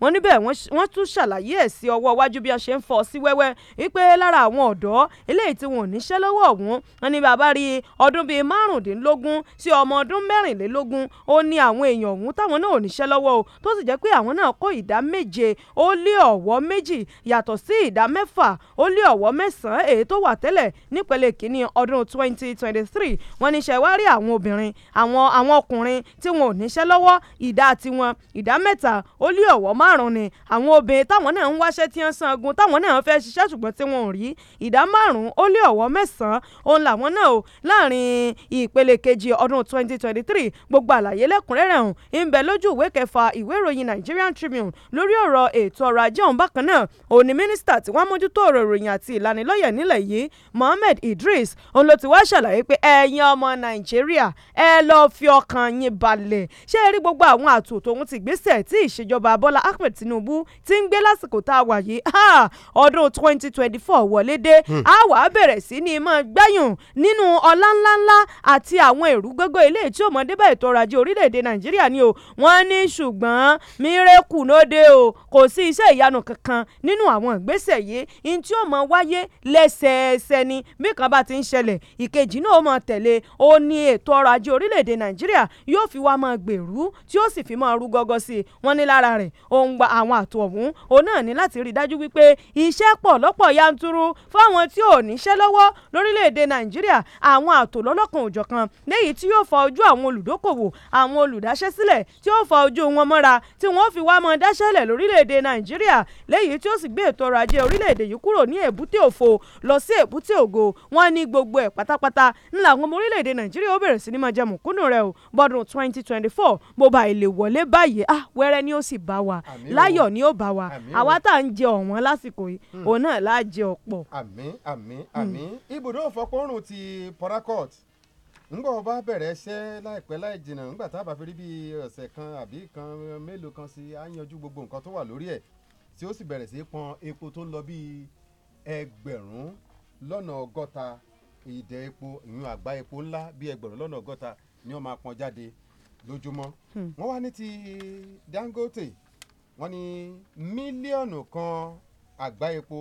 ó síbẹ̀ wọ́n tún ṣàlàyé ẹ̀ sí ọwọ́ iwájú bí wọ́n ṣe ń fọ́ sí wẹ́wẹ́ wípé lára àwọn ọ̀dọ́ eléyìí tí wọn ò níṣẹ́ lọ́wọ́ ọ̀hún wọn ni bàbá rí ọdún bíi márùndínlógún sí ọmọ ọdún mẹ́rìnlélógún ó ní àwọn èèyàn ọ̀hún táwọn náà ò níṣẹ́ lọ́wọ́ o tó sì jẹ́ pé àwọn náà kó ìdá méje ó lé ọ̀wọ́ méjì yàtọ̀ sí ìdá mẹ́fà ó lé ọ̀wọ́ mẹ́sàn-án èyí tó wà tẹ́lẹ̀ nípele kínní ọdún twenty twenty three wọ́n ní ṣẹ̀wárí àwọn obìnrin àwọn àwọn ọkùnrin tí wọn ò níṣẹ́ lọ́wọ́ ìdá tiwọn ìdá mẹ́ta ó lé ọ̀wọ́ márùn-ún ni àwọn obìnrin táwọn náà ń wáṣẹ́ tí wọ́n san ogun táwọn náà fẹ́ ṣiṣẹ́ ṣùgbọ́n tí wọ́n ò rí ìdá márùn-ún ó lé ọ̀wọ́ mẹ́sàn-án òun làwọn náà o láàrin ìpele kejì ọdún twenty twenty three gbogbo àlàyé lẹ́kùnrẹ́rẹ́ ọ̀hún ń bẹ lójú ìwé kẹfà ìwé ìròyìn Nigerian Tribune lórí ọ̀rọ̀ ètò ọrọ̀ ajé ọ̀hún bákan náà òní mínísítà tí wọ́n mójútó ọ̀rọ̀ ìròyìn àti ìlanilọ́yẹ̀ nílẹ̀ yìí Mohammed Idris òun ló ti wá ṣàlàyé pé ẹ̀yin ọmọ Nàìjíríà ẹ lọ́ọ́ fi ọkàn yín balẹ̀ ṣé ẹ rí gbogbo àwọn àtò tòun ti gbésẹ̀ tí ìṣèjọba Bọ́lá Ahmed Tinubu Tinubu ti ń gbé lásìkò tá a wà yìí ọdún twenty twenty four wọlé dé hmm. a wàá bẹ̀rẹ̀ sí ní máa gbẹ́yùn nínú ọlá ńláńlá àti àwọn ìrúgógó ilé tí ó mọ débà ètò ọrọ̀ ajé orílẹ̀-èdè Nàìjíríà ni o wọ́n ní ṣùgbọ́n mírèkù lóde o kò sí iṣẹ́ ìyanu kankan nínú àwọn ìgbésẹ̀ yìí in tí ó mọ wáyé lẹ́sẹẹsẹ ni bí kan bá ti ń ṣẹlẹ̀ ìkejì náà ó mọ tẹ̀lé ó ní ètò ọrọ̀ ajé orílẹ̀-èdè Nàìjíríà yóò fi wá máa gbèrú tí ó sì fi máa rú gọ́gọ́ sí i wọ́n ní lára rẹ̀ òun gb ìjọba àwọn àtò ọ̀hún òun náà ní láti rí i dájú wípé iṣẹ́ pọ̀ lọ́pọ̀ yanturu fáwọn tí ò níṣẹ́ lọ́wọ́ lórílẹ̀‐èdè nàìjíríà àwọn àtò lọ́lọ́kan òjọ̀kan léyìí tí yóò fa ojú àwọn olùdókòwò àwọn olùdáṣẹ́sílẹ̀ tí yóò fa ojú wọn mọ́ra tí wọ́n fi wá mọ́ dáṣẹ́lẹ̀ lórílẹ̀‐èdè nàìjíríà léyìí tí ó sì gbé ètò ọrọ̀ gbogbo ẹ̀ pátápátá ńlá àwọn ọmọ orílẹ̀‐èdè nàìjíríà ó bẹ̀rẹ̀ sí ní máa jẹ mùkúnnù rẹ̀ o ah wẹ́rẹ́ ni ó sì láyọ̀ ni ó bá wa àwa tá à ń jẹ ọ̀wọ́n lásìkò yìí hmm. òun náà láà jẹ ọ̀pọ̀. àmín àmín àmín hmm. ibùdó ìfọpọ́nrún ti Portharcourt ngbọ́ ọba bẹ̀rẹ̀ iṣẹ́ láìpẹ́ láì jìnnà ńgbà tá a bá fi rí bí ọ̀sẹ̀ kan àbí kan mélòó kan sí á yanjú gbogbo nǹkan tó wà lórí ẹ̀ tí ó sì bẹ̀rẹ̀ sí pọn epo tó ń lọ bíi ẹgbẹ̀rún lọ́nà ọgọ́ta ìdẹ epo ìyún àgbá epo ńlá bíi ẹgbẹ̀rún lọ́nà ọgọ́ta ni wọ́n máa pọn jáde lójúmọ́. Hmm. wọ́n wá ní ti Dangote wọ́n ní mílíọ̀nù kan àgbá epo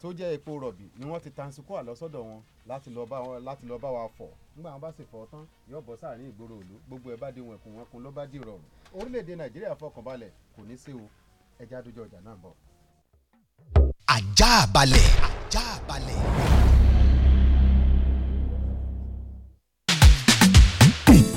tó jẹ́ epo rọ̀bì ni wọ́n ti tansikọ́à lọ́sọ́dọ̀ wọn láti lọ bá láti lọ bá wa fọ̀ nígbà wọn bá sì fọ̀ tán yóò bọ́ sáàrin ìgboro òlu gbogbo ẹ̀ bá di wọn kùn wọn kùn ló bá di rọrùn orílẹ̀-èdè nàìjíríà fọkànbalẹ̀ kò ní sí o ẹja àdójọ ọjà náà bọ̀. ajá balẹ̀ ajá balẹ̀.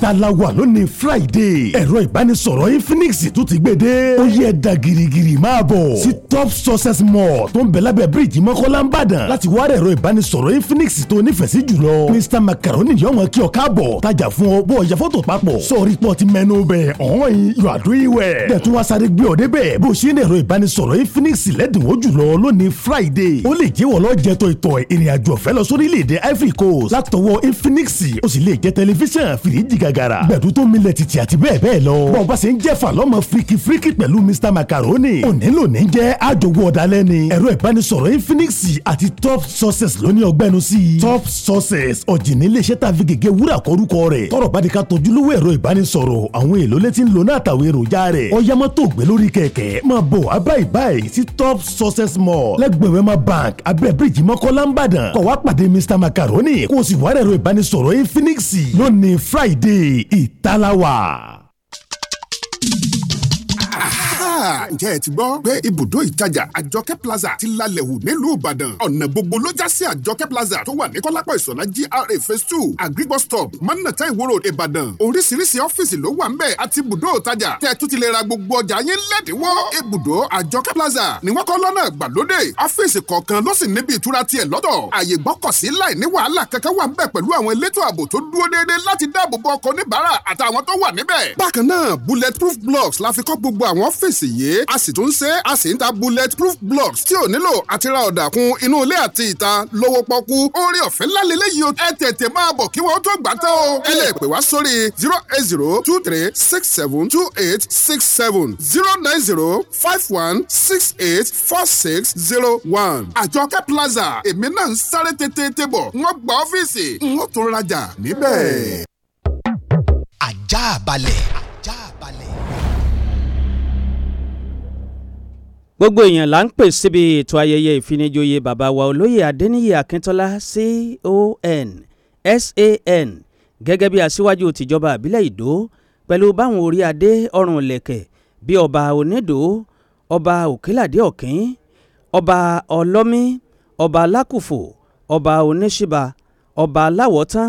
mẹ́ta la wà lónìí friday ẹ̀rọ ìbánisọ̀rọ̀ infinix tún ti gbé dé ó yẹ da girigiri máa bọ̀ sí top success mall tó ń bẹ̀ lábẹ́ bíríìjì mọ́kànlá ń bàdàn láti wá ẹ̀rọ ìbánisọ̀rọ̀ infinix tó nífẹ̀ẹ́ sí jùlọ mr macaroni yóò wọn kí ọ káàbọ̀ tajà fún ọ bó ọjà fọ́tò papọ̀ sọ̀rí pọ̀ ti mẹ́nu bẹ̀ ọ̀hún yìí yóò àdó ìwẹ̀ dẹ̀tún wá sáré gbé ọ débẹ̀ bó ṣe ní ẹ̀rọ ìbánisọ̀rọ̀ infinix lẹ́dínwó jùlọ lónìí friday ó lè jẹ́ wọ́n lọ́ọ́ jẹ́tọ̀ ìtọ̀ ìrìnàjò ọ̀fẹ́ lọ sórílẹ̀-èdè ivory coast látọwọ́ infinix ó sì lè jẹ́ tẹlifíṣàn fìríjìgà gàgàrà gbẹ̀dú tó milẹ̀ tìtì àti bẹ́ẹ̀ bẹ́ẹ̀ lọ. bọ́n bá ṣe ń jẹ́ fàlọ́mọ fíríkì fíríkì pẹ̀lú Mr Macaroni òní ló ní jẹ́ àjogún ọ̀dàlẹ̀ ẹ̀rọ ìbánisọ̀rọ̀ Infinix àti Top Sources ló ọgbẹ́nu sí i Top Sources ọ̀jìnì iléeṣẹ́ tá a fi gègé wúrà kọ́rúkọ rẹ̀ tọrọ bá di ká tojúlówó ẹ̀rọ ìbánisọ̀rọ̀ àwọn èlò létí ń lò náà àtàwọn èròjà rẹ̀ ọ̀yámọ́tò gbé kẹ̀kẹ́ máa bọ̀ abáyé báyìí sí Top Sources Mall lẹ́gbẹ̀wẹ́mà bank abẹ́ bíríìjì mọ́kọ́lá ń bàdàn kọ̀ wá pàdé Mr Macaroni kó o sì wá ẹ̀rọ ìbánisọ̀rọ̀ Infinix lónìí Friday Italawa. ǹjẹ́ ẹ ti gbọ́ pé ibùdó ìtajà àjọkẹ́ plaza ti lalẹ̀ wù nílùú ìbàdàn ọ̀nà gbogbo ló já sí àjọkẹ́ plaza tó wà ní kọ́lápọ̀ ìsọ̀lá GRA phase two agric stop manata ìwòrò ìbàdàn oríṣiríṣi ọ́fíìsì ló wà ń bẹ̀ àti ibùdó ìtajà tẹ́ ẹ tún ti lè ra gbogbo ọjà yín lẹ́dínwó ibùdó àjọkẹ́ plaza ni wọ́n kọ́ lọ́nà ìgbàlódé ọ́fíìsì kọ̀ọ̀kan ló sì níbi ìtura tiẹ̀ lọ́dọ̀ àyè gbọ́kọ̀sí láì ní wàhálà kankan wà ń bẹ̀ pẹ̀lú àwọn elétò ààbò tó dúró déédéé láti dáàbò bo ọkọ̀ oníbàárà àtàwọn tó wà níbẹ̀. bákan náà bulletproof blocks la fi kọ́ gbogbo àwọn ọ́fíìsì yé a sì tún ṣe a sì ń ta bullet blocks tí ò nílò àti ra ọ̀dà kun inú ilé àti ìta lówó pọ́kú orí ọ̀fẹ́ lálẹ́lẹ́ yìí o ẹ tètè máa bọ̀ kí wọ́n tó gbà tán o ẹ lè wá sórí zero eight zero two three six seven two eight six seven zero nine zero five one six eight four six zero one àjọkẹ́ plaza èmi náà ń sáré tètè bọ̀ wọ́n gba ọ́fíìsì n ó tún rajà níbẹ̀. ajá balẹ̀. ajá balẹ̀. gbogbo èèyàn là ń pè síbi ètò ayẹyẹ ìfinijoyè bàbá wa olóyè adéníyè akíntọ́lá con san gẹ́gẹ́ bí aṣíwájú tìjọba àbílẹ̀ ìdó pẹ̀lú báwọn orí adé ọrùn ìlẹ̀kẹ̀ bí ọba onídó ọba òkèlàdé ọ̀kín ọba ọlọ́mí ọba alákùfò ọba oníṣíba ọba aláwọ̀tán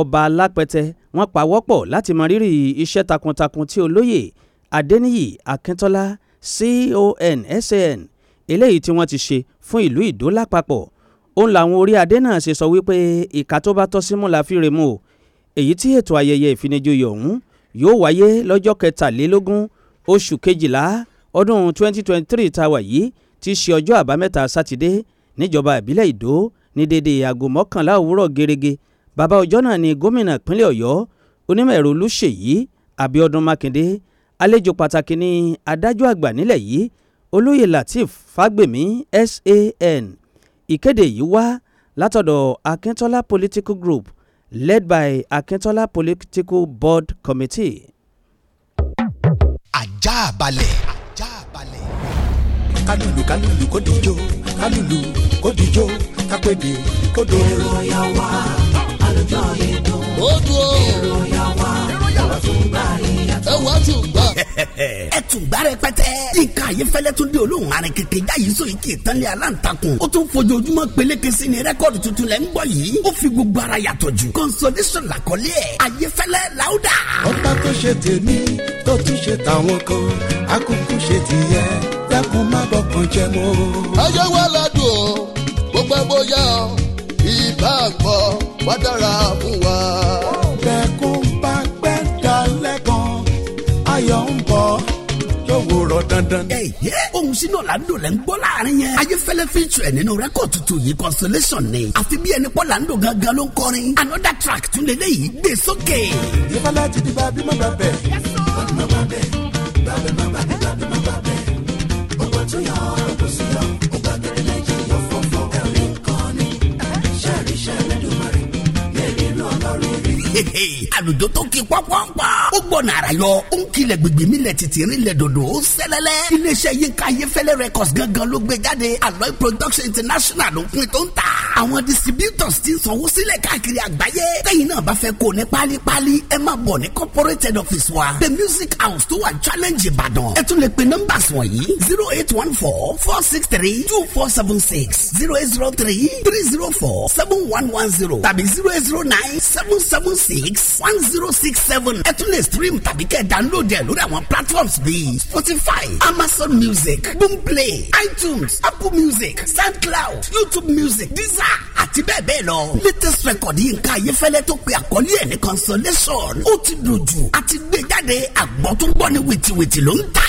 ọba alápẹ̀tẹ̀ wọ́n pawọ́pọ̀ láti mọ rírì iṣẹ́ takuntakun tí olóyè adéníyì akíntọ́lá CONSAN eléyìí tí wọ́n ti ṣe fún ìlú Ìdó lápapọ̀ òun làwọn orí adé náà ṣe sọ wípé ìka tó bá tọ́ símú la fi rè mú o èyí tí ètò ayẹyẹ ìfinijoyè ọ̀hún yóò wáyé lọ́jọ́ kẹtàlélógún oṣù kejìlá ọdún 2023 tá a wà yìí ti ṣe ọjọ́ àbámẹ́ta sátidé níjọba ìbílẹ̀ Ìdó ní dédé aago mọ́kànlá òwúrọ̀ gẹ́rẹ́gẹ́ bàbá ọjọ́ náà ni gómìnà ìpínlẹ̀ Ọ̀yọ́ onímọ̀ ẹ̀rọ Olúṣèyí Abíọ́dún Mákindé àlejò pàtàkì ni adájọ́ àgbà nílẹ̀ yìí olóyè Lateef Fagbemi SAN ìkéde yìí wá látọ̀dọ̀ Akintola Political Group led by Akintola Political Board Committee. ajá balẹ̀. ajá balẹ̀. kálùlù kálùlù kò dijó kálùlù kò dijó kápẹ́dé kò dòrò. èrò ya wá àlùjọ yìí dùn. ó dùn èrò ya àtúngbà ìyàtọ̀. ẹ wá àtúngbà. ẹ tún gbà rẹpẹtẹ. yíká ayéfẹ́lẹ́ tún dé olóhùn arin kékeré jáyé sóyè kí ìtàn ní aláǹtakùn. ó tún fojoojúmọ́ peléke sí ni rẹ́kọ̀dì tuntun lẹ́ ń bọ̀ yìí. ó fi gbogbo ara yàtọ̀ jù. consolation làkọlé ẹ̀ ayéfẹ́lẹ́ làwùdà. ọba tó ṣe tèmi tó tún ṣe tàwọn kan akókó ṣe tìyẹ dákun má bọkàn jẹ mọ́. ayé wa ládùn ó gbogbo bóyá ìbá àgbọ̀ wá dára fún wa. ayọ̀ ń bọ̀ yóò rọ dandan. ẹ yẹ ohun sínú ọ̀làǹdò lẹ́ ń gbọ́ láàrin yẹn. ayéfẹ́lẹ́ feature ẹ̀ nínú rẹ́kọ̀tì tuntun yìí consolation ni. àfi bí ẹni pọ́ làǹdò gangan ló ń kọrin. another track tún lè léyìí gbé sókè. ìfọlá ti di bàbí má bàbẹ. bàbí má bàbẹ. bàbí má bàbẹ. bàbí má bàbẹ. ọgbọ́n tún yọ ọ̀rọ̀ kò sí yọ. àlùjọ tó kí pọ́npọ́npọ́. ó gbọ́nà àrà yọ ó ń kilẹ̀ gbègbè mi lẹ̀ títí rí lẹ̀ dòdò ó sẹ́lẹ̀lẹ̀. iléeṣẹ́ yínká ayéfẹ́lẹ́ records gangan ló gbé jáde aloe production international ló pin tó ń ta. àwọn distributors ti sanwó sílẹ̀ káàkiri àgbáyé. tẹ́yìn náà bá fẹ́ kó ní pálípálí ẹ máa bọ̀ ní corporate office wa the music house tó wà challenge ìbàdàn. ẹ tún lè pe numbers wọ̀nyí zero eight one four four six three two four seven six zero eight zero three three zero four seven one one zero tàbí zero eight zero nine seven seven six one zero six seven ẹ tún lè stream tàbí kẹ́ download ẹ lórí àwọn platforms bíi spotify amazon music boomplay itunes apple music soundcloud youtube music deezer àti bẹ́ẹ̀ bẹ́ẹ̀ lọ. latest record Yinka Ayéfẹ́lẹ́ tó pe àkọlé ẹ̀ ní consolation ó ti dùn jù àti gbé jáde àgbọ̀ tó ń gbọ́ ní wìtìwìtì ló ń tà.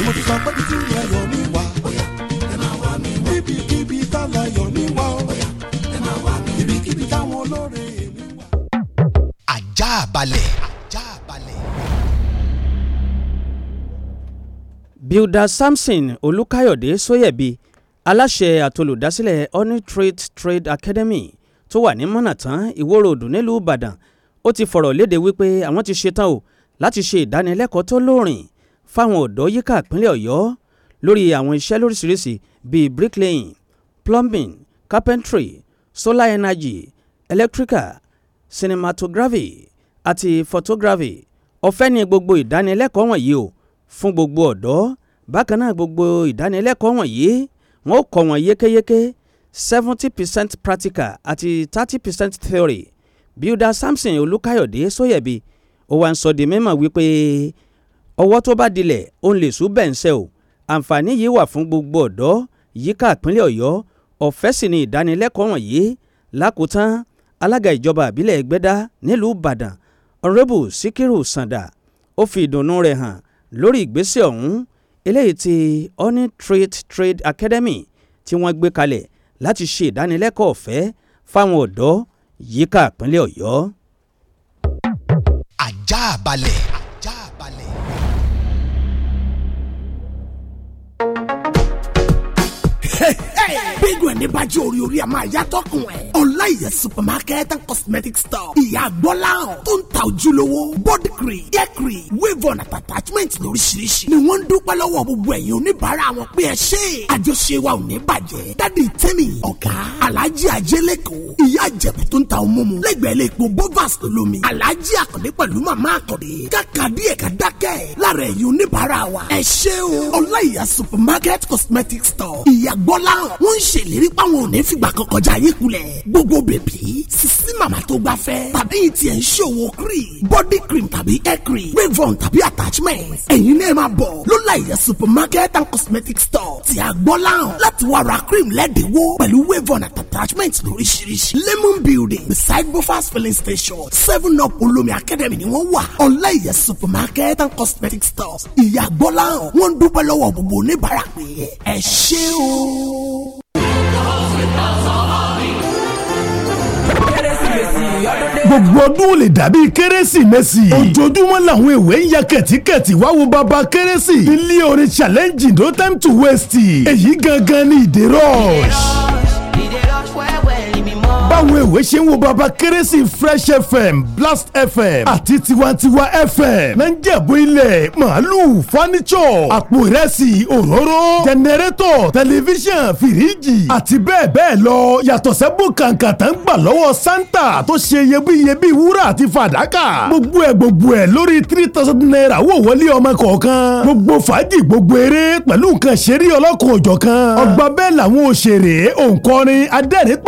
ìwọ ti sọ pé títí ìrẹ̀lẹ̀ mi wá. àjàbalẹ̀. àjàbalẹ̀. Builder Samson Olúkáyọ̀dé Sóyẹ̀bi aláṣẹ àtolùdásílẹ̀ Honey Trade Trade Academy tó wà ní mọ̀nàtán Ìwó Ròdù nílùú Ìbàdàn ó ti fọ̀rọ̀ léde wípé àwọn ti ṣetán o láti ṣe ìdánilẹ́kọ̀ọ́ tó lóòrìn fáwọn ọ̀dọ́ yíká ìpínlẹ̀ Ọ̀yọ́ lórí àwọn iṣẹ́ lóríṣiríṣi bíi bricklaying plumbing carpentry solar energy electrical cinematography àti photography ọ̀fẹ́ ni gbogbo ìdánilẹ́kọ̀ọ́ wọ̀nyí o fún gbogbo ọ̀dọ́ bákan náà gbogbo ìdánilẹ́kọ̀ọ́ wọ̀nyí wọn ó kọ́ wọn yékéyéké seventy percent practical àti thirty percent theory builder samson olùkàyọ̀dé sóyẹ̀bi ó wá ń sọ di mímọ̀ wípé ọwọ́ tó bá dilẹ̀ òun lè sùn bẹ́ǹsẹ̀ o àǹfààní yìí wà fún gbogbo ọ̀dọ́ yíká ìpínlẹ̀ ọ̀yọ́ ọ̀fẹ́ sì ni ìdánilẹ́kọ̀ọ́ wọ̀nyí lákòótán alága ìjọba àbílẹ̀ ẹgbẹ́dá nílùú ìbàdàn ọ̀rẹ́bù sikiru sàǹdà ó fi ìdùnnú rẹ̀ hàn lórí ìgbésẹ̀ ọ̀hún eléyìí tí honey trade trade academy tí wọ́n gbé kalẹ̀ láti ṣe ìdánilẹ́kọ̀ọ́ ọ̀fẹ́ fáwọn ọ̀dọ́ yíká ìpínlẹ̀ ọ̀yọ́. ajá balẹ̀. bẹ́ẹ̀. bẹ́ẹ̀ni ẹni orí orí ẹ̀ máa yàtọ̀ kun ẹ̀. E. ọláìyẹ supermarket and cosmetic store ìyá gbọ́lá hàn tó ń ta ojúlówó body cream hair cream wave on attachment lóríṣiríṣi ni wọ́n ń dúpẹ́ lọ́wọ́ gbogbo ẹ̀yin oníbàárà wọn pé ẹ ṣe àjọṣe wa ò ní bàjẹ́ dádì tẹ́mi ọ̀gá alájí ajẹ́lẹ́kọ̀ọ́ ìyá ìjẹ̀bù tó ń ta ọmọ mu lẹ́gbẹ̀ẹ́ lè po bovas lómi alájí àkàndé pẹ̀lú màmá àkàndé kàkà díẹ̀ ká dákẹ́ lára ẹ̀yin oníbàárà wa ẹ ṣe o ọláìyá supermarket cosmetic store ìyá gbọ́lá hàn wọ́n ń ṣèlérí páwọn ò ní fìgbà kan kọjá ayé kulẹ̀ gbogbo bèbí sisi màmá tó gbà fẹ́ tàbí tiẹ̀ ń ṣòwò cream body cream tàbí hair cream wavon tàbí attachment ẹ̀yin náà máa bọ̀ lọ́la ìyẹn supermarket and cosmetic store ti àgbọ́láhàn láti wá ra cream lẹ́dínwó pẹ̀lú wavon àti attachment lóríṣiríṣi lemon building beside bofas filling station seven up olómi academy ni wọ́n wà ọ̀la ìyẹn supermarket and cosmetic stores ìyàgbọ́láhàn wọ́n ń dúpẹ́ lọ́wọ́ gbogbo oníbàárà pé ẹ ṣé o. gbogbo ọdún lè dàbí kérésìmesì ojoojúmọ́ làwọn èwe ń ya kẹ̀tíkẹ̀tì wá wo baba kérésì ilé orin challenge no time to waste èyí gangan ni ìdè rush. ìdè rush wẹ́wẹ́ báwọn èwe ṣe ń wo baba kérésì fresh fm blast fm àti tiwantiwa fm náà ń jẹ̀bú ilẹ̀ màálù fọ́nísọ̀ àpò ìrẹsì òróró jẹnẹrétọ̀ tẹlifíṣàn fìríjì àti bẹ́ẹ̀ bẹ́ẹ̀ lọ yàtọ̀ sẹ́bù kàǹkà tá ń gbà lọ́wọ́ santa tó ṣe iyebíye bíi wúrà àti fàdákà gbogbo ẹ̀ gbogbo ẹ̀ lórí three thousand naira wò wọlé ọmọ kọ̀ọ̀kan gbogbo fàájì gbogbo eré pẹ̀lú nǹkan ṣeré ọlọ́kùn òjọ̀kan ọgbà bẹ́ẹ̀ làwọn òṣèré òǹkọrin adẹ́rìn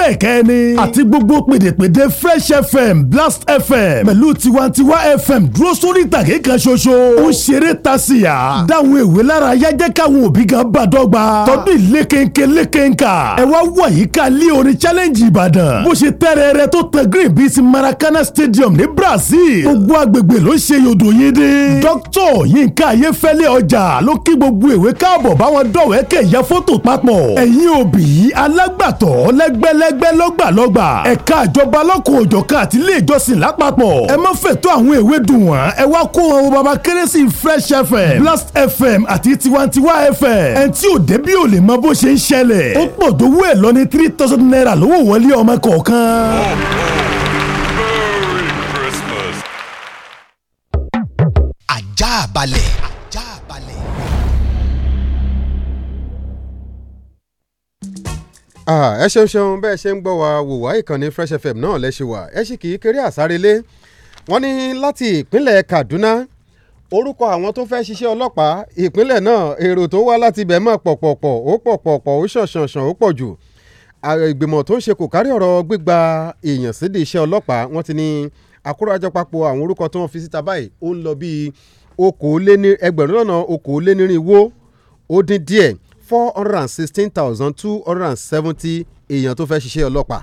ni àti gbogbo pèdèpèdè fresh fm blast fm pẹ̀lú tiwantiwa fm dúró sórí ìtàgé kan ṣoṣo ó ń ṣeré tasiya dáhùn èwe lára yájẹ́ káwọn òbí gan bá dọ́gba tọdún ìlékeńké lékeńká ẹ wá wọ̀ yìí ká lé orin challenge ìbàdàn bó ṣe tẹ́rẹ̀ rẹ tó tẹ green bíi maracana stadium ní brazil gbogbo agbègbè ló ṣe yòdò yín dé dókítọ̀ yínká ayéfẹ́lẹ́ ọjà ló kí gbogbo èwe káàbọ̀ báwọn dọ̀wẹ́kẹ̀ ya fótò papọ̀ ẹ̀yin òbí alágbàtọ́ lẹ́gbẹ́lẹ́gbẹ́ lọ́gbàlọ́gbà wà. ẹ̀ka ìjọba alákòó òjọ̀ká àti ilé ìjọsìn lápapọ̀. ẹ má fẹ̀tọ́ àwọn èwe dùn wọ́n. ẹ wá kó wọn wo baba kérésì fresh fm blast fm àti tiwantiwa fm. ẹn tí ò débí ò lè mọ bó ṣe ń ṣẹlẹ̀. ó pọ̀ tó wú ẹ̀ lọ ní three thousand naira lówó wọlé ọmọ kọ̀ọ̀kan. ajá balẹ̀. ajá balẹ̀. ẹ ṣeun ṣeun bẹ́ẹ̀ ṣe ń gbọ́ wa wò ìkànnì Fresh FM náà lẹ́ṣẹ̀ wà ẹ sì kì í kéré àsárelé wọ́n ní láti ìpínlẹ̀ Kaduna orúkọ àwọn tó fẹ́ ṣiṣẹ́ ọlọ́pàá ìpínlẹ̀ náà èrò tó wá láti ibẹ̀ mọ̀ pọ̀pọ̀pọ̀ ó pọ̀pọ̀pọ̀ ó ṣànṣànṣàn ó pọ̀ jù ìgbìmọ̀ tó ń ṣe kò kárí ọ̀rọ̀ gbígba èèyàn sídìí iṣẹ́ ọlọ́pàá wọ́n ti ní àkórajọ papọ̀ àwọn orúkọ tó wọ́n fi síta báyìí ó ń lọ bíi okòóléní ẹgbẹ̀rún lọ́nà okòólénírinwó ó dín díẹ̀ four hundred and sixteen thousand two hundred and seventy èèyàn tó fẹ́ ṣiṣẹ́ ọlọ́pàá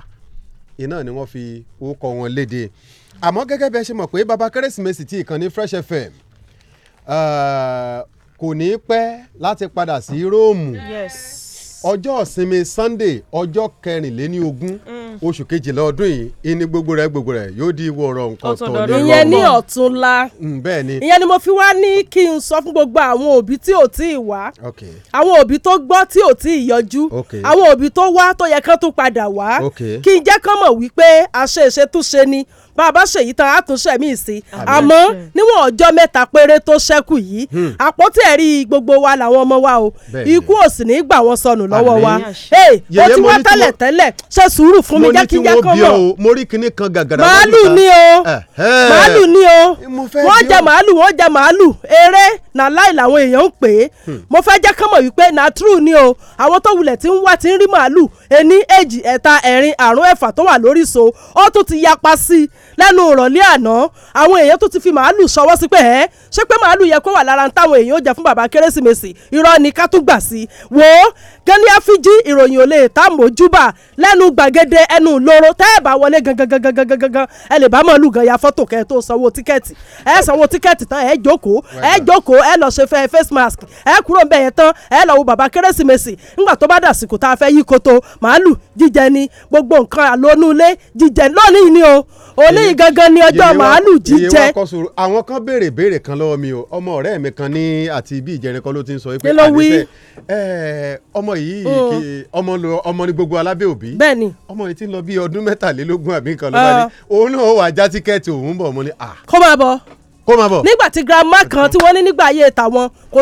iná ni wọ́n fi orúkọ wọn léde àmọ́ gẹ́gẹ́ bí ẹ ṣe mọ̀ pé baba kérésìmesì ti ìkànnì Fresh FM uh, kò ní pẹ́ láti padà sí Róòmù. Yes ọjọ́ ìsinmi sunday ọjọ́ kẹrìnléní ogún mm. oṣù kejìlá ọdún yìí ní gbogbo rẹ̀ gbogbo rẹ̀ yóò di ìwọ̀rọ̀ nǹkan tó lè rọrùn. ìyẹn ní ọ̀túnla mm, ìyẹn ni mo fi wá ní kí n sọ fún gbogbo àwọn òbí tí ò tí ì wá àwọn òbí tó gbọ́ tí ò tí ì yọjú àwọn òbí tó wá tó yẹ kán tún padà wá kí n jẹ́ kán mọ̀ wípé àṣeṣetúnṣe ni bá a bá ṣèyí tán a tún ṣẹ̀mí sí àmọ́ níwọ̀n ọjọ́ mẹ́ta péré tó ṣẹ́kù yìí hmm. àpótí ẹ̀rí gbogbo wa làwọn ọmọ wa o ikú ò sì ní gbà wọ́n sọnù lọ́wọ́ wa ó ti wá tẹ́lẹ̀ tẹ́lẹ̀ ṣe sùúrù fún mi jẹ́ kí n màálù ni o màálù ni o wọ́n jẹ màálù wọ́n jẹ màálù eré nà láì làwọn èèyàn ń pè é hmm. mo fẹ́ jẹ́ kán wípé nà true ni o àwọn tó wulẹ̀ tí ń wá ti ń rí màálù ení èjì ẹ̀ta ẹ̀rin àrún ẹ̀fà tó wà lórí so ó tún ti yapa sí i lẹ́nu ìrọ̀lẹ́ àná àwọn èèyàn tó ti fi màálù ṣọwọ́ sí pé ẹ́ ṣé pé màálù yẹ kó wà lára táwọn èèyàn ó jẹ fún bàbá kérésìmesì irọ́ ni ká tún gbà sí i wò ó gani ìròyìn ò lè ta mójúbà lẹ́nu gbàgede ẹnu lóró tẹ́ ẹ̀ bá wọlé gangan ẹ lè bá màálù gan ya fọ́tò kẹ́ ẹ tó sanwó tíkẹ́ẹ̀tì ẹ sanwó tíkẹ́ẹ̀tì eléyìí gangan ni ọjọ́ màálù jíjẹ. àwọn kan béèrè béèrè kan lọ́wọ́ mi o ọmọ ọ̀rẹ́ mi kan ní àti ibi ìjẹrin kan ló ti ń sọ pé àdìsẹ́ ọmọ yìí oh. ọmọ lọ ọmọ ni gbogbo alábẹ́ òbí ọmọ yìí ti lọ bí ọdún mẹ́tàlélógún àbí nǹkan lọ́ba ni ah. òun náà wà já tíkẹ́ẹ̀tì òun bọ̀ mo ní. kó máa bọ̀. nígbà tí grandma kan tí wọ́n ní nígbà ayé tàwọn kò